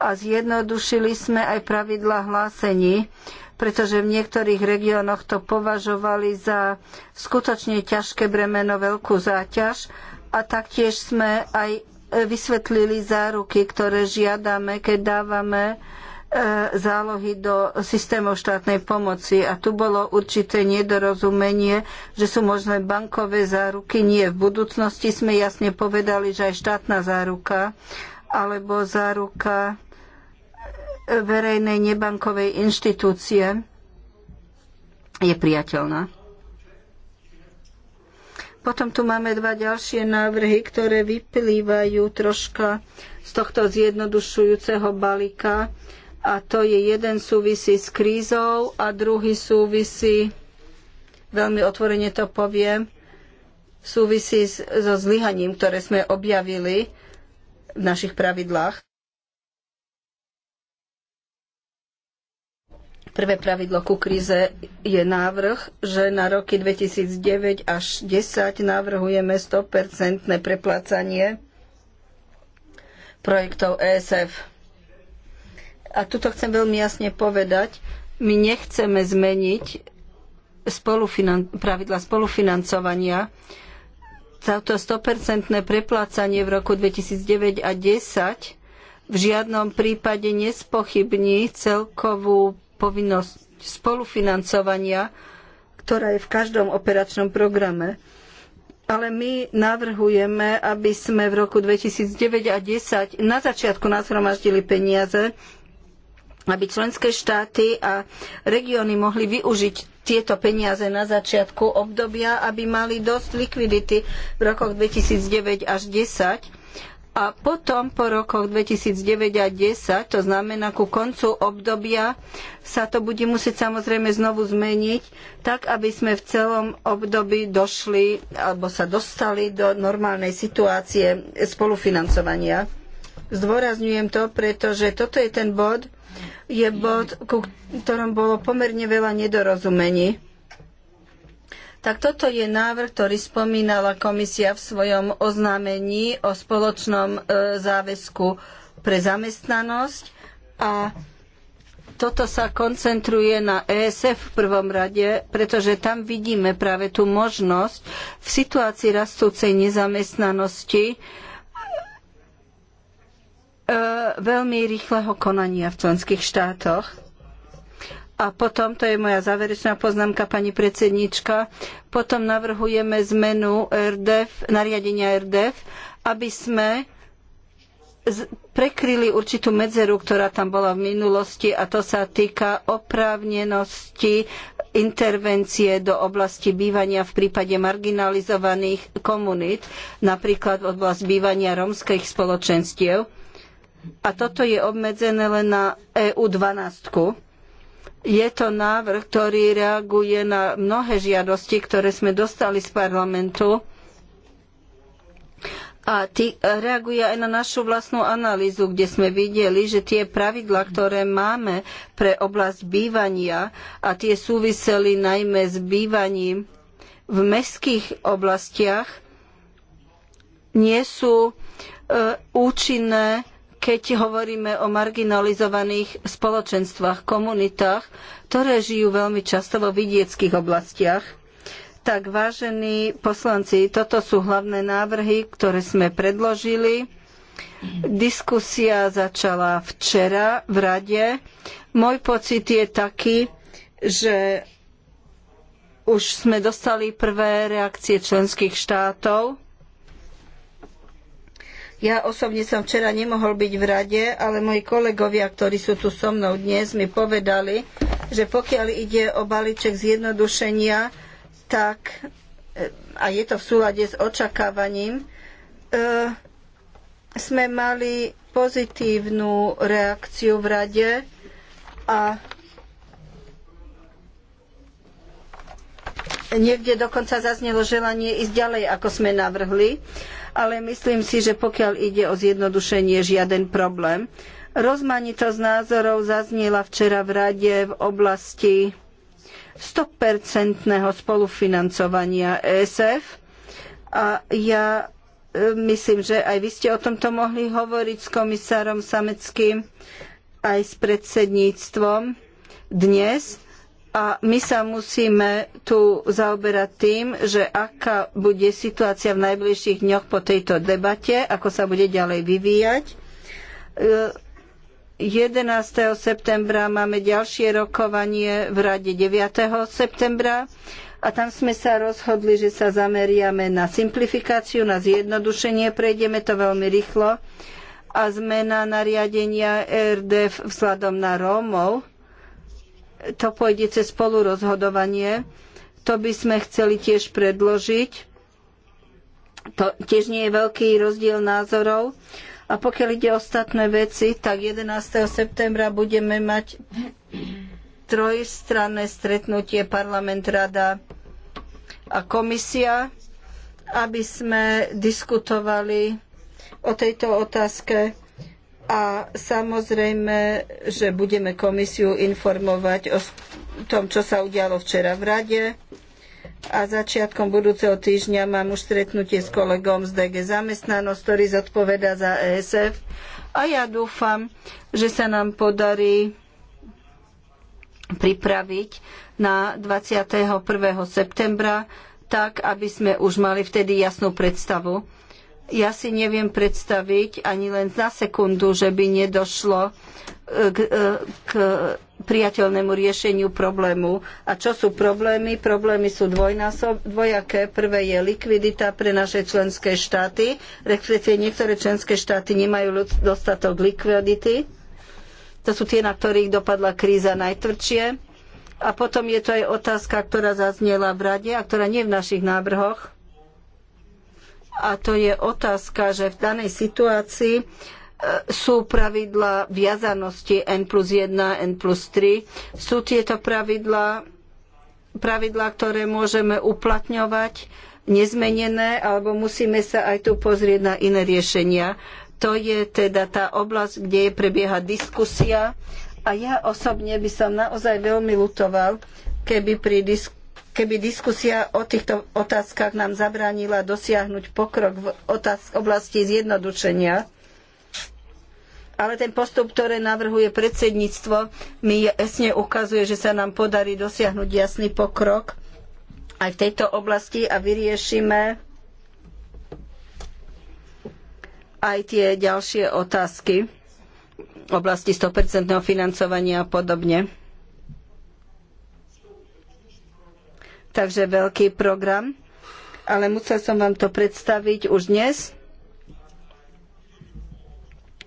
A zjednodušili sme aj pravidla hlásení, pretože v niektorých regiónoch to považovali za skutočne ťažké bremeno, veľkú záťaž a taktiež sme aj vysvetlili záruky, ktoré žiadame, keď dávame E, zálohy do systémov štátnej pomoci. A tu bolo určité nedorozumenie, že sú možné bankové záruky. Nie, v budúcnosti sme jasne povedali, že aj štátna záruka alebo záruka verejnej nebankovej inštitúcie je priateľná. Potom tu máme dva ďalšie návrhy, ktoré vyplývajú troška z tohto zjednodušujúceho balíka a to je jeden súvisí s krízou a druhý súvisí, veľmi otvorene to poviem, súvisí so zlyhaním, ktoré sme objavili v našich pravidlách. Prvé pravidlo ku kríze je návrh, že na roky 2009 až 2010 navrhujeme 100% preplácanie projektov ESF a tuto chcem veľmi jasne povedať, my nechceme zmeniť spolufinan- pravidla spolufinancovania. Toto 100% preplácanie v roku 2009 a 2010 v žiadnom prípade nespochybní celkovú povinnosť spolufinancovania, ktorá je v každom operačnom programe. Ale my navrhujeme, aby sme v roku 2009 a 2010 na začiatku nazhromaždili peniaze aby členské štáty a regióny mohli využiť tieto peniaze na začiatku obdobia, aby mali dosť likvidity v rokoch 2009 až 2010 a potom po rokoch 2009 a 2010, to znamená ku koncu obdobia, sa to bude musieť samozrejme znovu zmeniť, tak aby sme v celom období došli alebo sa dostali do normálnej situácie spolufinancovania. Zdôrazňujem to, pretože toto je ten bod, je bod, ku ktorom bolo pomerne veľa nedorozumení. Tak toto je návrh, ktorý spomínala komisia v svojom oznámení o spoločnom e, záväzku pre zamestnanosť a toto sa koncentruje na ESF v prvom rade, pretože tam vidíme práve tú možnosť v situácii rastúcej nezamestnanosti E, veľmi rýchleho konania v členských štátoch. A potom, to je moja záverečná poznámka, pani predsednička, potom navrhujeme zmenu RDF, nariadenia RDF, aby sme prekryli určitú medzeru, ktorá tam bola v minulosti a to sa týka oprávnenosti intervencie do oblasti bývania v prípade marginalizovaných komunít, napríklad oblasť bývania rómskych spoločenstiev a toto je obmedzené len na EU 12. Je to návrh, ktorý reaguje na mnohé žiadosti, ktoré sme dostali z parlamentu a tý, e, reaguje aj na našu vlastnú analýzu, kde sme videli, že tie pravidlá, ktoré máme pre oblasť bývania a tie súviseli najmä s bývaním v mestských oblastiach, nie sú e, účinné keď hovoríme o marginalizovaných spoločenstvách, komunitách, ktoré žijú veľmi často vo vidieckých oblastiach. Tak vážení poslanci, toto sú hlavné návrhy, ktoré sme predložili. Diskusia začala včera v rade. Môj pocit je taký, že už sme dostali prvé reakcie členských štátov ja osobne som včera nemohol byť v rade, ale moji kolegovia, ktorí sú tu so mnou dnes, mi povedali, že pokiaľ ide o balíček zjednodušenia, tak eh, a je to v súlade s očakávaním, eh, sme mali pozitívnu reakciu v rade a niekde dokonca zaznelo želanie ísť ďalej, ako sme navrhli ale myslím si, že pokiaľ ide o zjednodušenie, žiaden problém. Rozmanitosť názorov zaznela včera v Rade v oblasti 100% spolufinancovania ESF a ja e, myslím, že aj vy ste o tomto mohli hovoriť s komisárom Sameckým aj s predsedníctvom dnes a my sa musíme tu zaoberať tým, že aká bude situácia v najbližších dňoch po tejto debate, ako sa bude ďalej vyvíjať. 11. E, septembra máme ďalšie rokovanie v rade 9. septembra a tam sme sa rozhodli, že sa zameriame na simplifikáciu, na zjednodušenie, prejdeme to veľmi rýchlo a zmena nariadenia RDF vzhľadom na Rómov to pôjde cez spolurozhodovanie. To by sme chceli tiež predložiť. To tiež nie je veľký rozdiel názorov. A pokiaľ ide ostatné veci, tak 11. septembra budeme mať trojstranné stretnutie parlament, rada a komisia, aby sme diskutovali o tejto otázke a samozrejme, že budeme komisiu informovať o tom, čo sa udialo včera v rade. A začiatkom budúceho týždňa mám už stretnutie s kolegom z DG zamestnanosť, ktorý zodpovedá za ESF. A ja dúfam, že sa nám podarí pripraviť na 21. septembra, tak aby sme už mali vtedy jasnú predstavu ja si neviem predstaviť ani len na sekundu, že by nedošlo e, k, e, k priateľnému riešeniu problému. A čo sú problémy? Problémy sú dvojnásob, dvojaké. Prvé je likvidita pre naše členské štáty, respektíve niektoré členské štáty nemajú dostatok likvidity. To sú tie, na ktorých dopadla kríza najtvrdšie. A potom je to aj otázka, ktorá zaznela v rade a ktorá nie je v našich návrhoch a to je otázka, že v danej situácii e, sú pravidla viazanosti N plus 1, N plus 3. Sú tieto pravidla, pravidla, ktoré môžeme uplatňovať nezmenené, alebo musíme sa aj tu pozrieť na iné riešenia. To je teda tá oblasť, kde prebieha diskusia. A ja osobne by som naozaj veľmi lutoval, keby pri diskusii Keby diskusia o týchto otázkach nám zabránila dosiahnuť pokrok v oblasti zjednodušenia, ale ten postup, ktoré navrhuje predsedníctvo, mi jasne ukazuje, že sa nám podarí dosiahnuť jasný pokrok aj v tejto oblasti a vyriešime aj tie ďalšie otázky v oblasti 100% financovania a podobne. takže veľký program. Ale musel som vám to predstaviť už dnes.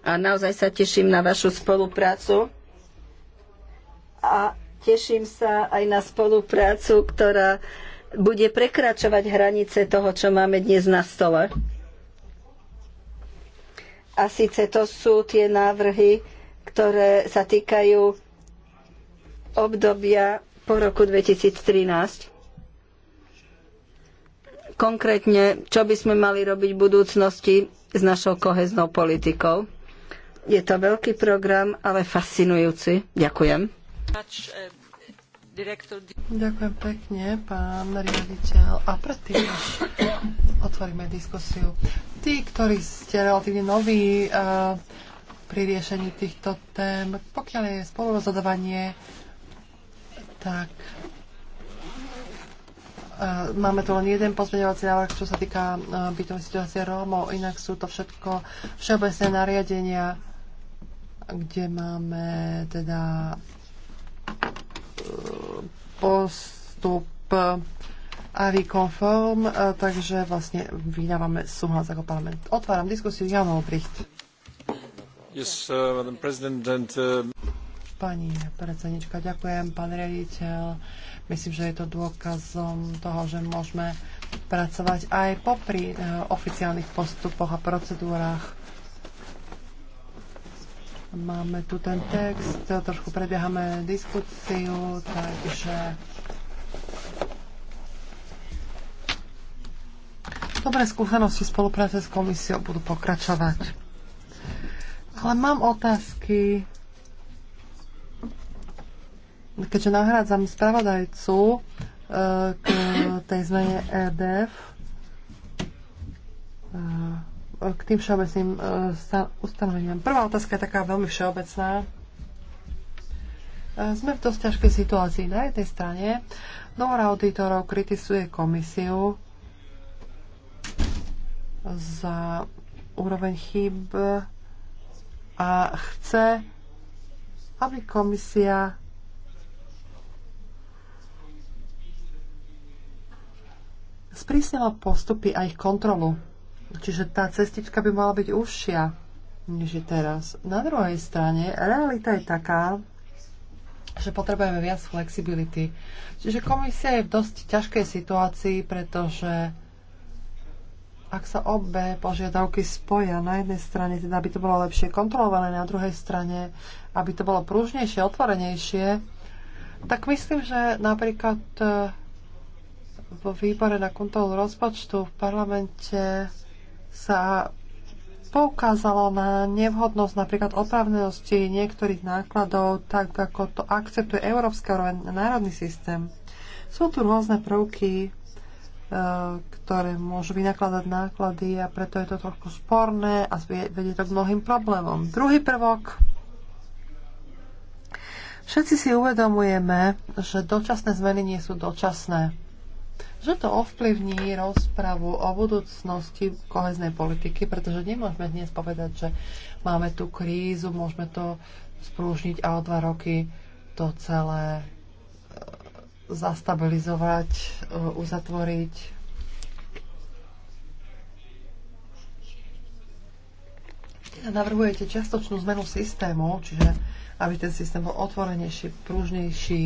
A naozaj sa teším na vašu spoluprácu. A teším sa aj na spoluprácu, ktorá bude prekračovať hranice toho, čo máme dnes na stole. A síce to sú tie návrhy, ktoré sa týkajú obdobia po roku 2013 konkrétne, čo by sme mali robiť v budúcnosti s našou koheznou politikou. Je to veľký program, ale fascinujúci. Ďakujem. Ďakujem pekne, pán riaditeľ. A predtým, než otvoríme diskusiu, tí, ktorí ste relatívne noví uh, pri riešení týchto tém, pokiaľ je spolurozhodovanie, tak E, máme tu len jeden pozmeňovací návrh, čo sa týka e, bytovej situácie Rómov, inak sú to všetko všeobecné nariadenia, kde máme teda e, postup AVI conform, takže vlastne vydávame súhlas ako parlament. Otváram diskusiu, Jan Olbricht. Yes, uh, Madam President, and, uh... Pani predsednička, ďakujem, pán riaditeľ. Myslím, že je to dôkazom toho, že môžeme pracovať aj popri eh, oficiálnych postupoch a procedúrach. Máme tu ten text, trošku prebiehame diskusiu, takže Dobré skúsenosti spolupráce s komisiou budú pokračovať. Ale mám otázky keďže nahrádzam spravodajcu e, k tej zmene EDF, e, k tým všeobecným e, ustanoveniam. Prvá otázka je taká veľmi všeobecná. Sme v dosť ťažkej situácii. Na jednej strane dvor auditorov kritizuje komisiu za úroveň chyb a chce, aby komisia sprísnila postupy a ich kontrolu. Čiže tá cestička by mala byť užšia než je teraz. Na druhej strane, realita je taká, že potrebujeme viac flexibility. Čiže komisia je v dosť ťažkej situácii, pretože ak sa obe požiadavky spoja, na jednej strane teda, aby to bolo lepšie kontrolované, na druhej strane, aby to bolo prúžnejšie, otvorenejšie, tak myslím, že napríklad vo výbore na kontrolu rozpočtu v parlamente sa poukázalo na nevhodnosť napríklad opravnenosti niektorých nákladov, tak ako to akceptuje európsky národný systém. Sú tu rôzne prvky, e, ktoré môžu vynakladať náklady a preto je to trochu sporné a vedie to k mnohým problémom. Druhý prvok. Všetci si uvedomujeme, že dočasné zmeny nie sú dočasné že to ovplyvní rozpravu o budúcnosti koheznej politiky, pretože nemôžeme dnes povedať, že máme tú krízu, môžeme to sprúžniť a o dva roky to celé e, zastabilizovať, e, uzatvoriť. Teda navrhujete čiastočnú zmenu systému, čiže aby ten systém bol otvorenejší, pružnejší,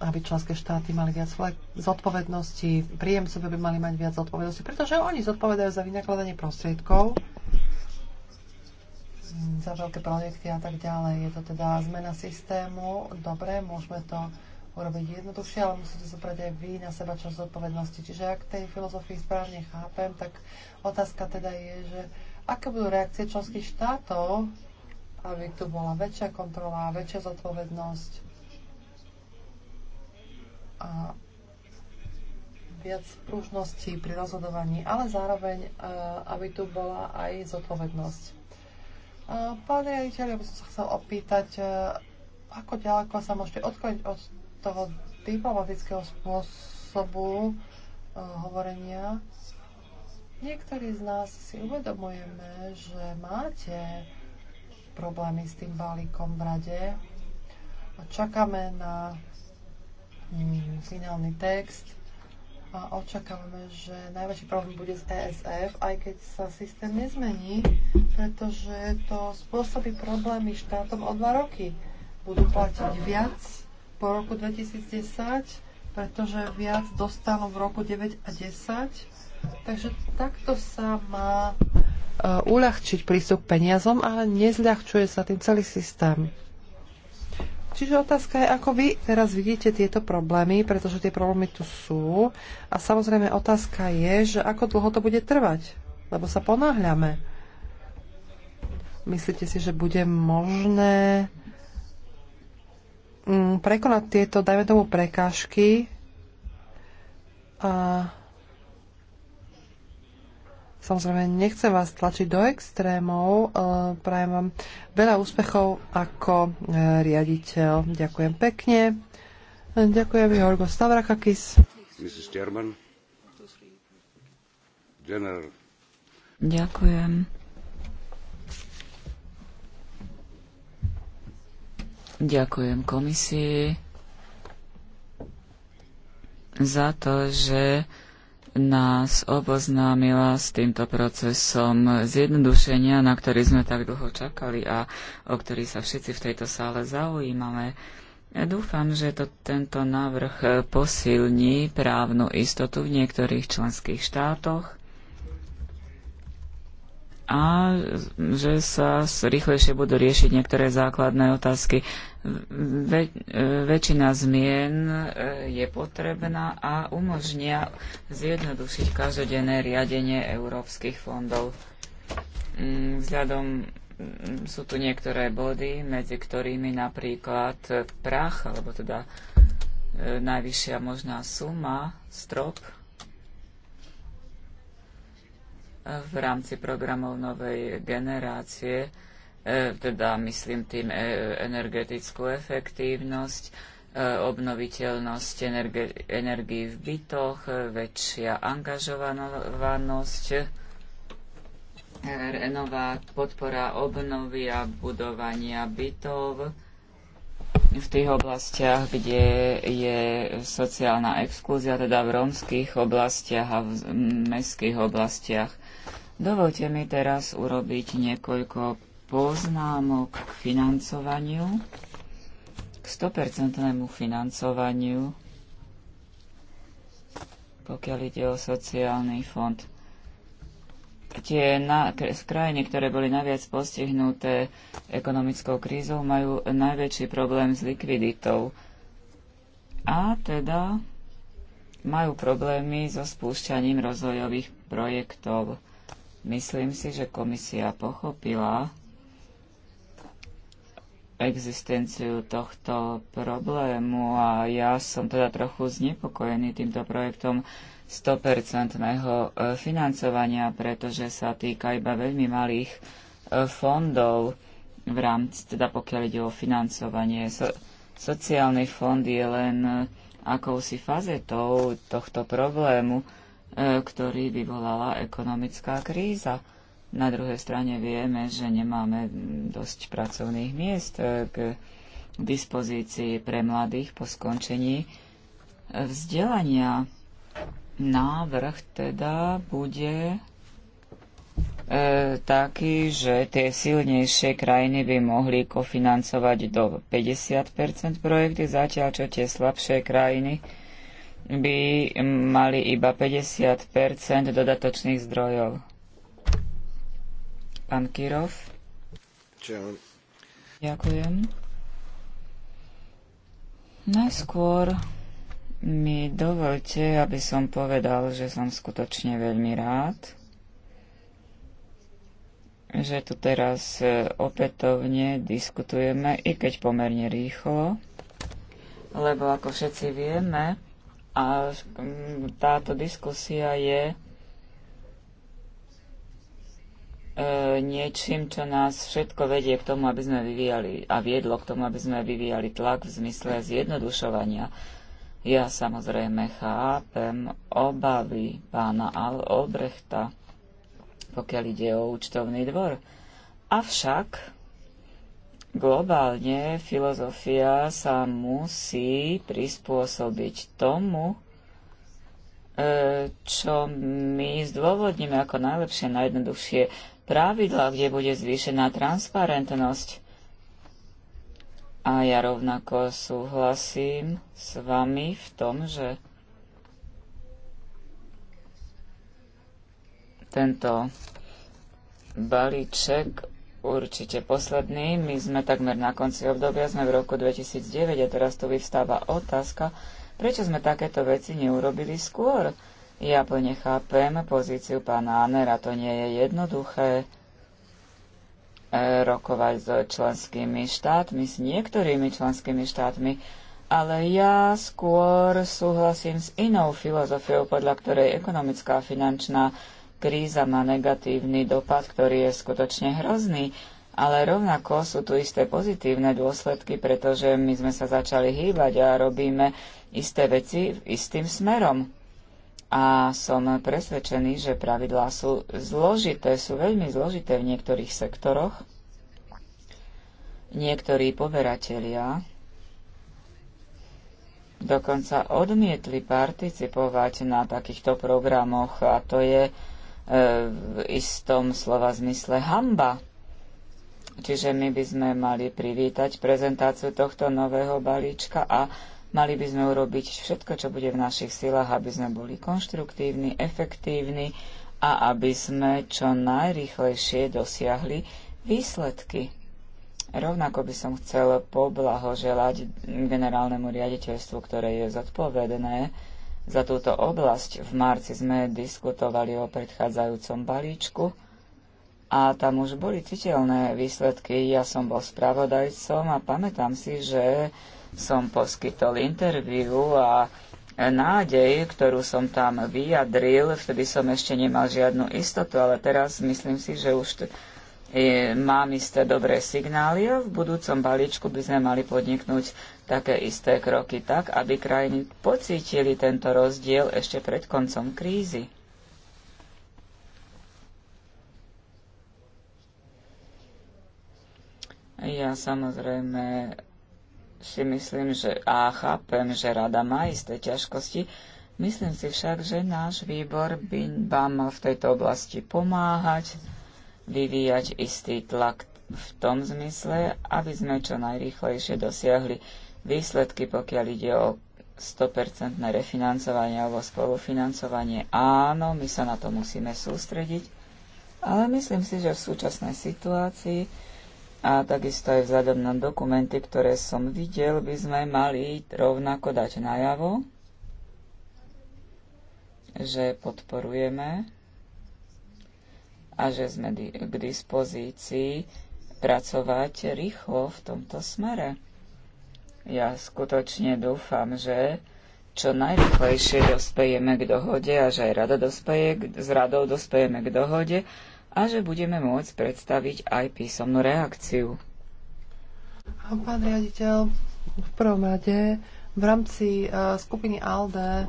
aby členské štáty mali viac zodpovednosti, príjemcovia by mali mať viac zodpovednosti, pretože oni zodpovedajú za vynakladanie prostriedkov, za veľké projekty a tak ďalej. Je to teda zmena systému, dobre, môžeme to urobiť jednoduchšie, ale musíte zobrať aj vy na seba čas zodpovednosti. Čiže ak tej filozofii správne chápem, tak otázka teda je, že aké budú reakcie členských štátov, aby tu bola väčšia kontrola, väčšia zodpovednosť a viac pružnosti pri rozhodovaní, ale zároveň, e, aby tu bola aj zodpovednosť. E, Pán riaditeľ, ja by som sa chcel opýtať, e, ako ďaleko sa môžete odkloniť od toho diplomatického spôsobu hovorenia. Niektorí z nás si uvedomujeme, že máte problémy s tým balíkom v rade. Čakáme na Mm, finálny text a očakávame, že najväčší problém bude z ESF, aj keď sa systém nezmení, pretože to spôsobí problémy štátom o dva roky. Budú platiť viac po roku 2010, pretože viac dostanú v roku 9 a 10. Takže takto sa má e, uľahčiť prístup k peniazom, ale nezľahčuje sa tým celý systém. Čiže otázka je, ako vy teraz vidíte tieto problémy, pretože tie problémy tu sú. A samozrejme otázka je, že ako dlho to bude trvať, lebo sa ponáhľame. Myslíte si, že bude možné mm, prekonať tieto, dajme tomu, prekážky a Samozrejme, nechcem vás tlačiť do extrémov. E, prajem vám veľa úspechov ako e, riaditeľ. Ďakujem pekne. Ďakujem Jorgo Stavrakakis. Ďakujem. Ďakujem komisii za to, že nás oboznámila s týmto procesom zjednodušenia, na ktorý sme tak dlho čakali a o ktorý sa všetci v tejto sále zaujímame. Ja dúfam, že to, tento návrh posilní právnu istotu v niektorých členských štátoch a že sa rýchlejšie budú riešiť niektoré základné otázky. Ve, väčšina zmien e, je potrebná a umožnia zjednodušiť každodenné riadenie európskych fondov. Mm, vzhľadom mm, sú tu niektoré body, medzi ktorými napríklad prach, alebo teda e, najvyššia možná suma, strop v rámci programov novej generácie, e, teda myslím tým e, energetickú efektívnosť, e, obnoviteľnosť energie, energii v bytoch, väčšia angažovanosť, renová podpora obnovy a budovania bytov v tých oblastiach, kde je sociálna exklúzia, teda v rómskych oblastiach a v mestských oblastiach. Dovolte mi teraz urobiť niekoľko poznámok k financovaniu, k 100% financovaniu, pokiaľ ide o sociálny fond. Tie na, krajiny, ktoré boli najviac postihnuté ekonomickou krízou, majú najväčší problém s likviditou. A teda majú problémy so spúšťaním rozvojových projektov. Myslím si, že komisia pochopila existenciu tohto problému a ja som teda trochu znepokojený týmto projektom 100% e, financovania, pretože sa týka iba veľmi malých e, fondov v rámci, teda pokiaľ ide o financovanie. So, sociálny fond je len e, akousi fazetou tohto problému E, ktorý vyvolala ekonomická kríza. Na druhej strane vieme, že nemáme dosť pracovných miest e, k dispozícii pre mladých po skončení e, vzdelania. Návrh teda bude e, taký, že tie silnejšie krajiny by mohli kofinancovať do 50 projekty, zatiaľ čo tie slabšie krajiny by mali iba 50 dodatočných zdrojov. Pán Kirov. Ďakujem. Ďakujem. Najskôr mi dovolte, aby som povedal, že som skutočne veľmi rád, že tu teraz e, opätovne diskutujeme, i keď pomerne rýchlo, lebo ako všetci vieme, a mm, táto diskusia je e, niečím, čo nás všetko vedie k tomu, aby sme vyvíjali a viedlo k tomu, aby sme vyvíjali tlak v zmysle zjednodušovania. Ja samozrejme chápem obavy pána Al Obrechta, pokiaľ ide o účtovný dvor. Avšak globálne filozofia sa musí prispôsobiť tomu, e, čo my zdôvodníme ako najlepšie, najjednoduchšie pravidla, kde bude zvýšená transparentnosť. A ja rovnako súhlasím s vami v tom, že tento balíček určite posledný. My sme takmer na konci obdobia, sme v roku 2009 a teraz tu vyvstáva otázka, prečo sme takéto veci neurobili skôr. Ja plne chápem pozíciu pána Anera, to nie je jednoduché e, rokovať so členskými štátmi, s niektorými členskými štátmi, ale ja skôr súhlasím s inou filozofiou, podľa ktorej ekonomická a finančná kríza má negatívny dopad, ktorý je skutočne hrozný, ale rovnako sú tu isté pozitívne dôsledky, pretože my sme sa začali hýbať a robíme isté veci istým smerom. A som presvedčený, že pravidlá sú zložité, sú veľmi zložité v niektorých sektoroch. Niektorí poveratelia dokonca odmietli participovať na takýchto programoch a to je E, v istom slova zmysle hamba. Čiže my by sme mali privítať prezentáciu tohto nového balíčka a mali by sme urobiť všetko, čo bude v našich silách, aby sme boli konštruktívni, efektívni a aby sme čo najrychlejšie dosiahli výsledky. Rovnako by som chcel poblahoželať generálnemu riaditeľstvu, ktoré je zodpovedné za túto oblasť. V marci sme diskutovali o predchádzajúcom balíčku a tam už boli citeľné výsledky. Ja som bol spravodajcom a pamätám si, že som poskytol interviu a nádej, ktorú som tam vyjadril, vtedy som ešte nemal žiadnu istotu, ale teraz myslím si, že už mám isté dobré signály a v budúcom balíčku by sme mali podniknúť také isté kroky tak, aby krajiny pocítili tento rozdiel ešte pred koncom krízy. Ja samozrejme si myslím, že a chápem, že rada má isté ťažkosti. Myslím si však, že náš výbor by vám mal v tejto oblasti pomáhať, vyvíjať istý tlak v tom zmysle, aby sme čo najrýchlejšie dosiahli výsledky, pokiaľ ide o 100% refinancovanie alebo spolufinancovanie. Áno, my sa na to musíme sústrediť, ale myslím si, že v súčasnej situácii a takisto aj vzhľadom na dokumenty, ktoré som videl, by sme mali rovnako dať najavo, že podporujeme a že sme k dispozícii pracovať rýchlo v tomto smere. Ja skutočne dúfam, že čo najrychlejšie dospejeme k dohode a že aj rada dospeje, s radou dospejeme k dohode a že budeme môcť predstaviť aj písomnú reakciu. Pán riaditeľ, v prvom rade v rámci uh, skupiny ALDE uh,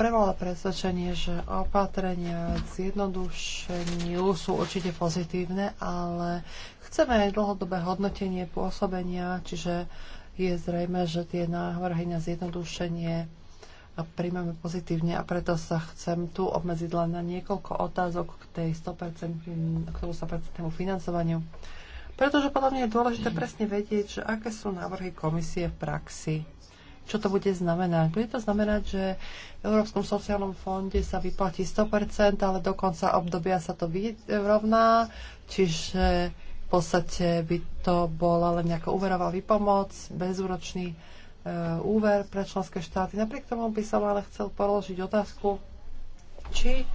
prevala presvedčenie, že opatrenia k zjednodušeniu sú určite pozitívne, ale chceme aj dlhodobé hodnotenie pôsobenia, čiže uh, je zrejme, že tie návrhy na zjednodušenie a príjmame pozitívne a preto sa chcem tu obmedziť len na niekoľko otázok k, tej 100%, k tomu 100% financovaniu. Pretože podľa mňa je dôležité presne vedieť, že aké sú návrhy komisie v praxi. Čo to bude znamenať? Bude to znamenať, že v Európskom sociálnom fonde sa vyplatí 100%, ale do konca obdobia sa to vyrovná, čiže v podstate by to bola len nejaká úverová výpomoc, bezúročný e, úver pre členské štáty. Napriek tomu by som ale chcel položiť otázku, či e,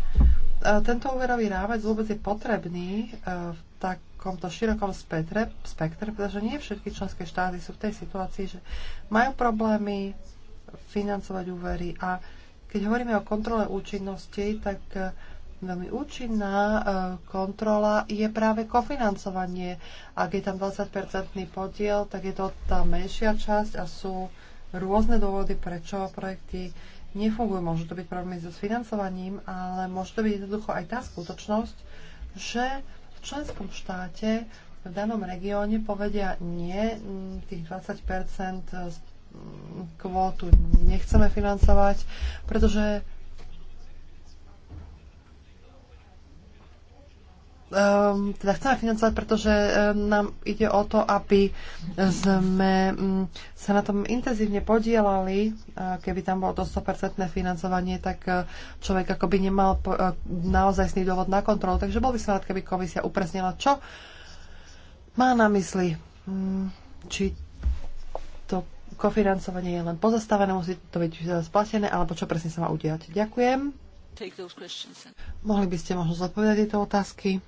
tento úverový rámec vôbec je potrebný e, v takomto širokom spektre, spektre, pretože nie všetky členské štáty sú v tej situácii, že majú problémy financovať úvery a keď hovoríme o kontrole účinnosti, tak e, Veľmi účinná e, kontrola je práve kofinancovanie. Ak je tam 20-percentný podiel, tak je to tá menšia časť a sú rôzne dôvody, prečo projekty nefungujú. Môžu to byť problémy so financovaním, ale môže to byť jednoducho aj tá skutočnosť, že v členskom štáte v danom regióne povedia nie, tých 20 kvótu nechceme financovať, pretože um, teda chceme financovať, pretože um, nám ide o to, aby sme um, sa na tom intenzívne podielali. Uh, keby tam bolo to 100% financovanie, tak uh, človek ako by nemal po, uh, e, sný dôvod na kontrolu. Takže bol by som rád, keby komisia upresnila, čo má na mysli. Um, či to kofinancovanie je len pozastavené, musí to byť e, splatené, alebo čo presne sa má udiať. Ďakujem. Mohli by ste možno zodpovedať tieto otázky?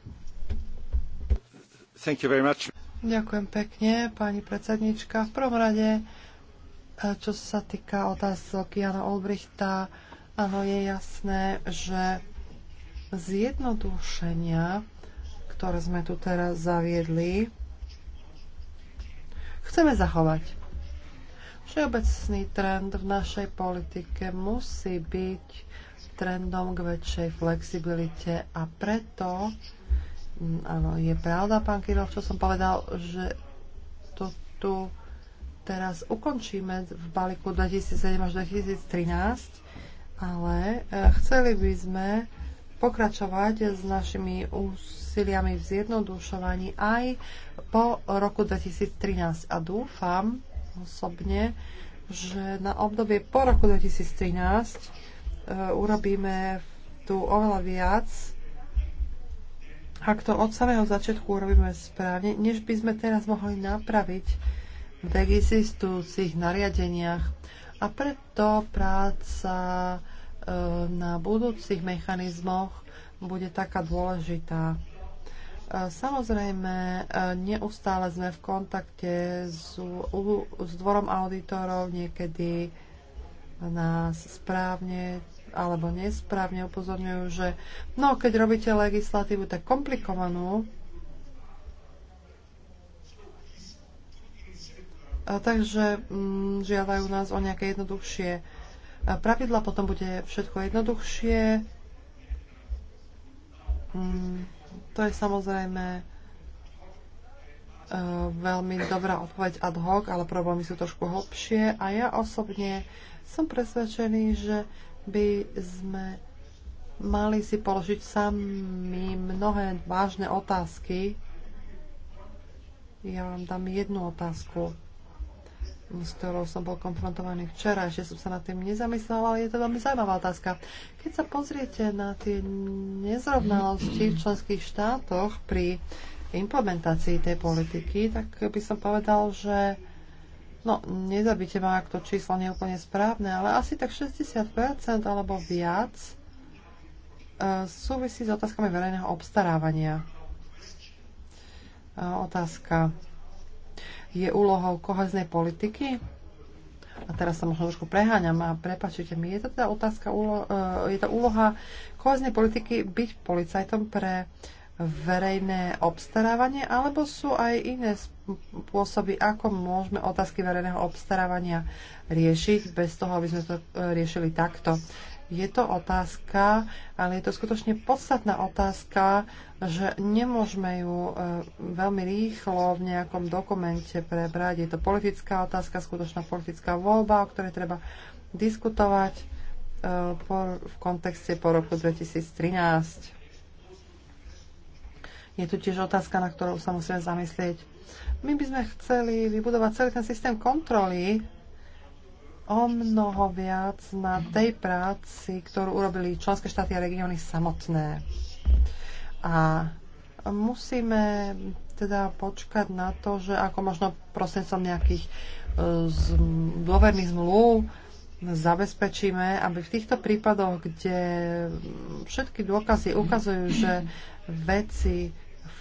Ďakujem pekne, pani predsednička. V prvom rade, eh, čo sa týka otázok Jana Olbrichta, áno, je jasné, že zjednodušenia, ktoré sme tu teraz zaviedli, chceme zachovať. Všeobecný trend v našej politike musí byť trendom k väčšej flexibilite a preto mm, áno, je pravda, pán Kirov, čo som povedal, že to tu teraz ukončíme v balíku 2007 až 2013, ale e, chceli by sme pokračovať s našimi úsiliami v zjednodušovaní aj po roku 2013 a dúfam osobne, že na obdobie po roku 2013 E, urobíme tu oveľa viac, ak to od samého začiatku urobíme správne, než by sme teraz mohli napraviť v existujúcich nariadeniach. A preto práca e, na budúcich mechanizmoch bude taká dôležitá. E, samozrejme, neustále sme v kontakte s, s dvorom auditorov, niekedy nás správne alebo nesprávne upozorňujú, že no, keď robíte legislatívu tak komplikovanú, a takže mm, žiadajú nás o nejaké jednoduchšie pravidla, potom bude všetko jednoduchšie. Mm, to je samozrejme veľmi dobrá odpoveď ad hoc, ale problémy sú trošku hlbšie a ja osobne som presvedčený, že by sme mali si položiť sami mnohé vážne otázky. Ja vám dám jednu otázku, s ktorou som bol konfrontovaný včera, ešte som sa nad tým nezamyslela, ale je to veľmi zaujímavá otázka. Keď sa pozriete na tie nezrovnalosti v členských štátoch pri implementácii tej politiky, tak by som povedal, že No, nezabite ma, ak to číslo nie je úplne správne, ale asi tak 60% alebo viac e, súvisí s otázkami verejného obstarávania. E, otázka je úlohou koheznej politiky. A teraz sa možno trošku preháňam a prepačujte mi, je to teda otázka, e, je tá úloha koheznej politiky byť policajtom pre uh, verejné obstarávanie, alebo sú aj iné spôsoby, ako môžeme otázky verejného obstarávania riešiť bez toho, aby sme to e, riešili takto. Je to otázka, ale je to skutočne podstatná otázka, že nemôžeme ju e, veľmi rýchlo v nejakom dokumente prebrať. Je to politická otázka, skutočná politická voľba, o ktorej treba diskutovať e, v kontexte po roku 2013 je tu tiež otázka, na ktorou sa musíme zamyslieť. My by sme chceli vybudovať celý ten systém kontroly o mnoho viac na tej práci, ktorú urobili členské štáty a regióny samotné. A musíme teda počkať na to, že ako možno prostredcom nejakých eh, dôverných zmluv zabezpečíme, aby v týchto prípadoch, kde všetky dôkazy ukazujú, že veci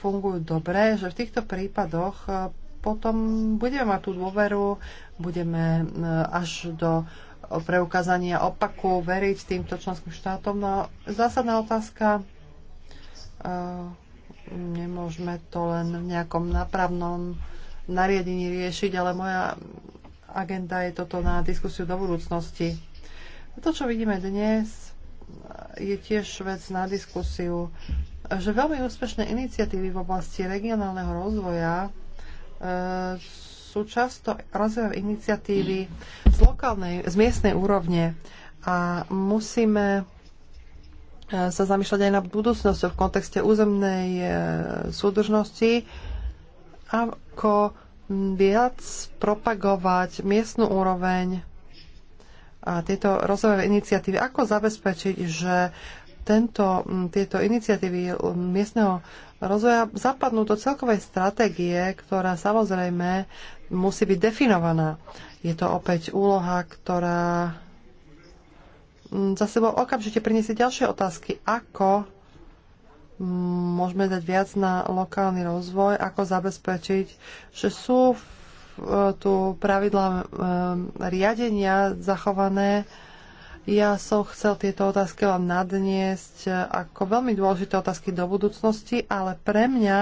fungujú dobre, že v týchto prípadoch e, potom budeme mať tú dôveru, budeme e, až do preukázania opaku veriť týmto členským štátom. No zásadná otázka, e, nemôžeme to len v nejakom napravnom nariadení riešiť, ale moja agenda je toto na diskusiu do budúcnosti. To, čo vidíme dnes, je tiež vec na diskusiu že veľmi úspešné iniciatívy v oblasti regionálneho rozvoja e, sú často rozvojové iniciatívy z lokálnej, z miestnej úrovne a musíme e, sa zamýšľať aj na budúcnosť v kontexte územnej e, súdržnosti, ako viac propagovať miestnu úroveň a tieto rozvojové iniciatívy, ako zabezpečiť, že tento, tieto iniciatívy miestneho rozvoja zapadnú do celkovej stratégie, ktorá samozrejme musí byť definovaná. Je to opäť úloha, ktorá za sebou okamžite priniesie ďalšie otázky, ako môžeme dať viac na lokálny rozvoj, ako zabezpečiť, že sú e, tu pravidlá e, riadenia zachované ja som chcel tieto otázky len nadniesť e, ako veľmi dôležité otázky do budúcnosti, ale pre mňa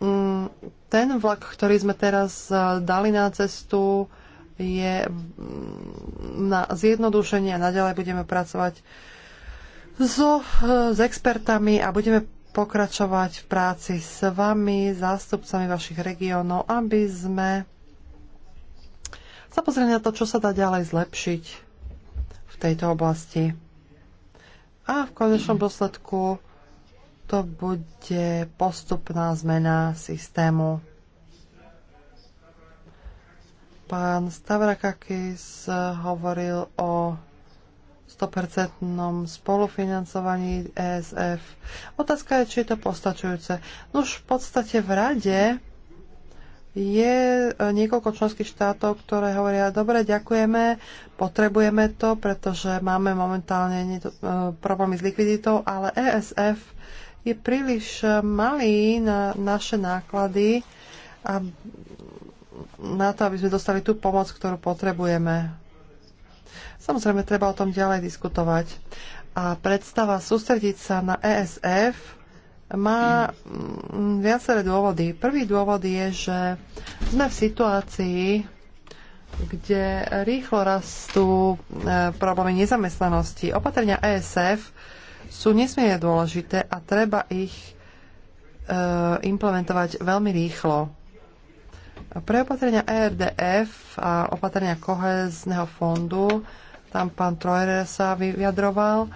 mm, ten vlak, ktorý sme teraz e, dali na cestu, je mm, na zjednodušenie a naďalej budeme pracovať so, e, s expertami a budeme pokračovať v práci s vami, zástupcami vašich regiónov, aby sme sa pozreli na to, čo sa dá ďalej zlepšiť tejto oblasti. A v konečnom dôsledku to bude postupná zmena systému. Pán Stavrakakis hovoril o 100% spolufinancovaní ESF. Otázka je, či je to postačujúce. No už v podstate v rade je e, niekoľko členských štátov, ktoré hovoria, dobre, ďakujeme, potrebujeme to, pretože máme momentálne e, problémy s likviditou, ale ESF je príliš e, malý na naše náklady a na to, aby sme dostali tú pomoc, ktorú potrebujeme. Samozrejme, treba o tom ďalej diskutovať. A predstava sústrediť sa na ESF má mm, viaceré dôvody. Prvý dôvod je, že sme v situácii, kde rýchlo rastú e, problémy nezamestnanosti. Opatrenia ESF sú nesmierne dôležité a treba ich e, implementovať veľmi rýchlo. Pre opatrenia ERDF a opatrenia kohezného fondu, tam pán Trojer sa vyjadroval,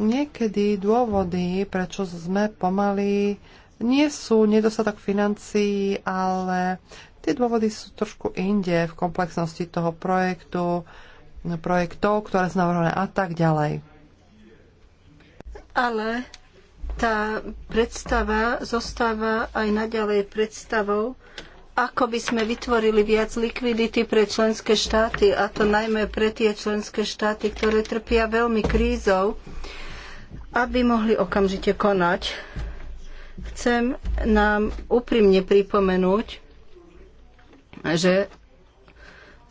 Niekedy dôvody, prečo sme pomalí, nie sú nedostatok financií, ale tie dôvody sú trošku inde v komplexnosti toho projektu, projektov, ktoré sú navrhované a tak ďalej. Ale tá predstava zostáva aj naďalej predstavou, ako by sme vytvorili viac likvidity pre členské štáty, a to najmä pre tie členské štáty, ktoré trpia veľmi krízou, aby mohli okamžite konať. Chcem nám úprimne pripomenúť, že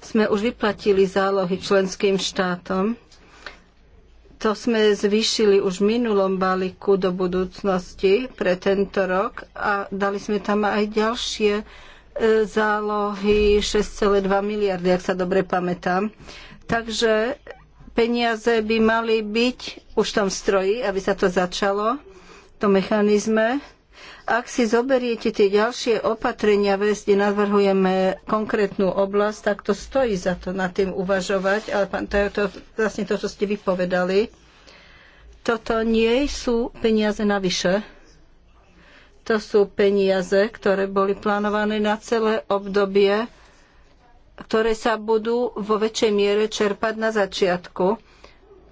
sme už vyplatili zálohy členským štátom. To sme zvýšili už v minulom balíku do budúcnosti pre tento rok a dali sme tam aj ďalšie zálohy 6,2 miliardy, ak sa dobre pamätám. Takže peniaze by mali byť už v tom stroji, aby sa to začalo, to mechanizme. Ak si zoberiete tie ďalšie opatrenia VES, kde navrhujeme konkrétnu oblasť, tak to stojí za to nad tým uvažovať, ale pán Tajo, to, vlastne to, čo ste vypovedali, toto nie sú peniaze navyše to sú peniaze, ktoré boli plánované na celé obdobie, ktoré sa budú vo väčšej miere čerpať na začiatku.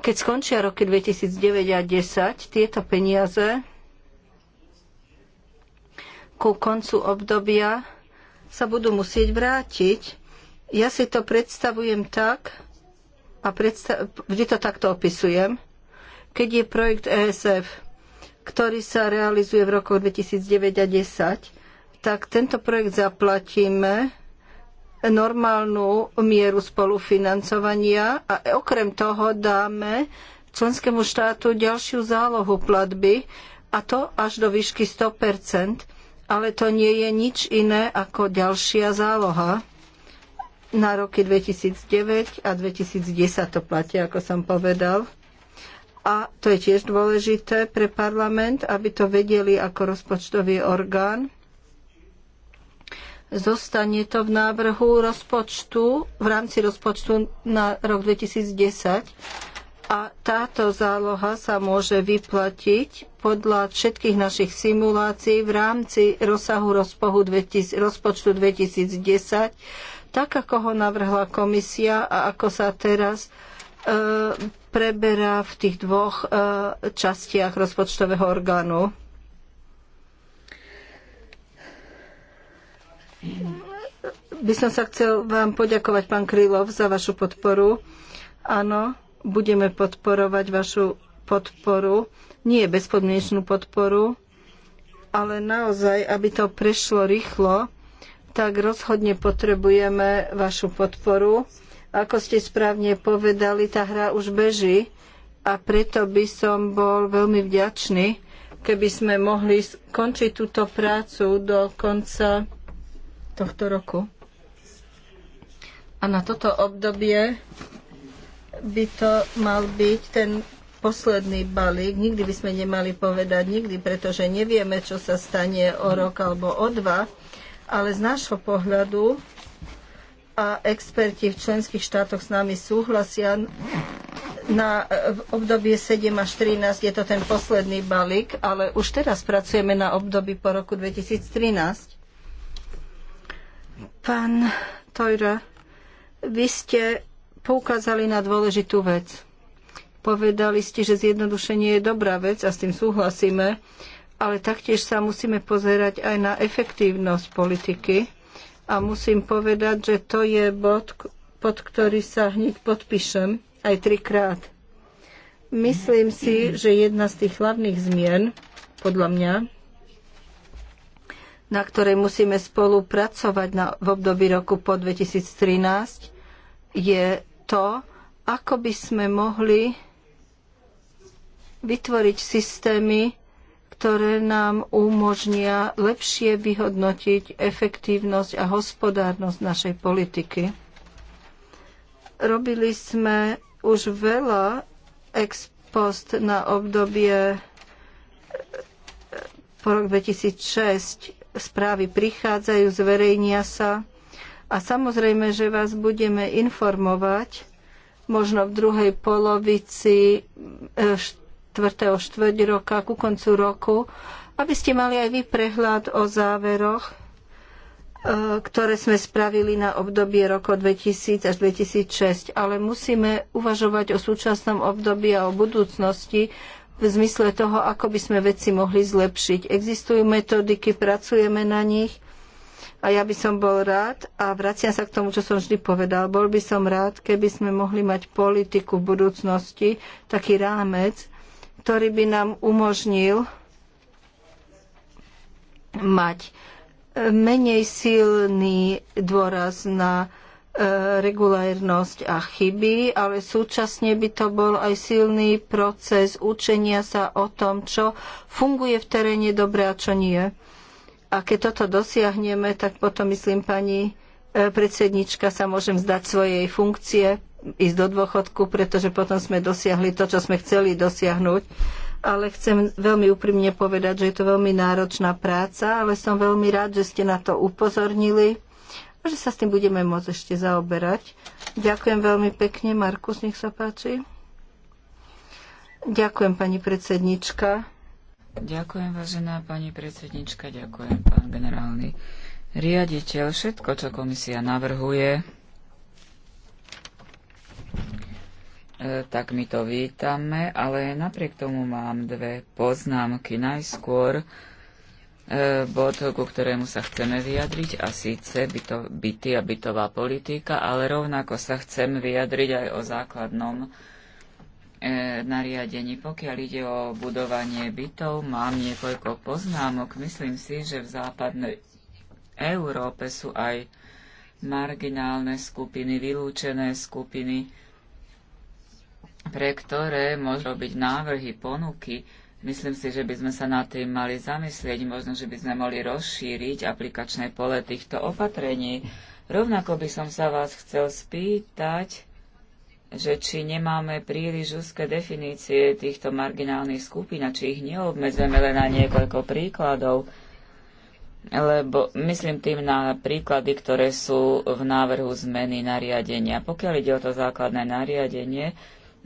Keď skončia roky 2009 a 2010, tieto peniaze ku koncu obdobia sa budú musieť vrátiť. Ja si to predstavujem tak, a predstav- vždy to takto opisujem, keď je projekt ESF ktorý sa realizuje v roku 2009 a 2010, tak tento projekt zaplatíme normálnu mieru spolufinancovania a okrem toho dáme členskému štátu ďalšiu zálohu platby a to až do výšky 100 ale to nie je nič iné ako ďalšia záloha. Na roky 2009 a 2010 to platí, ako som povedal. A to je tiež dôležité pre parlament, aby to vedeli ako rozpočtový orgán. Zostane to v návrhu rozpočtu, v rámci rozpočtu na rok 2010 a táto záloha sa môže vyplatiť podľa všetkých našich simulácií v rámci rozsahu rozpočtu 2010, tak ako ho navrhla komisia a ako sa teraz E, preberá v tých dvoch e, častiach rozpočtového orgánu. By som sa chcel vám poďakovať, pán Krylov, za vašu podporu. Áno, budeme podporovať vašu podporu. Nie bezpodmienečnú podporu, ale naozaj, aby to prešlo rýchlo, tak rozhodne potrebujeme vašu podporu ako ste správne povedali, tá hra už beží a preto by som bol veľmi vďačný, keby sme mohli skončiť túto prácu do konca tohto roku. A na toto obdobie by to mal byť ten posledný balík. Nikdy by sme nemali povedať nikdy, pretože nevieme, čo sa stane o rok alebo o dva. Ale z nášho pohľadu a experti v členských štátoch s nami súhlasia. Na obdobie 7 až 13 je to ten posledný balík, ale už teraz pracujeme na období po roku 2013. Pán Tojra, vy ste poukázali na dôležitú vec. Povedali ste, že zjednodušenie je dobrá vec a s tým súhlasíme, ale taktiež sa musíme pozerať aj na efektívnosť politiky a musím povedať, že to je bod, pod ktorý sa hneď podpíšem aj trikrát. Myslím si, že jedna z tých hlavných zmien, podľa mňa, na ktorej musíme spolupracovať na, v období roku po 2013, je to, ako by sme mohli vytvoriť systémy, ktoré nám umožnia lepšie vyhodnotiť efektívnosť a hospodárnosť našej politiky. Robili sme už veľa ex post na obdobie eh, po rok 2006. Správy prichádzajú, zverejnia sa a samozrejme, že vás budeme informovať možno v druhej polovici eh, 4. štvrť roka ku koncu roku, aby ste mali aj vy prehľad o záveroch, e, ktoré sme spravili na obdobie roku 2000 až 2006. Ale musíme uvažovať o súčasnom období a o budúcnosti v zmysle toho, ako by sme veci mohli zlepšiť. Existujú metodiky, pracujeme na nich a ja by som bol rád a vraciam sa k tomu, čo som vždy povedal. Bol by som rád, keby sme mohli mať politiku v budúcnosti, taký rámec, ktorý by nám umožnil mať e, menej silný dôraz na e, regulárnosť a chyby, ale súčasne by to bol aj silný proces učenia sa o tom, čo funguje v teréne dobre a čo nie. A keď toto dosiahneme, tak potom, myslím, pani e, predsednička, sa môžem zdať svojej funkcie ísť do dôchodku, pretože potom sme dosiahli to, čo sme chceli dosiahnuť. Ale chcem veľmi úprimne povedať, že je to veľmi náročná práca, ale som veľmi rád, že ste na to upozornili a že sa s tým budeme môcť ešte zaoberať. Ďakujem veľmi pekne. Markus, nech sa páči. Ďakujem, pani predsednička. Ďakujem, vážená pani predsednička, ďakujem, pán generálny riaditeľ. Všetko, čo komisia navrhuje, E, tak my to vítame, ale napriek tomu mám dve poznámky. Najskôr e, bod, ku ktorému sa chceme vyjadriť, a síce byto, byty a bytová politika, ale rovnako sa chcem vyjadriť aj o základnom e, nariadení. Pokiaľ ide o budovanie bytov, mám niekoľko poznámok. Myslím si, že v západnej Európe sú aj marginálne skupiny, vylúčené skupiny, pre ktoré môžu robiť návrhy, ponuky. Myslím si, že by sme sa nad tým mali zamyslieť, možno, že by sme mohli rozšíriť aplikačné pole týchto opatrení. Rovnako by som sa vás chcel spýtať, že či nemáme príliš úzke definície týchto marginálnych skupín a či ich neobmedzujeme len na niekoľko príkladov, lebo myslím tým na príklady, ktoré sú v návrhu zmeny nariadenia. Pokiaľ ide o to základné nariadenie,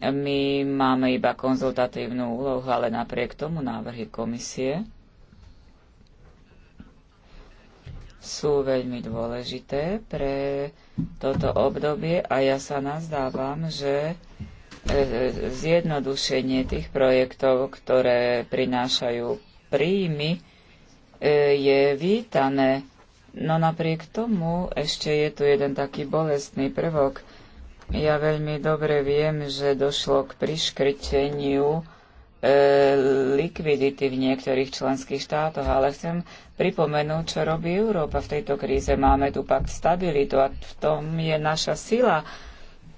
my máme iba konzultatívnu úlohu, ale napriek tomu návrhy komisie sú veľmi dôležité pre toto obdobie a ja sa nazdávam, že e, e, zjednodušenie tých projektov, ktoré prinášajú príjmy, e, je vítané. No napriek tomu ešte je tu jeden taký bolestný prvok. Ja veľmi dobre viem, že došlo k priškrteniu e, likvidity v niektorých členských štátoch, ale chcem pripomenúť, čo robí Európa v tejto kríze. Máme tu pak stabilitu a v tom je naša sila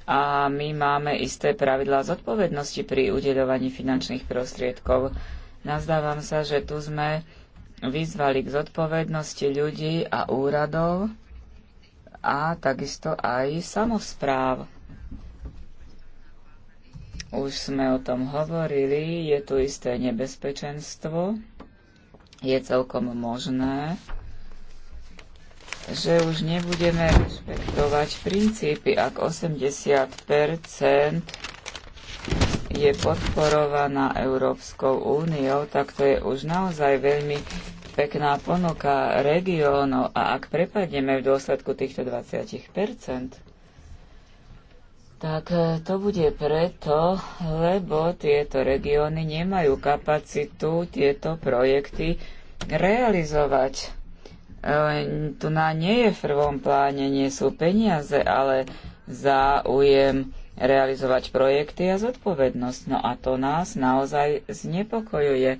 a my máme isté pravidlá zodpovednosti pri udeľovaní finančných prostriedkov. Nazdávam sa, že tu sme vyzvali k zodpovednosti ľudí a úradov a takisto aj samozpráv. Už sme o tom hovorili, je tu isté nebezpečenstvo. Je celkom možné, že už nebudeme rešpektovať princípy, ak 80 je podporovaná Európskou úniou, tak to je už naozaj veľmi pekná ponuka regiónov a ak prepadneme v dôsledku týchto 20 tak e, to bude preto, lebo tieto regióny nemajú kapacitu tieto projekty realizovať. E, tu na nie je v prvom pláne, nie sú peniaze, ale záujem realizovať projekty a zodpovednosť. No a to nás naozaj znepokojuje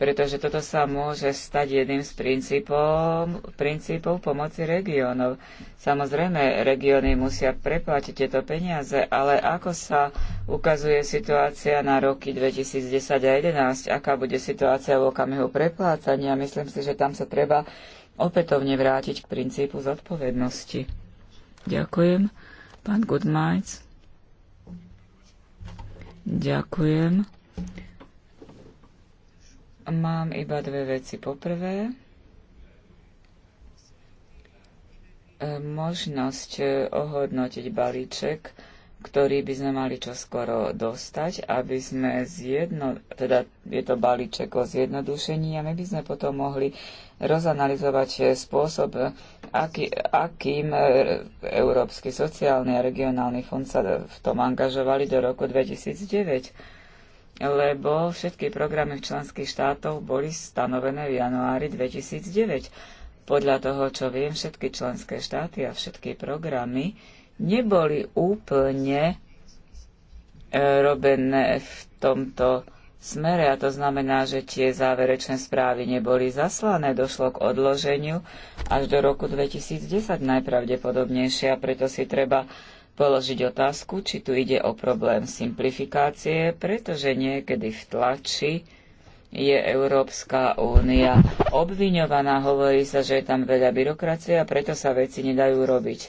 pretože toto sa môže stať jedným z princípov, princípov pomoci regiónov. Samozrejme, regióny musia preplatiť tieto peniaze, ale ako sa ukazuje situácia na roky 2010 a 2011, aká bude situácia v okamihu preplácania, myslím si, že tam sa treba opätovne vrátiť k princípu zodpovednosti. Ďakujem. Pán Goodmites. Ďakujem. Mám iba dve veci. Poprvé, e, možnosť e, ohodnotiť balíček, ktorý by sme mali čoskoro dostať, aby sme zjedno, teda je to balíček o zjednodušení a my by sme potom mohli rozanalizovať e, spôsob, aký, akým Európsky sociálny a regionálny fond sa v tom angažovali do roku 2009 lebo všetky programy v členských štátoch boli stanovené v januári 2009. Podľa toho, čo viem, všetky členské štáty a všetky programy neboli úplne e, robené v tomto smere a to znamená, že tie záverečné správy neboli zaslané, došlo k odloženiu až do roku 2010 najpravdepodobnejšie a preto si treba položiť otázku, či tu ide o problém simplifikácie, pretože niekedy v tlači je Európska únia obviňovaná, hovorí sa, že je tam veľa byrokracie a preto sa veci nedajú robiť.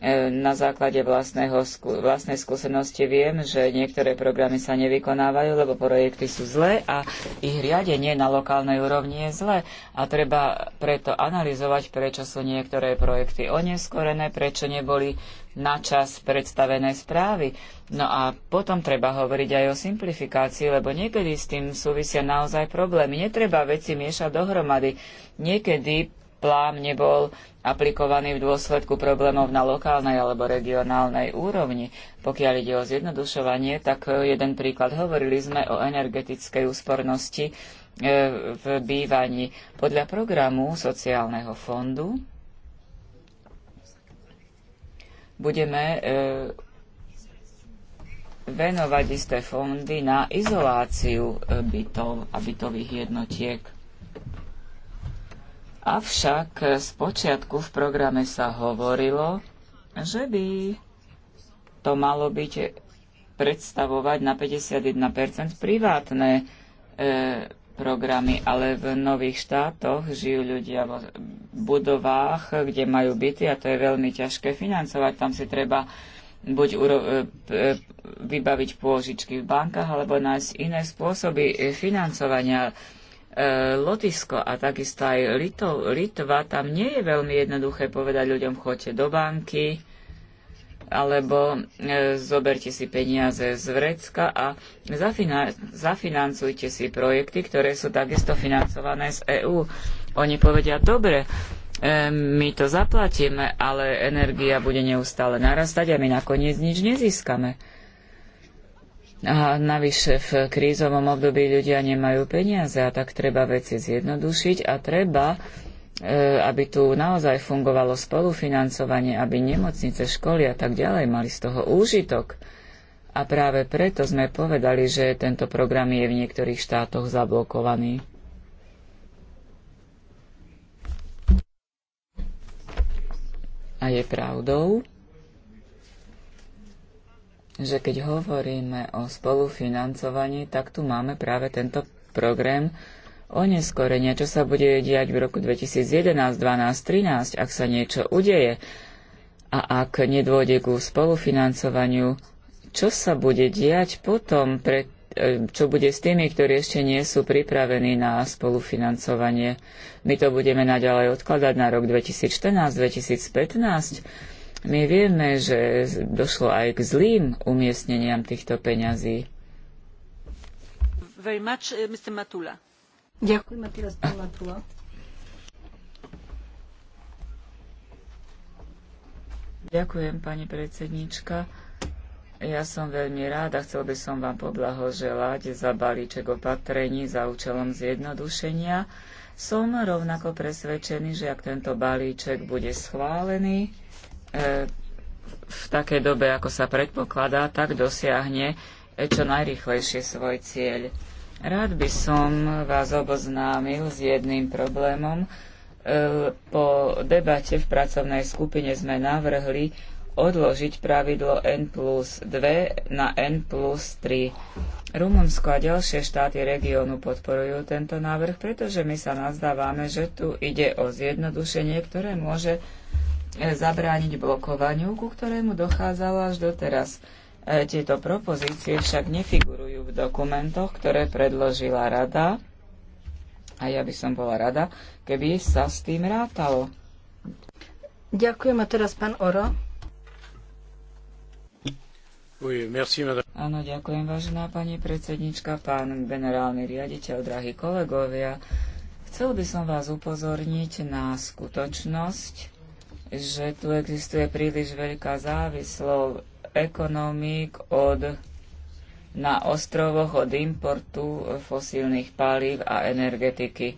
E, na základe vlastného, vlastnej skúsenosti viem, že niektoré programy sa nevykonávajú, lebo projekty sú zlé a ich riadenie na lokálnej úrovni je zlé. A treba preto analyzovať, prečo sú niektoré projekty oneskorené, prečo neboli na čas predstavené správy. No a potom treba hovoriť aj o simplifikácii, lebo niekedy s tým súvisia naozaj problémy. Netreba veci miešať dohromady. Niekedy plán nebol aplikovaný v dôsledku problémov na lokálnej alebo regionálnej úrovni. Pokiaľ ide o zjednodušovanie, tak e, jeden príklad. Hovorili sme o energetickej úspornosti e, v bývaní. Podľa programu sociálneho fondu budeme e, venovať isté fondy na izoláciu bytov a bytových jednotiek. Avšak z počiatku v programe sa hovorilo, že by to malo byť predstavovať na 51% privátne e, programy, ale v nových štátoch žijú ľudia v budovách, kde majú byty a to je veľmi ťažké financovať. Tam si treba buď uro- e, e vybaviť pôžičky v bankách alebo nájsť iné spôsoby financovania. E, Lotisko a takisto aj Litva, tam nie je veľmi jednoduché povedať ľuďom, choďte do banky, alebo e, zoberte si peniaze z vrecka a zafina- zafinancujte si projekty, ktoré sú takisto financované z EÚ. Oni povedia, dobre, e, my to zaplatíme, ale energia bude neustále narastať a my nakoniec nič nezískame. A navyše v krízovom období ľudia nemajú peniaze a tak treba veci zjednodušiť a treba, e, aby tu naozaj fungovalo spolufinancovanie, aby nemocnice, školy a tak ďalej mali z toho úžitok. A práve preto sme povedali, že tento program je v niektorých štátoch zablokovaný. A je pravdou, že keď hovoríme o spolufinancovaní, tak tu máme práve tento program oneskorenia, čo sa bude diať v roku 2011, 12, 13, ak sa niečo udeje a ak nedôjde ku spolufinancovaniu, čo sa bude diať potom, pre, e, čo bude s tými, ktorí ešte nie sú pripravení na spolufinancovanie. My to budeme naďalej odkladať na rok 2014, 2015 my vieme, že došlo aj k zlým umiestneniam týchto peňazí. Very much, eh, Mr. Matula. Ďakujem Matula. Ďakujem, pani predsednička. Ja som veľmi rád a chcel by som vám poblahoželať za balíček opatrení za účelom zjednodušenia. Som rovnako presvedčený, že ak tento balíček bude schválený, E, v takej dobe, ako sa predpokladá, tak dosiahne čo najrychlejšie svoj cieľ. Rád by som vás oboznámil s jedným problémom. E, po debate v pracovnej skupine sme navrhli odložiť pravidlo N plus 2 na N plus 3. Rumunsko a ďalšie štáty regiónu podporujú tento návrh, pretože my sa nazdávame, že tu ide o zjednodušenie, ktoré môže E, zabrániť blokovaniu, ku ktorému dochádzalo až doteraz. E, tieto propozície však nefigurujú v dokumentoch, ktoré predložila Rada a ja by som bola rada, keby sa s tým rátalo. Ďakujem a teraz pán Oro. Áno, ďakujem, vážená pani predsednička, pán generálny riaditeľ, drahí kolegovia. Chcel by som vás upozorniť na skutočnosť, že tu existuje príliš veľká závislosť ekonomík od, na ostrovoch od importu fosílnych palív a energetiky.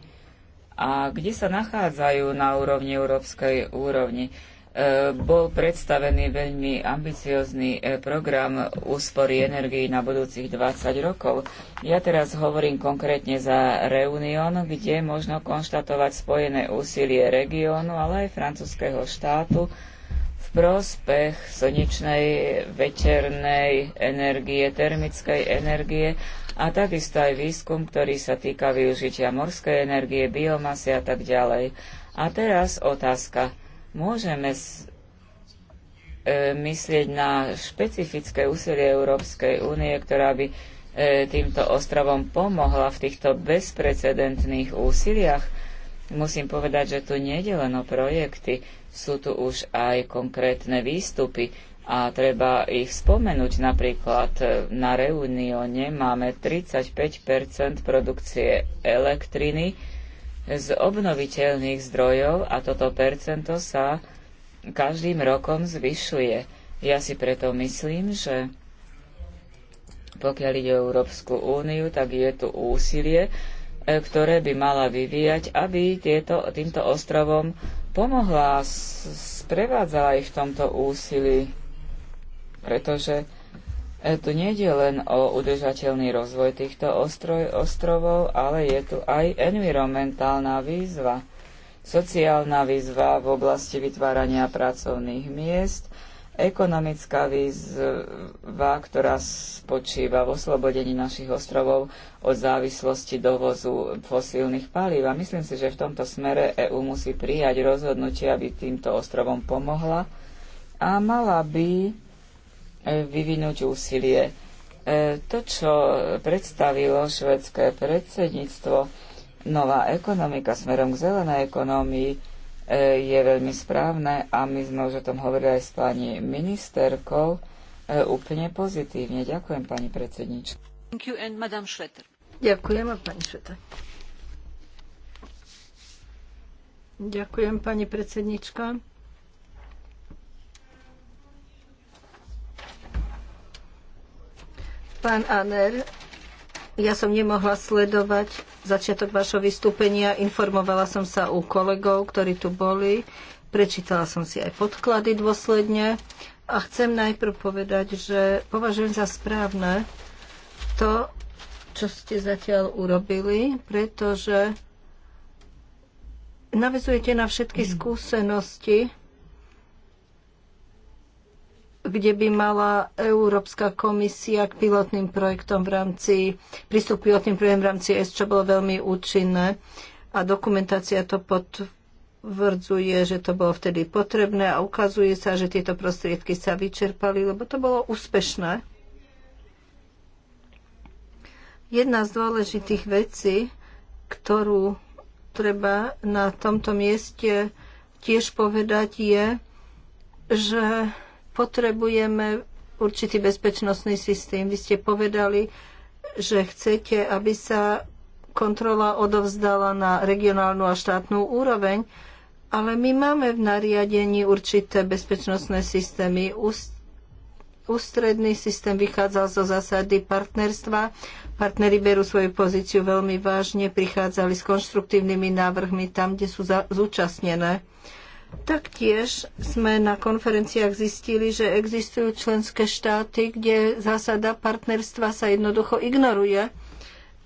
A kde sa nachádzajú na úrovni európskej úrovni? E, bol predstavený veľmi ambiciózny e, program úspory energii na budúcich 20 rokov. Ja teraz hovorím konkrétne za Reunion, kde možno konštatovať spojené úsilie regiónu, ale aj francúzského štátu v prospech slnečnej, veternej energie, termickej energie a takisto aj výskum, ktorý sa týka využitia morskej energie, biomasy a tak ďalej. A teraz otázka. Môžeme e, myslieť na špecifické úsilie Európskej únie, ktorá by e, týmto ostrovom pomohla v týchto bezprecedentných úsiliach. Musím povedať, že tu nie je len o projekty, sú tu už aj konkrétne výstupy a treba ich spomenúť. Napríklad e, na Reunione máme 35 produkcie elektriny, z obnoviteľných zdrojov a toto percento sa každým rokom zvyšuje. Ja si preto myslím, že pokiaľ ide o Európsku úniu, tak je tu úsilie, e, ktoré by mala vyvíjať, aby tieto, týmto ostrovom pomohla a sprevádzala ich v tomto úsilí. Pretože E, tu je len o udržateľný rozvoj týchto ostroj, ostrovov, ale je tu aj environmentálna výzva, sociálna výzva v oblasti vytvárania pracovných miest, ekonomická výzva, ktorá spočíva v oslobodení našich ostrovov od závislosti dovozu fosílnych palív. A myslím si, že v tomto smere EÚ musí prijať rozhodnutie, aby týmto ostrovom pomohla a mala by vyvinúť úsilie. E, to, čo predstavilo švedské predsedníctvo, nová ekonomika smerom k zelenej ekonomii, e, je veľmi správne a my sme už o tom hovorili aj s pani ministerkou e, úplne pozitívne. Ďakujem, pani predsednička. Ďakujem, pani Šveter. Ďakujem, pani predsednička. Pán Aner, ja som nemohla sledovať začiatok vašho vystúpenia. Informovala som sa u kolegov, ktorí tu boli. Prečítala som si aj podklady dôsledne. A chcem najprv povedať, že považujem za správne to, čo ste zatiaľ urobili, pretože navezujete na všetky skúsenosti, kde by mala Európska komisia k pilotným projektom v rámci, prístup k pilotným projektom v rámci S, čo bolo veľmi účinné. A dokumentácia to potvrdzuje, že to bolo vtedy potrebné a ukazuje sa, že tieto prostriedky sa vyčerpali, lebo to bolo úspešné. Jedna z dôležitých vecí, ktorú treba na tomto mieste tiež povedať, je, že Potrebujeme určitý bezpečnostný systém. Vy ste povedali, že chcete, aby sa kontrola odovzdala na regionálnu a štátnu úroveň, ale my máme v nariadení určité bezpečnostné systémy. Ústredný systém vychádzal zo zásady partnerstva. Partnery berú svoju pozíciu veľmi vážne, prichádzali s konštruktívnymi návrhmi tam, kde sú zúčastnené. Taktiež sme na konferenciách zistili, že existujú členské štáty, kde zásada partnerstva sa jednoducho ignoruje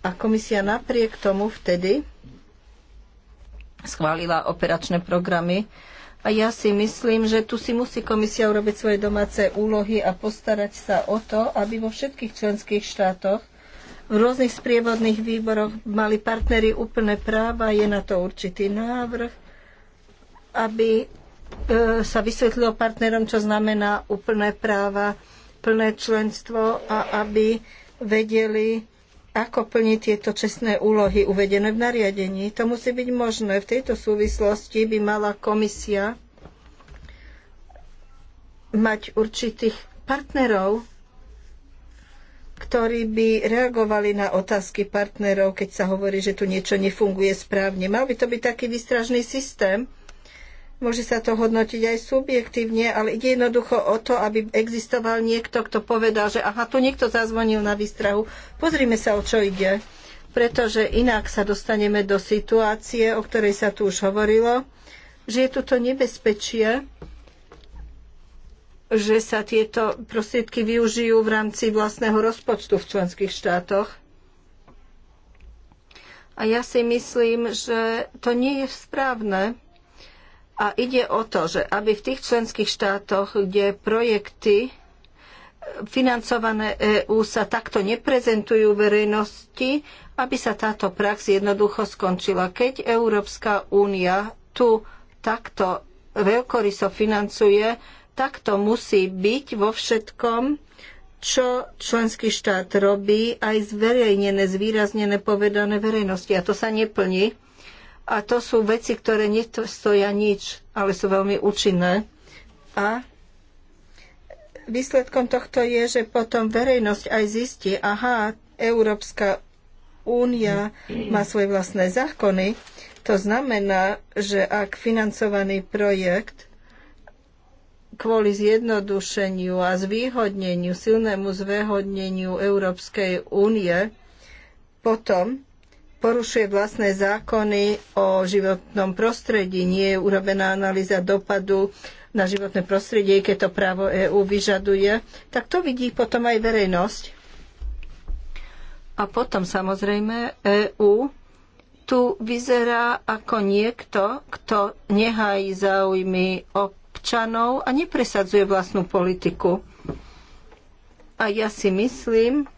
a komisia napriek tomu vtedy schválila operačné programy. A ja si myslím, že tu si musí komisia urobiť svoje domáce úlohy a postarať sa o to, aby vo všetkých členských štátoch v rôznych sprievodných výboroch mali partnery úplné práva, je na to určitý návrh aby e, sa vysvetlilo partnerom, čo znamená úplné práva, plné členstvo a aby vedeli, ako plniť tieto čestné úlohy uvedené v nariadení. To musí byť možné. V tejto súvislosti by mala komisia mať určitých partnerov, ktorí by reagovali na otázky partnerov, keď sa hovorí, že tu niečo nefunguje správne. Mal by to byť taký výstražný systém, Môže sa to hodnotiť aj subjektívne, ale ide jednoducho o to, aby existoval niekto, kto povedal, že aha, tu niekto zazvonil na výstrahu. Pozrime sa, o čo ide. Pretože inak sa dostaneme do situácie, o ktorej sa tu už hovorilo, že je tu to nebezpečie, že sa tieto prostriedky využijú v rámci vlastného rozpočtu v členských štátoch. A ja si myslím, že to nie je správne. A ide o to, že aby v tých členských štátoch, kde projekty eh, financované EÚ sa takto neprezentujú verejnosti, aby sa táto prax jednoducho skončila. Keď Európska únia tu takto veľkoryso financuje, tak to musí byť vo všetkom, čo členský štát robí, aj zverejnené, zvýraznené, povedané verejnosti. A to sa neplní. A to sú veci, ktoré nestoja nič, ale sú veľmi účinné. A výsledkom tohto je, že potom verejnosť aj zistí, aha, Európska únia má svoje vlastné zákony. To znamená, že ak financovaný projekt kvôli zjednodušeniu a zvýhodneniu, silnému zvýhodneniu Európskej únie, potom porušuje vlastné zákony o životnom prostredí. Nie je urobená analýza dopadu na životné prostredie, keď to právo EÚ vyžaduje, tak to vidí potom aj verejnosť. A potom samozrejme EÚ tu vyzerá ako niekto, kto nehájí záujmy občanov a nepresadzuje vlastnú politiku. A ja si myslím,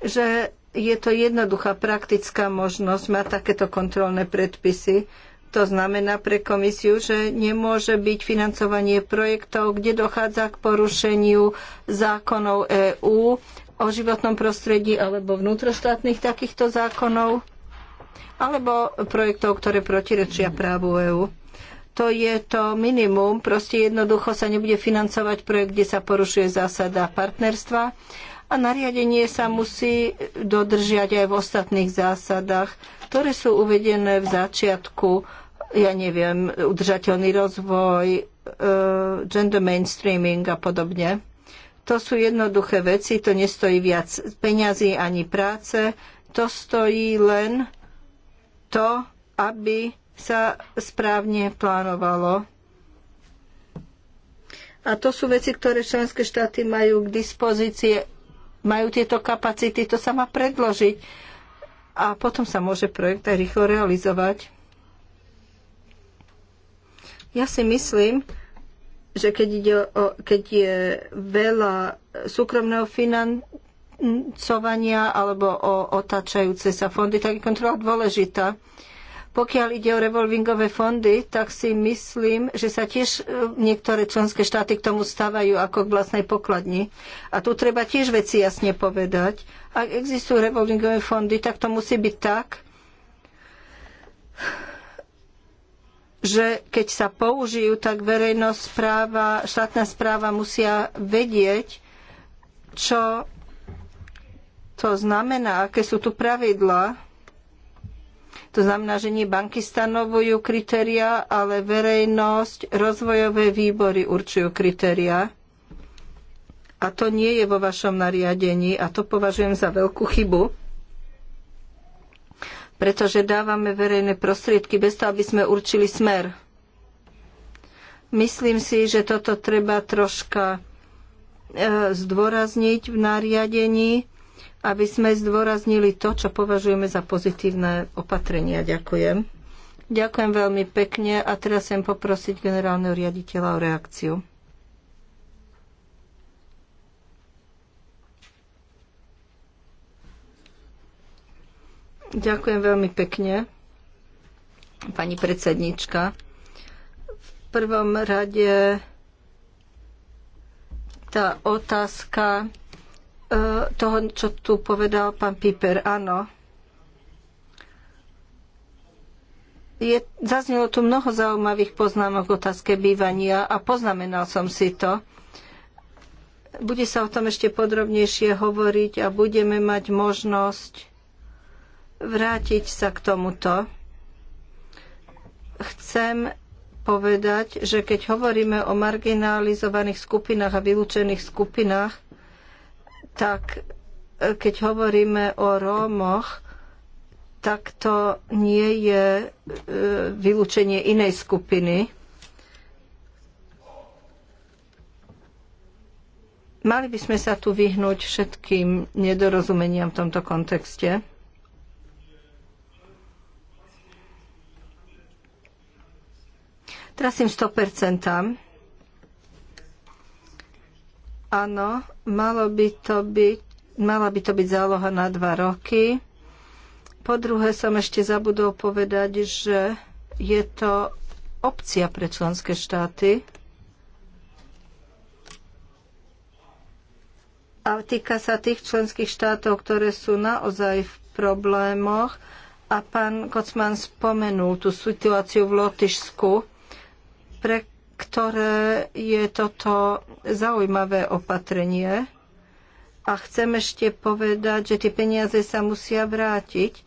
že je to jednoduchá praktická možnosť mať takéto kontrolné predpisy. To znamená pre komisiu, že nemôže byť financovanie projektov, kde dochádza k porušeniu zákonov EÚ o životnom prostredí alebo vnútroštátnych takýchto zákonov, alebo projektov, ktoré protirečia právu EÚ. To je to minimum. Proste jednoducho sa nebude financovať projekt, kde sa porušuje zásada partnerstva a nariadenie sa musí dodržiať aj v ostatných zásadách, ktoré sú uvedené v začiatku, ja neviem, udržateľný rozvoj, e, gender mainstreaming a podobne. To sú jednoduché veci, to nestojí viac peňazí ani práce, to stojí len to, aby sa správne plánovalo. A to sú veci, ktoré členské štáty majú k dispozícii majú tieto kapacity, to sa má predložiť a potom sa môže projekt aj rýchlo realizovať. Ja si myslím, že keď, ide o, keď je veľa súkromného financovania alebo o otáčajúce sa fondy, tak je kontrola dôležitá. Uh, pokiaľ ide o revolvingové fondy, tak si myslím, že sa tiež e, niektoré členské štáty k tomu stávajú ako k vlastnej pokladni. A tu treba tiež veci jasne povedať. Ak existujú revolvingové fondy, tak to musí byť tak, že keď sa použijú, tak verejnosť správa, štátna správa musia vedieť, čo to znamená, aké sú tu pravidlá. To znamená, že nie banky stanovujú kritéria, ale verejnosť, rozvojové výbory určujú kritéria. A to nie je vo vašom nariadení a to považujem za veľkú chybu, pretože dávame verejné prostriedky bez toho, aby sme určili smer. Myslím si, že toto treba troška e, zdôrazniť v nariadení aby sme zdôraznili to, čo považujeme za pozitívne opatrenia. Ďakujem. Ďakujem veľmi pekne a teraz chcem poprosiť generálneho riaditeľa o reakciu. Ďakujem veľmi pekne, pani predsednička. V prvom rade tá otázka Eh, toho, čo tu povedal pán Piper. Áno. Je, zaznelo tu mnoho zaujímavých poznámok k otázke bývania a poznamenal som si to. Bude sa o tom ešte podrobnejšie hovoriť a budeme mať možnosť vrátiť sa k tomuto. Chcem povedať, že keď hovoríme o marginalizovaných skupinách a vylúčených skupinách, tak e, keď hovoríme o Rómoch, tak to nie je e, vylúčenie inej skupiny. Mali by sme sa tu vyhnúť všetkým nedorozumeniam v tomto kontexte. Trasím 100%. Áno, malo by to byť, mala by to byť záloha na dva roky. Po druhé som ešte zabudol povedať, že je to opcia pre členské štáty. A týka sa tých členských štátov, ktoré sú naozaj v problémoch. A pán Kocman spomenul tú situáciu v Lotyšsku. Pre ktoré je toto zaujímavé opatrenie. A chcem ešte povedať, že tie peniaze sa musia vrátiť.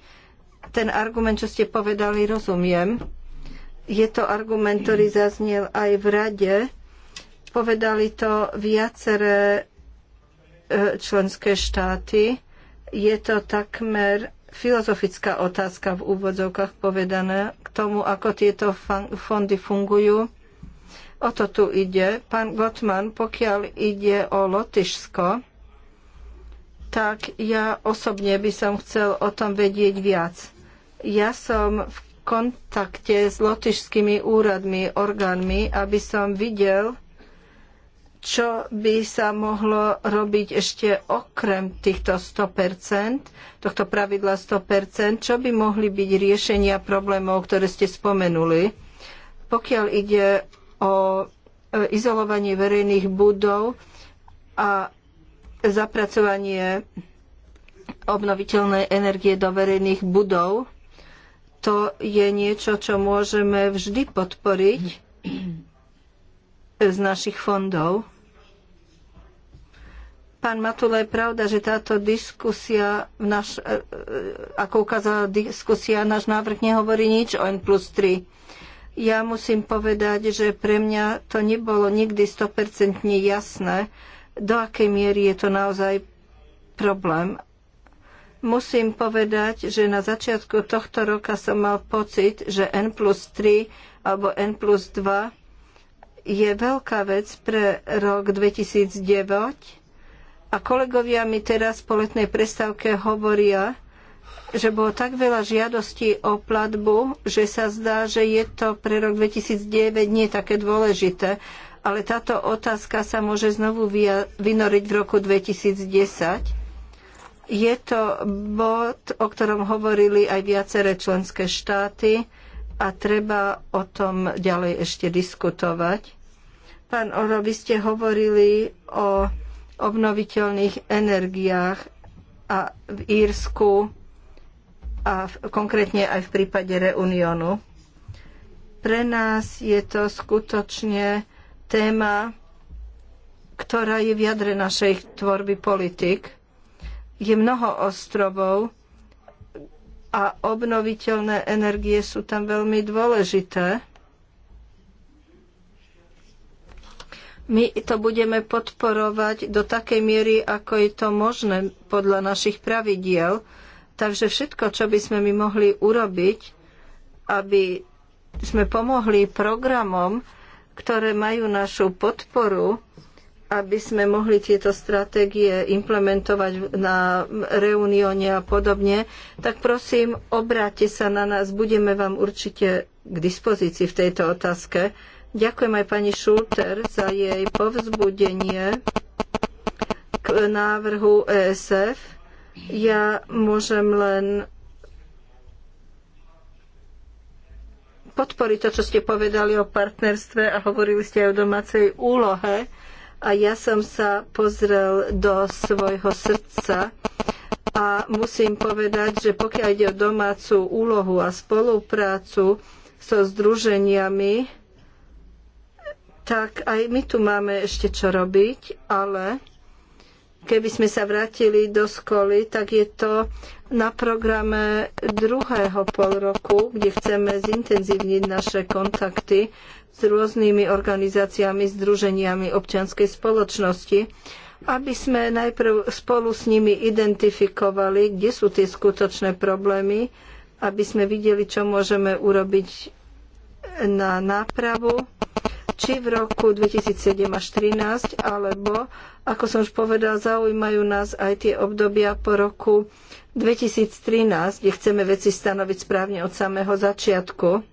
Ten argument, čo ste povedali, rozumiem. Je to argument, ktorý zaznel aj v rade. Povedali to viaceré e, členské štáty. Je to takmer filozofická otázka v úvodzovkách povedaná k tomu, ako tieto fondy fungujú O to tu ide. Pán Gottman, pokiaľ ide o Lotyšsko, tak ja osobne by som chcel o tom vedieť viac. Ja som v kontakte s lotyšskými úradmi, orgánmi, aby som videl, čo by sa mohlo robiť ešte okrem týchto 100%, tohto pravidla 100%, čo by mohli byť riešenia problémov, ktoré ste spomenuli. Pokiaľ ide o e, izolovaní verejných budov a zapracovanie obnoviteľnej energie do verejných budov. To je niečo, čo môžeme vždy podporiť z našich fondov. Pán Matula, je pravda, že táto diskusia, naš, e, e, ako ukázala diskusia, náš návrh nehovorí nič o N plus 3 ja musím povedať, že pre mňa to nebolo nikdy 100% jasné, do akej miery je to naozaj problém. Musím povedať, že na začiatku tohto roka som mal pocit, že N plus 3 alebo N plus 2 je veľká vec pre rok 2009 a kolegovia mi teraz po letnej prestávke hovoria, že bolo tak veľa žiadostí o platbu, že sa zdá, že je to pre rok 2009 nie také dôležité. Ale táto otázka sa môže znovu vynoriť v roku 2010. Je to bod, o ktorom hovorili aj viaceré členské štáty a treba o tom ďalej ešte diskutovať. Pán Oro, vy ste hovorili o obnoviteľných energiách a v Írsku a v, konkrétne aj v prípade Reunionu. Pre nás je to skutočne téma, ktorá je v jadre našej tvorby politik. Je mnoho ostrovov a obnoviteľné energie sú tam veľmi dôležité. My to budeme podporovať do takej miery, ako je to možné podľa našich pravidiel. Takže všetko, čo by sme my mohli urobiť, aby sme pomohli programom, ktoré majú našu podporu, aby sme mohli tieto stratégie implementovať na reunióne a podobne, tak prosím, obráte sa na nás, budeme vám určite k dispozícii v tejto otázke. Ďakujem aj pani Šulter za jej povzbudenie k návrhu ESF ja môžem len podporiť to, čo ste povedali o partnerstve a hovorili ste aj o domácej úlohe. A ja som sa pozrel do svojho srdca a musím povedať, že pokiaľ ide o domácu úlohu a spoluprácu so združeniami, tak aj my tu máme ešte čo robiť, ale keby sme sa vrátili do školy, tak je to na programe druhého pol roku, kde chceme zintenzívniť naše kontakty s rôznymi organizáciami, združeniami občianskej spoločnosti, aby sme najprv spolu s nimi identifikovali, kde sú tie skutočné problémy, aby sme videli, čo môžeme urobiť na nápravu či v roku 2007 až 2013, alebo, ako som už povedal, zaujímajú nás aj tie obdobia po roku 2013, kde chceme veci stanoviť správne od samého začiatku.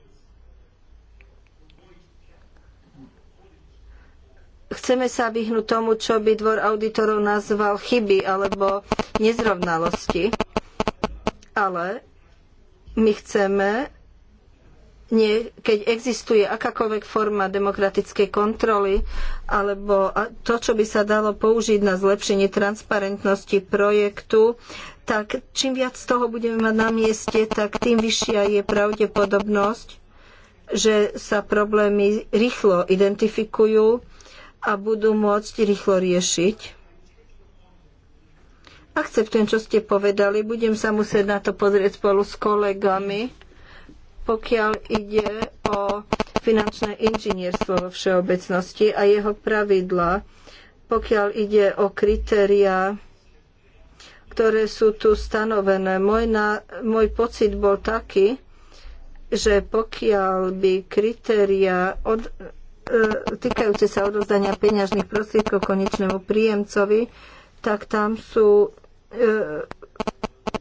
Chceme sa vyhnúť tomu, čo by dvor auditorov nazval chyby alebo nezrovnalosti, ale my chceme, nie, keď existuje akákoľvek forma demokratickej kontroly alebo to, čo by sa dalo použiť na zlepšenie transparentnosti projektu, tak čím viac toho budeme mať na mieste, tak tým vyššia je pravdepodobnosť, že sa problémy rýchlo identifikujú a budú môcť rýchlo riešiť. Akceptujem, čo ste povedali, budem sa musieť na to pozrieť spolu s kolegami pokiaľ ide o finančné inžinierstvo vo všeobecnosti a jeho pravidla, pokiaľ ide o kritériá, ktoré sú tu stanovené. Môj, na, môj pocit bol taký, že pokiaľ by kritéria od, e, týkajúce sa odozdania peňažných prostriedkov konečnému príjemcovi, tak tam sú e,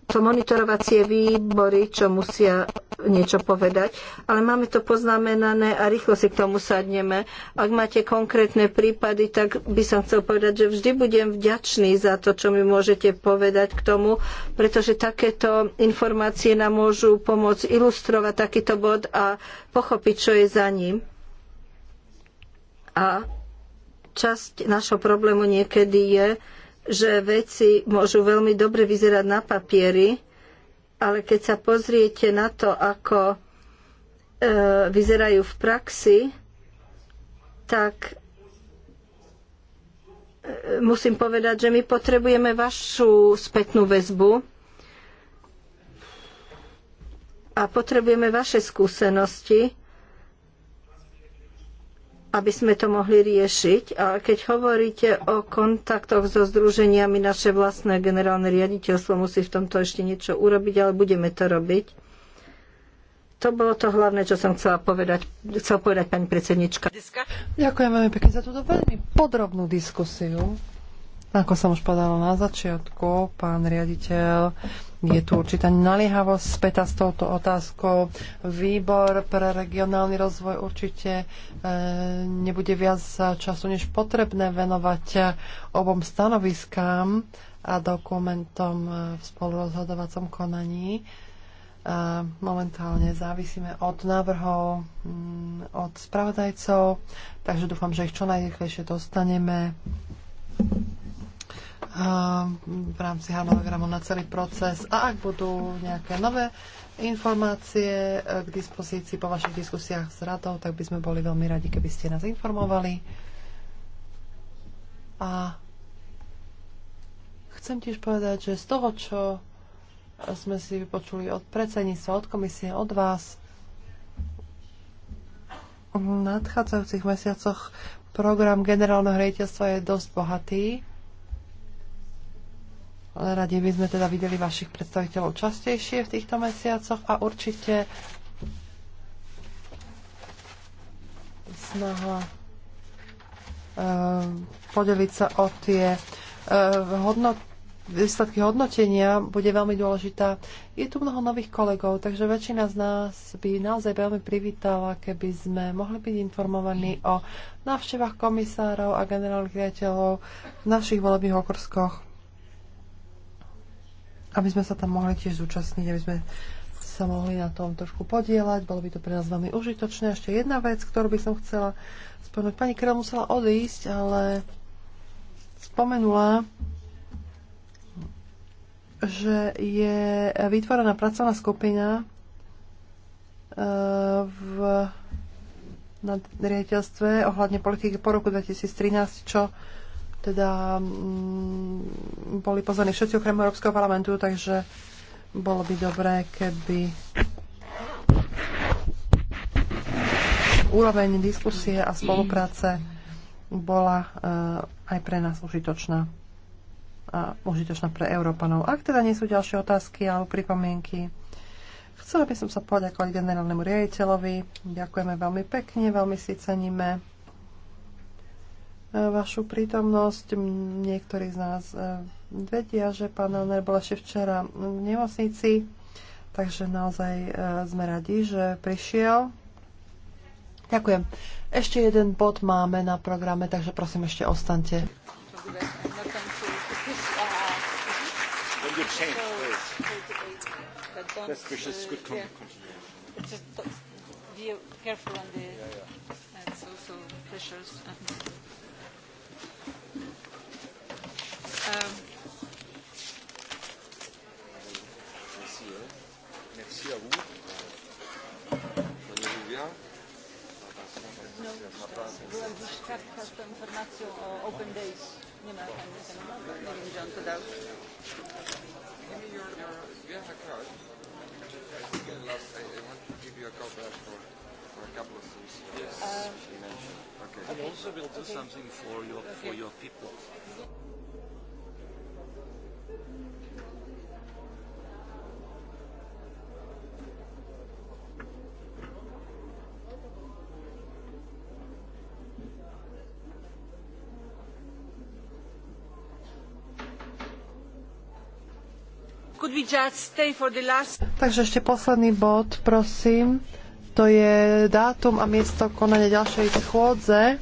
to monitorovacie výbory, čo musia niečo povedať, ale máme to poznamenané a rýchlo si k tomu sadneme. Ak máte konkrétne prípady, tak by som chcel povedať, že vždy budem vďačný za to, čo mi môžete povedať k tomu, pretože takéto informácie nám môžu pomôcť ilustrovať takýto bod a pochopiť, čo je za ním. A časť našho problému niekedy je, že veci môžu veľmi dobre vyzerať na papieri, ale keď sa pozriete na to, ako e, vyzerajú v praxi, tak e, musím povedať, že my potrebujeme vašu spätnú väzbu a potrebujeme vaše skúsenosti, aby sme to mohli riešiť. A keď hovoríte o kontaktoch so združeniami, naše vlastné generálne riaditeľstvo musí v tomto ešte niečo urobiť, ale budeme to robiť. To bolo to hlavné, čo som chcela povedať, chcel povedať pani predsednička. Ďakujem veľmi pekne za túto veľmi podrobnú diskusiu. Ako som už povedala na začiatku, pán riaditeľ, je tu určitá naliehavosť späta s touto otázkou. Výbor pre regionálny rozvoj určite e, nebude viac času než potrebné venovať obom stanoviskám a dokumentom v spolurozhodovacom konaní. E, momentálne závisíme od návrhov, mm, od spravodajcov, takže dúfam, že ich čo najrychlejšie dostaneme. Ehm, v rámci harmonogramu na celý proces a ak budú nejaké nové informácie eh, k dispozícii po vašich diskusiách s radou, tak by sme boli veľmi radi, keby ste nás informovali. A chcem tiež povedať, že z toho, čo sme si vypočuli od predsedníctva, od komisie, od vás, v nadchádzajúcich mesiacoch program generálneho rejiteľstva je dosť bohatý Radi by sme teda videli vašich predstaviteľov častejšie v týchto mesiacoch a určite snaha e, podeliť sa o tie e, hodnoty výsledky hodnotenia bude veľmi dôležitá. Je tu mnoho nových kolegov, takže väčšina z nás by naozaj veľmi privítala, keby sme mohli byť informovaní o návštevách komisárov a generálnych riaditeľov v našich volebných okrskoch aby sme sa tam mohli tiež zúčastniť, aby sme sa mohli na tom trošku podielať. Bolo by to pre nás veľmi užitočné. Ešte jedna vec, ktorú by som chcela spomenúť. Pani Krel musela odísť, ale spomenula, že je vytvorená pracovná skupina e, v, na riaditeľstve ohľadne politiky po roku 2013, čo teda mm, boli pozvaní všetci okrem Európskeho parlamentu, takže bolo by dobré, keby úroveň diskusie a spolupráce bola uh, aj pre nás užitočná a užitočná pre Európanov. Ak teda nie sú ďalšie otázky alebo pripomienky, chcela by som sa poďakovať generálnemu riaditeľovi. Ďakujeme veľmi pekne, veľmi si ceníme vašu prítomnosť. Niektorí z nás e, vedia, že pán Elner bol ešte včera v nemocnici, takže naozaj e, sme radi, že prišiel. Ďakujem. Ešte jeden bod máme na programe, takže prosím, ešte ostante. Best Be careful on the yeah, yeah. and social pressures. And Um, Merci, hein. Merci à vous. Panie Julia. No, byłam dziś kartka z tą informacją o Open Days. Nie ma pani nie wiem gdzie on to dał. Yes, um, she mentioned. Okay. I also will do okay. something for your for your people. Takže ešte posledný bod, prosím. To je dátum a miesto konania ďalšej schôdze.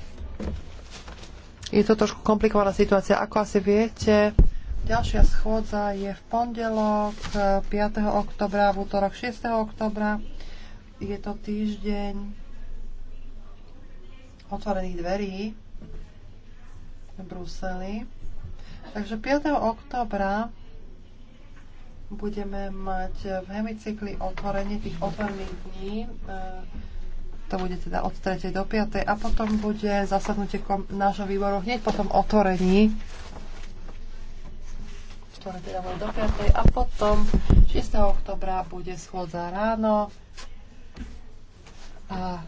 Je to trošku komplikovaná situácia. Ako asi viete, ďalšia schôdza je v pondelok 5. oktobra, v útorok 6. oktobra. Je to týždeň otvorených dverí v Bruseli. Takže 5. oktobra budeme mať v hemicykli otvorenie tých otvorených dní. E, to bude teda od 3. do 5. A potom bude zasadnutie nášho výboru hneď po tom otvorení ktoré teda bude do 5. A potom 6. oktobra bude schôdza ráno. A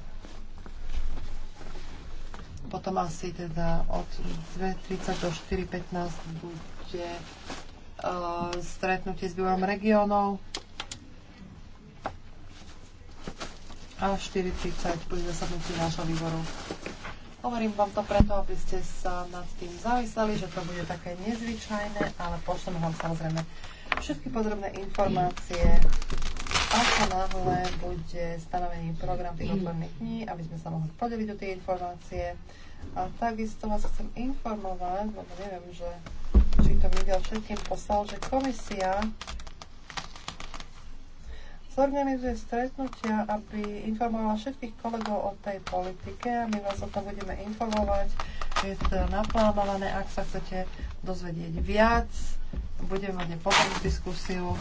potom asi teda od 2.30 do 4.15 bude Eh, stretnutie s Byurom regionov a 4.30 bude zasadnutie nášho výboru. Hovorím vám to preto, aby ste sa nad tým zamysleli, že to bude také nezvyčajné, ale pošlem vám samozrejme všetky podrobné informácie, ako náhle bude stanovený program tých odborných dní, aby sme sa mohli podeliť o tie informácie. A takisto vás chcem informovať, lebo neviem, že či to videl všetkým poslal, že komisia zorganizuje stretnutia, aby informovala všetkých kolegov o tej politike a my vás o to budeme informovať. Je to naplánované, ak sa chcete dozvedieť viac, budeme mať nepodobnú diskusiu.